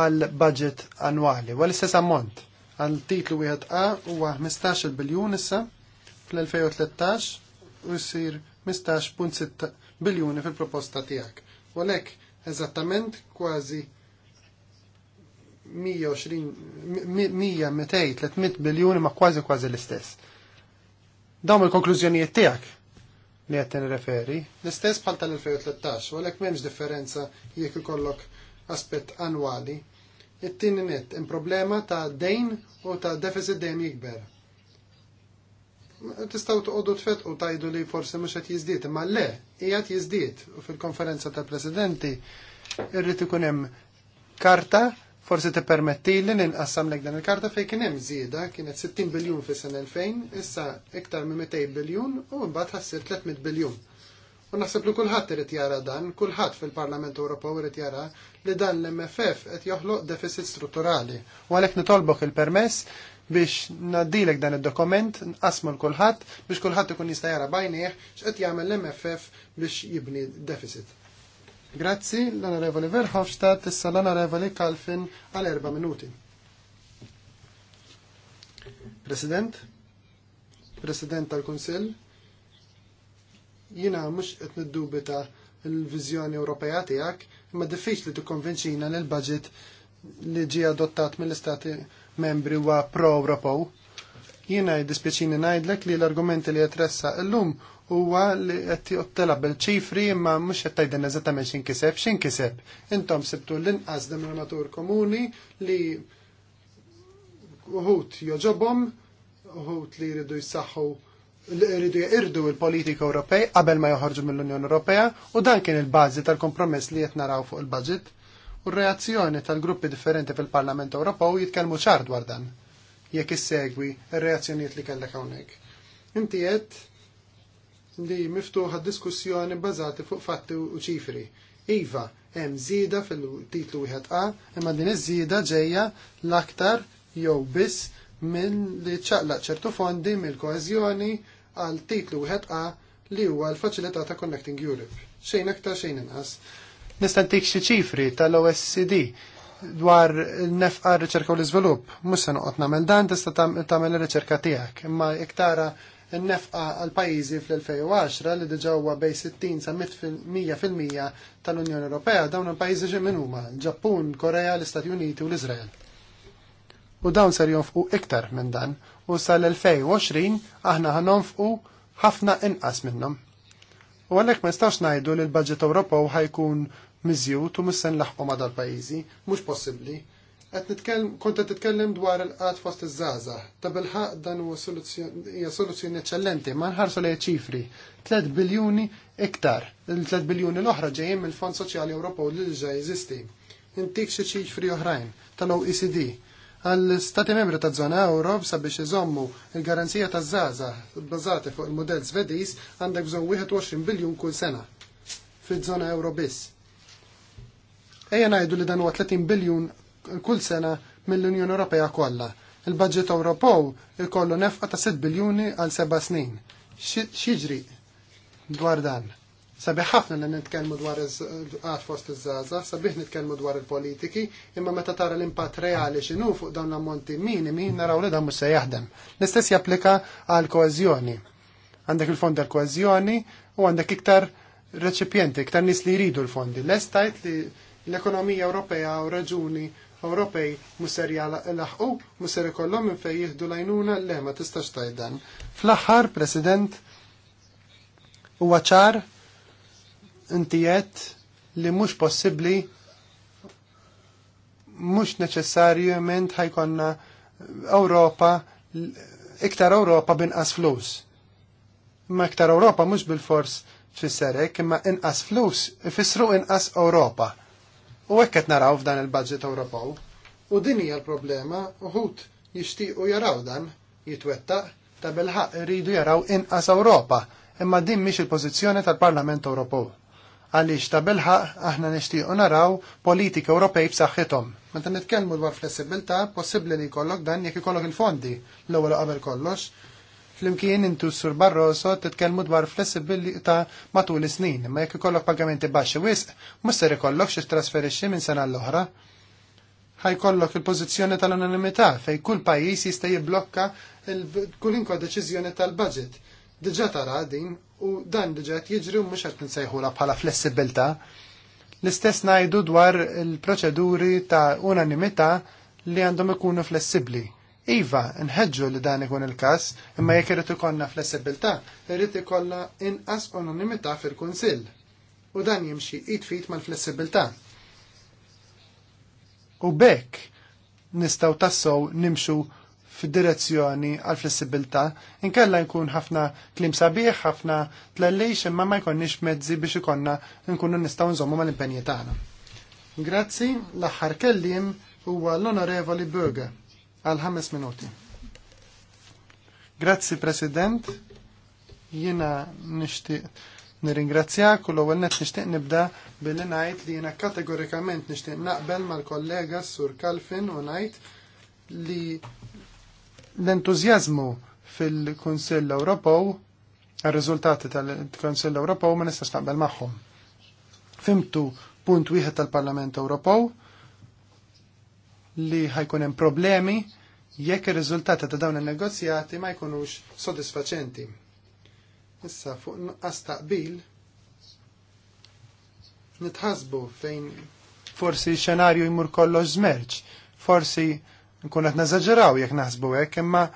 għal budget annwali, l istess ammont għal titlu wieħed A huwa 15 biljun issa fl-2013 u jsir 15.6 biljuni fil-proposta tiegħek. Walek eżattament kważi 120 200 300 biljuni ma kważi kważi l-istess. Dawn il-konklużjonijiet tiegħek li qed referi, l-istess bħal tal-2013, u għalhekk m'hemmx differenza jekk ikollok aspett annwali. It-tieni net, hemm problema ta' dejn u ta' deficit dejjem jikber tistaw tfet u tajdu li forsi mhux qed jizdiet, imma le, qiegħed jizdiet u fil-konferenza tal-Presidenti irrid ikun hemm karta forsi permetti li ninqassam lek dan il-karta fejn kien hemm żieda kienet 60 biljun fis sen 2000, issa iktar minn 200 biljun u mbagħad ħassir 300 biljun. U naħseb li kulħadd irid jara dan, kulħadd fil-Parlament Ewropew irid jara li dan l-MFF qed joħloq deficit strutturali. U għalhekk nitolbok il-permess biex naddilek dan id-dokument, nqasmu l-kulħadd biex kulħadd ikun jista' jara bajnieh x'qed jagħmel l-MFF biex jibni deficit. Grazzi l-Onorevoli Verhofstadt, issa l-Onorevoli Kalfin għal erba' minuti. President, President tal-Kunsill, jina mux qed niddubita l-vizjoni Ewropea tiegħek, imma diffiċli tikkonvinċina l budget li ġie adottat mill-Istati membri huwa pro-Europow. Jiena id-dispieċini ngħidlek li l-argumenti li jatressa l-lum huwa li qed jottela bil-ċifri imma mhux qed tgħidilna eżattament x'inkiseb x'inkiseb. Intom sibtu l-inqas denominatur komuni li uħut joġobhom, uħut li jridu jsaħħu li jridu jirdu l-politika Ewropej qabel ma joħorġu mill-Unjoni Ewropea u dan kien il-bażi tal-kompromess li qed naraw fuq il-budget u r-reazzjoni tal-gruppi differenti fil-Parlament Ewropew jitkellmu ċar dwar dan jekk issegwi r-reazzjonijiet li kellek hawnhekk. Inti qed li miftuħa diskussjoni bbażati fuq fatti u ċifri. Iva, hemm żieda fil-titlu wieħed A, imma din iż-żieda ġejja l-aktar jew biss minn li ċaqlaq ċertu fondi mill-koeżjoni għal titlu wieħed A li huwa l-faċilità ta' Connecting Europe. Xejn aktar xejn inqas. Nistantik xie ċifri tal-OSCD dwar nefqa r reċerka u l izvilup Musa se noqgħod nagħmel dan tista' tagħmel ir-riċerka tiegħek, imma iktara n-nefqa għal pajjiżi fl-2010 li d-ġawwa bej 60 sa 100% tal-Unjoni Ewropea dawn il-pajjiżi ġi minn huma l-Ġappun, Korea, l-Istati Uniti u l-Iżrael. U dawn ser jonfqu iktar minn dan u sal-2020 aħna ħanonfqu ħafna inqas minnhom. U għalhekk ma nistax ngħidu li l-budget Ewropew ħajkun miżjut u missen laħqom ma dal-pajjiżi, mhux possibbli. Qed nitkellem kont qed titkellem dwar il-qat fost iż-żgħażagħ. Ta' bil ħak dan huwa soluzjoni soluzzjoni eċċellenti, ma nħarsu lejn ċifri. 3 biljuni iktar. Il-3 biljuni l-oħra ġejjem mill-Fond Soċjali Ewropew li ġej jeżisti. Intik xi ċifri oħrajn tal-OECD għall-stati membri ta' zona euro sabiex iżommu il-garanzija ta' zaza bbażati fuq il-modell svediż għandek bżonn 21 biljun kull sena fiż-żona euro biss. Ejja ngħidu li dan huwa 30 biljun kull sena mill-Unjoni Ewropea kollha. Il-budget Ewropew ikollu nefqa ta' 6 biljuni għal seba' snin. Xiġri dwar dan? Sabiħ ħafna li nitkellmu dwar għad fost iż-żaza, sabiħ nitkellmu dwar il-politiki, imma meta tara l-impatt reali x'inhu fuq dawn l-ammonti minimi naraw li dan mhux se jaħdem. L-istess japplika għal koeżjoni. Għandek il-fond tal koeżjoni u għandek iktar reċipjenti, iktar nies li jridu l-fondi. L-estajt li L-ekonomija Ewropea u raġuni Ewropej musser jalaħqu, muser ikollhom minn fejn jieħdu lajnuna le ma tistax tajdan. Fl-aħħar, President, huwa ċar inti qed li mhux possibbli mhux neċessarjament ħajkonna Ewropa iktar Ewropa binqas flus. Ma iktar Ewropa mhux bil-fors hekk, imma inqas flus ifissru inqas Ewropa U hekk qed naraw f'dan il-budget Ewropew. U din hija l-problema uħud jixtiequ jaraw dan jitwettaq ta' bil-ħaq iridu jaraw inqas Ewropa, imma din mhix il-pożizzjoni tal-Parlament Ewropew. Għaliex ta' bil-ħaq aħna nixtiequ naraw politika Ewropej b'saħħithom. Meta nitkellmu dwar flessibilità, possibbli li jkollok dan jekk ikollok il-fondi l-ewwel qabel kollox, Flimkien intu sur Barroso titkellmu dwar flessibilità matul is-snin, imma jekk ikollok pagamenti baxxi wisq, mhux ser ikollok xi trasferixxi minn sena l-oħra. Ħajkollok il-pożizzjoni tal-anonimità fej kull pajjiż jista' jibblokka kull inkwa deċiżjoni tal-budget. Diġà tara din u dan diġà qed jiġri u mhux qed nsejħula bħala flessibilità. L-istess ngħidu dwar il-proċeduri ta' unanimità li għandhom ikunu flessibbli Iva, nħedġu li dan ikun il-kas, imma jekk irid ikollna flessibilità, irid ikollna inqas anonimità fil-Kunsill. U dan jimxi id fit mal-flessibilità. U bekk nistgħu tassow nimxu fid-direzzjoni għal flessibilità, inkella jkun ħafna klim sabiħ, ħafna tlellix, imma ma jkollniex mezzi biex ikonna nkunu nistgħu nżommu mal-impenji tagħna. Grazzi, l-aħħar kellim huwa l-Onorevoli Burger għal ħames minuti. Grazzi President, jiena nixtieq nirringrazzjak u l-ewwel net nixtieq nibda billi ngħid li jiena kategorikament nixtieq naqbel mal-kollega Sur Kalfin u ngħid li l-entużjażmu fil-Kunsill Ewropew għar-riżultati tal-Kunsill Ewropew ma nistax naqbel magħhom. Fimtu punt wieħed tal-Parlament Ewropew li ħajkun hemm problemi jekk ir-riżultati ta' dawn in-negozjati ma jkunux sodisfaċenti. Issa fuq nuqqas taqbil nitħasbu fejn forsi xenarju jmur kollox żmerġ, forsi nkun qed nażaġeraw jekk naħsbu hekk, imma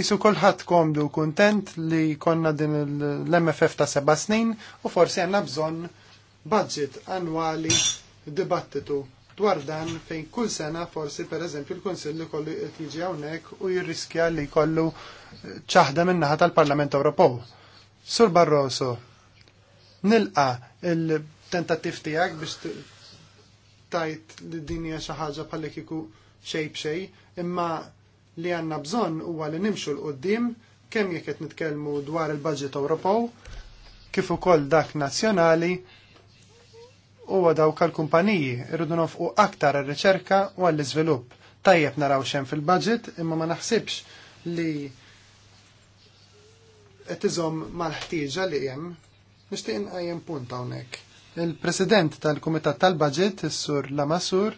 Isu kulħadd komdu kuntent li konna din l-MFF ta' seba snin u forsi għandna bżonn budget annwali dibattitu dwar dan fejn kull sena forsi per eżempju l-Konsill kollu jiġi hawnhekk u jirriskja li kollu eh, ċaħda min-naħa tal-Parlament Ewropew. Sur Barroso, nilqa il-tentattiv tiegħek biex tajt li din hija xi ħaġa bħalli kieku xej b'xej, imma li għandna bżonn huwa li nimxu l-qudiem kemm jekk qed nitkellmu dwar il-budget Ewropew kif ukoll dak nazzjonali huwa dawk għall-kumpaniji irridu nofqu aktar għar-riċerka u għall-iżvilupp. Tajjeb naraw xem fil-budget, imma ma naħsibx li qed iżomm mal-ħtieġa li hemm. Nixtieq inqajjem punt hawnhekk. Il-President tal-Kumitat tal-Budget, is-Sur Lamassur,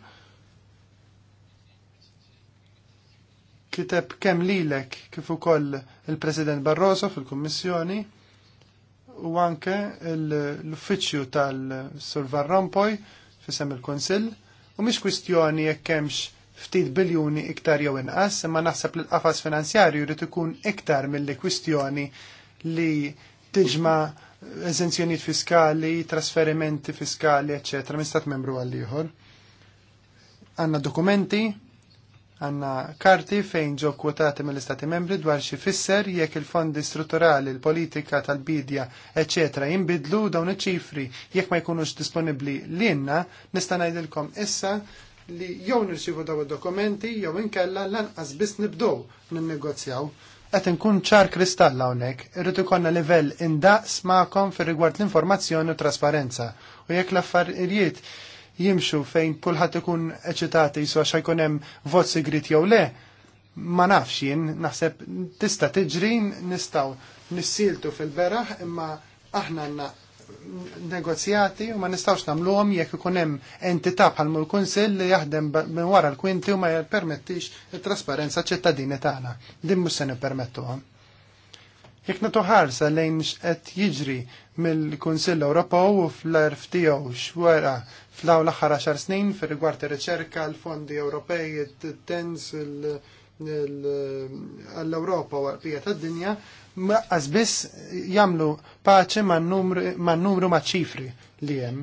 kiteb kemm lilek kif ukoll il-President Barroso fil-Kummissjoni u anke l-uffiċju tal-Sur Rampoj fissem il-Konsil u miex kwistjoni jekk hemmx ftit biljuni iktar jew inqas, imma naħseb li l-qafas finanzjarju jrid ikun iktar mill-li kwistjoni li tiġma eżenzjonijiet fiskali, trasferimenti fiskali, eccetera, minn stat membru għal ieħor. Għandna dokumenti Għanna karti fejn ġo kwotati mill-Istati membri dwar xi fisser jekk il-fondi strutturali, il-politika tal-bidja, eċetera, jinbidlu dawn iċ-ċifri jekk ma jkunux disponibbli l-inna, nista' ngħidilkom issa li jew nirċivu daw id-dokumenti jew inkella lanqas biss nibdew ninnegozjaw qed inkun ċar kristall hawnhekk, irrid ikollna livell indaqs magħkom fir rigward l-informazzjoni u trasparenza. U jekk l-affarijiet jimxu fejn kulħadd ikun eċitati jiswa jkun hemm vot sigrit jew le, ma nafx jien, naħseb tista' tiġri nistgħu nissiltu fil-beraħ imma aħna għandna negozjati u ma nistgħux nagħmluhom jekk ikun hemm entità bħalmu l-Kunsill li jaħdem minn wara l-kwinti u ma jippermettix it-trasparenza ċittadini tagħna. Din mhux se nippermettuhom. Jekk nagħtu ħarsa lejn x'qed jiġri mill-Kunsill Ewropew u fl-erf tiegħu xwara Flaw l-aħħar 10 snin fir rigward ir-riċerka, l-fondi Ewropej, tens għall-Ewropa u għalpija tad-dinja, għazbis jamlu paċe man numru ma' ċifri li hemm.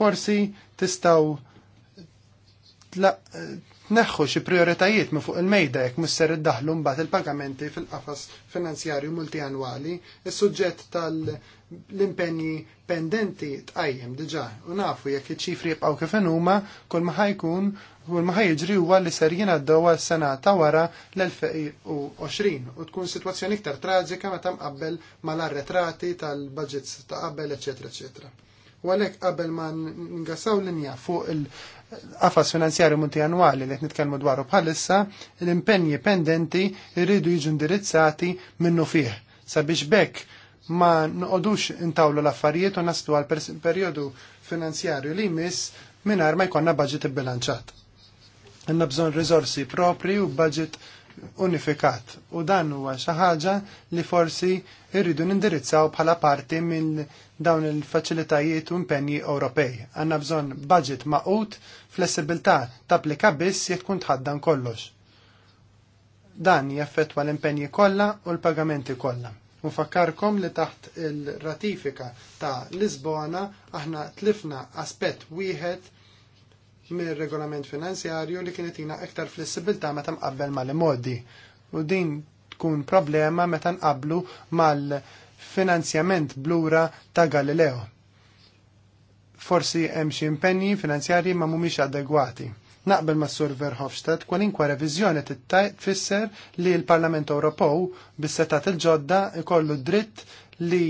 Forsi tistaw neħħu xi prioritajiet minn fuq il-mejda jekk misser iddaħlu mbagħad il-pagamenti fil-qafas finanzjarju multianwali, is-suġġett tal-impenji pendenti tqajjem diġà u nafu jekk iċ-ċifri jibqgħu kif huma kull ma ħajkun kull ma ħajġri huwa li ser jingħaddew għas-sena ta' wara l-2020 u tkun sitwazzjoni iktar traġika meta mqabbel mal-arretrati tal-budgets ta' qabel, eċetera, eċetera. U qabel ma ngasaw linja fuq il-qafas finanzjarju annuali li qed nitkellmu dwaru bħalissa, l-impenji pendenti jridu jiġu indirizzati minnu fih sabiex bekk ma noqodux intawlu l-affarijiet u naslu għal periodu finanzjarju li jmiss mingħajr ma jkollna budget ibbilanċat. Għanna bżonn rizorsi propri u budget unifikat u dan huwa xi ħaġa li forsi rridu nindirizzaw bħala parti minn dawn il-faċilitajiet u impenji Ewropej. Għandna bżonn budget maqut, flessibilità tapplika biss jekk tkun tħaddan kollox. Dan jaffettwa l-impenji kollha u l-pagamenti kollha. Mufakkarkom li taħt il-ratifika ta' Lisbona aħna tlifna aspett wieħed mir-regolament finanzjarju li kienet jina iktar flessibilta meta mqabbel mal-modi. U din tkun problema meta nqablu mal-finanzjament blura ta' Galileo. Forsi hemm xi impenji finanzjarji ma mhumiex adegwati. Naqbel ma' Sur Verhofstadt kwalinkwa reviżjoni tfisser li l-Parlament Ewropew bis-setat il-ġodda ikollu dritt li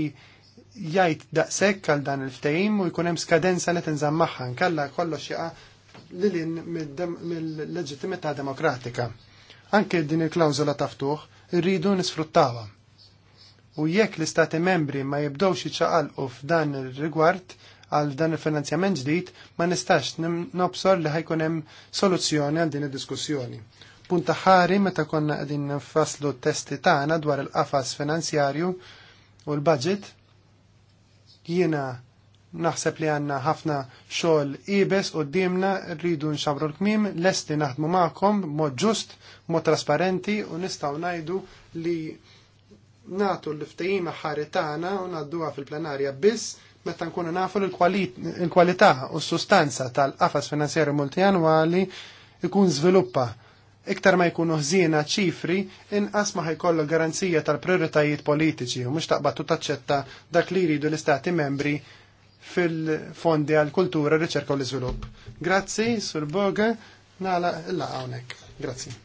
jgħid daqshekk għal dan il-ftehim u jkun hemm skadenza li tinżamm magħha nkella kollox jaqa' lilin mill-leġittimità demokratika. Anke din il klawzula taftuħ irridu nisfruttawa. U jekk l-istati membri ma jibdowx u f'dan il-rigward għal dan il-finanzjament ġdid, ma nistax nobsor li ħajkun hemm soluzzjoni għal din id-diskussjoni. Punta ħari meta konna qegħdin nfasslu testi tagħna dwar il-qafas finanzjarju u l-budget jiena naħseb li għanna ħafna xogħol ibes u d-dimna rridu nxabru l-kmim, lesti naħdmu maħkom mod ġust, mod trasparenti u nistaw najdu li natu l-ftejim ħaritana u nadduwa fil-plenarja biss meta nkunu nafu l-kwalità u s-sustanza tal-qafas finanzjarju multijanwali ikun żviluppa. Iktar ma jkunu ħżiena ċifri, inqas ma ħajkollu garanzija tal-prioritajiet politiċi u mhux taqbad taċċetta dak li jridu l-istati membri fil-fondi għal-kultura, riċerka u l izvilup Grazzi, Sur Boga, nala l-laqawnek. Grazzi.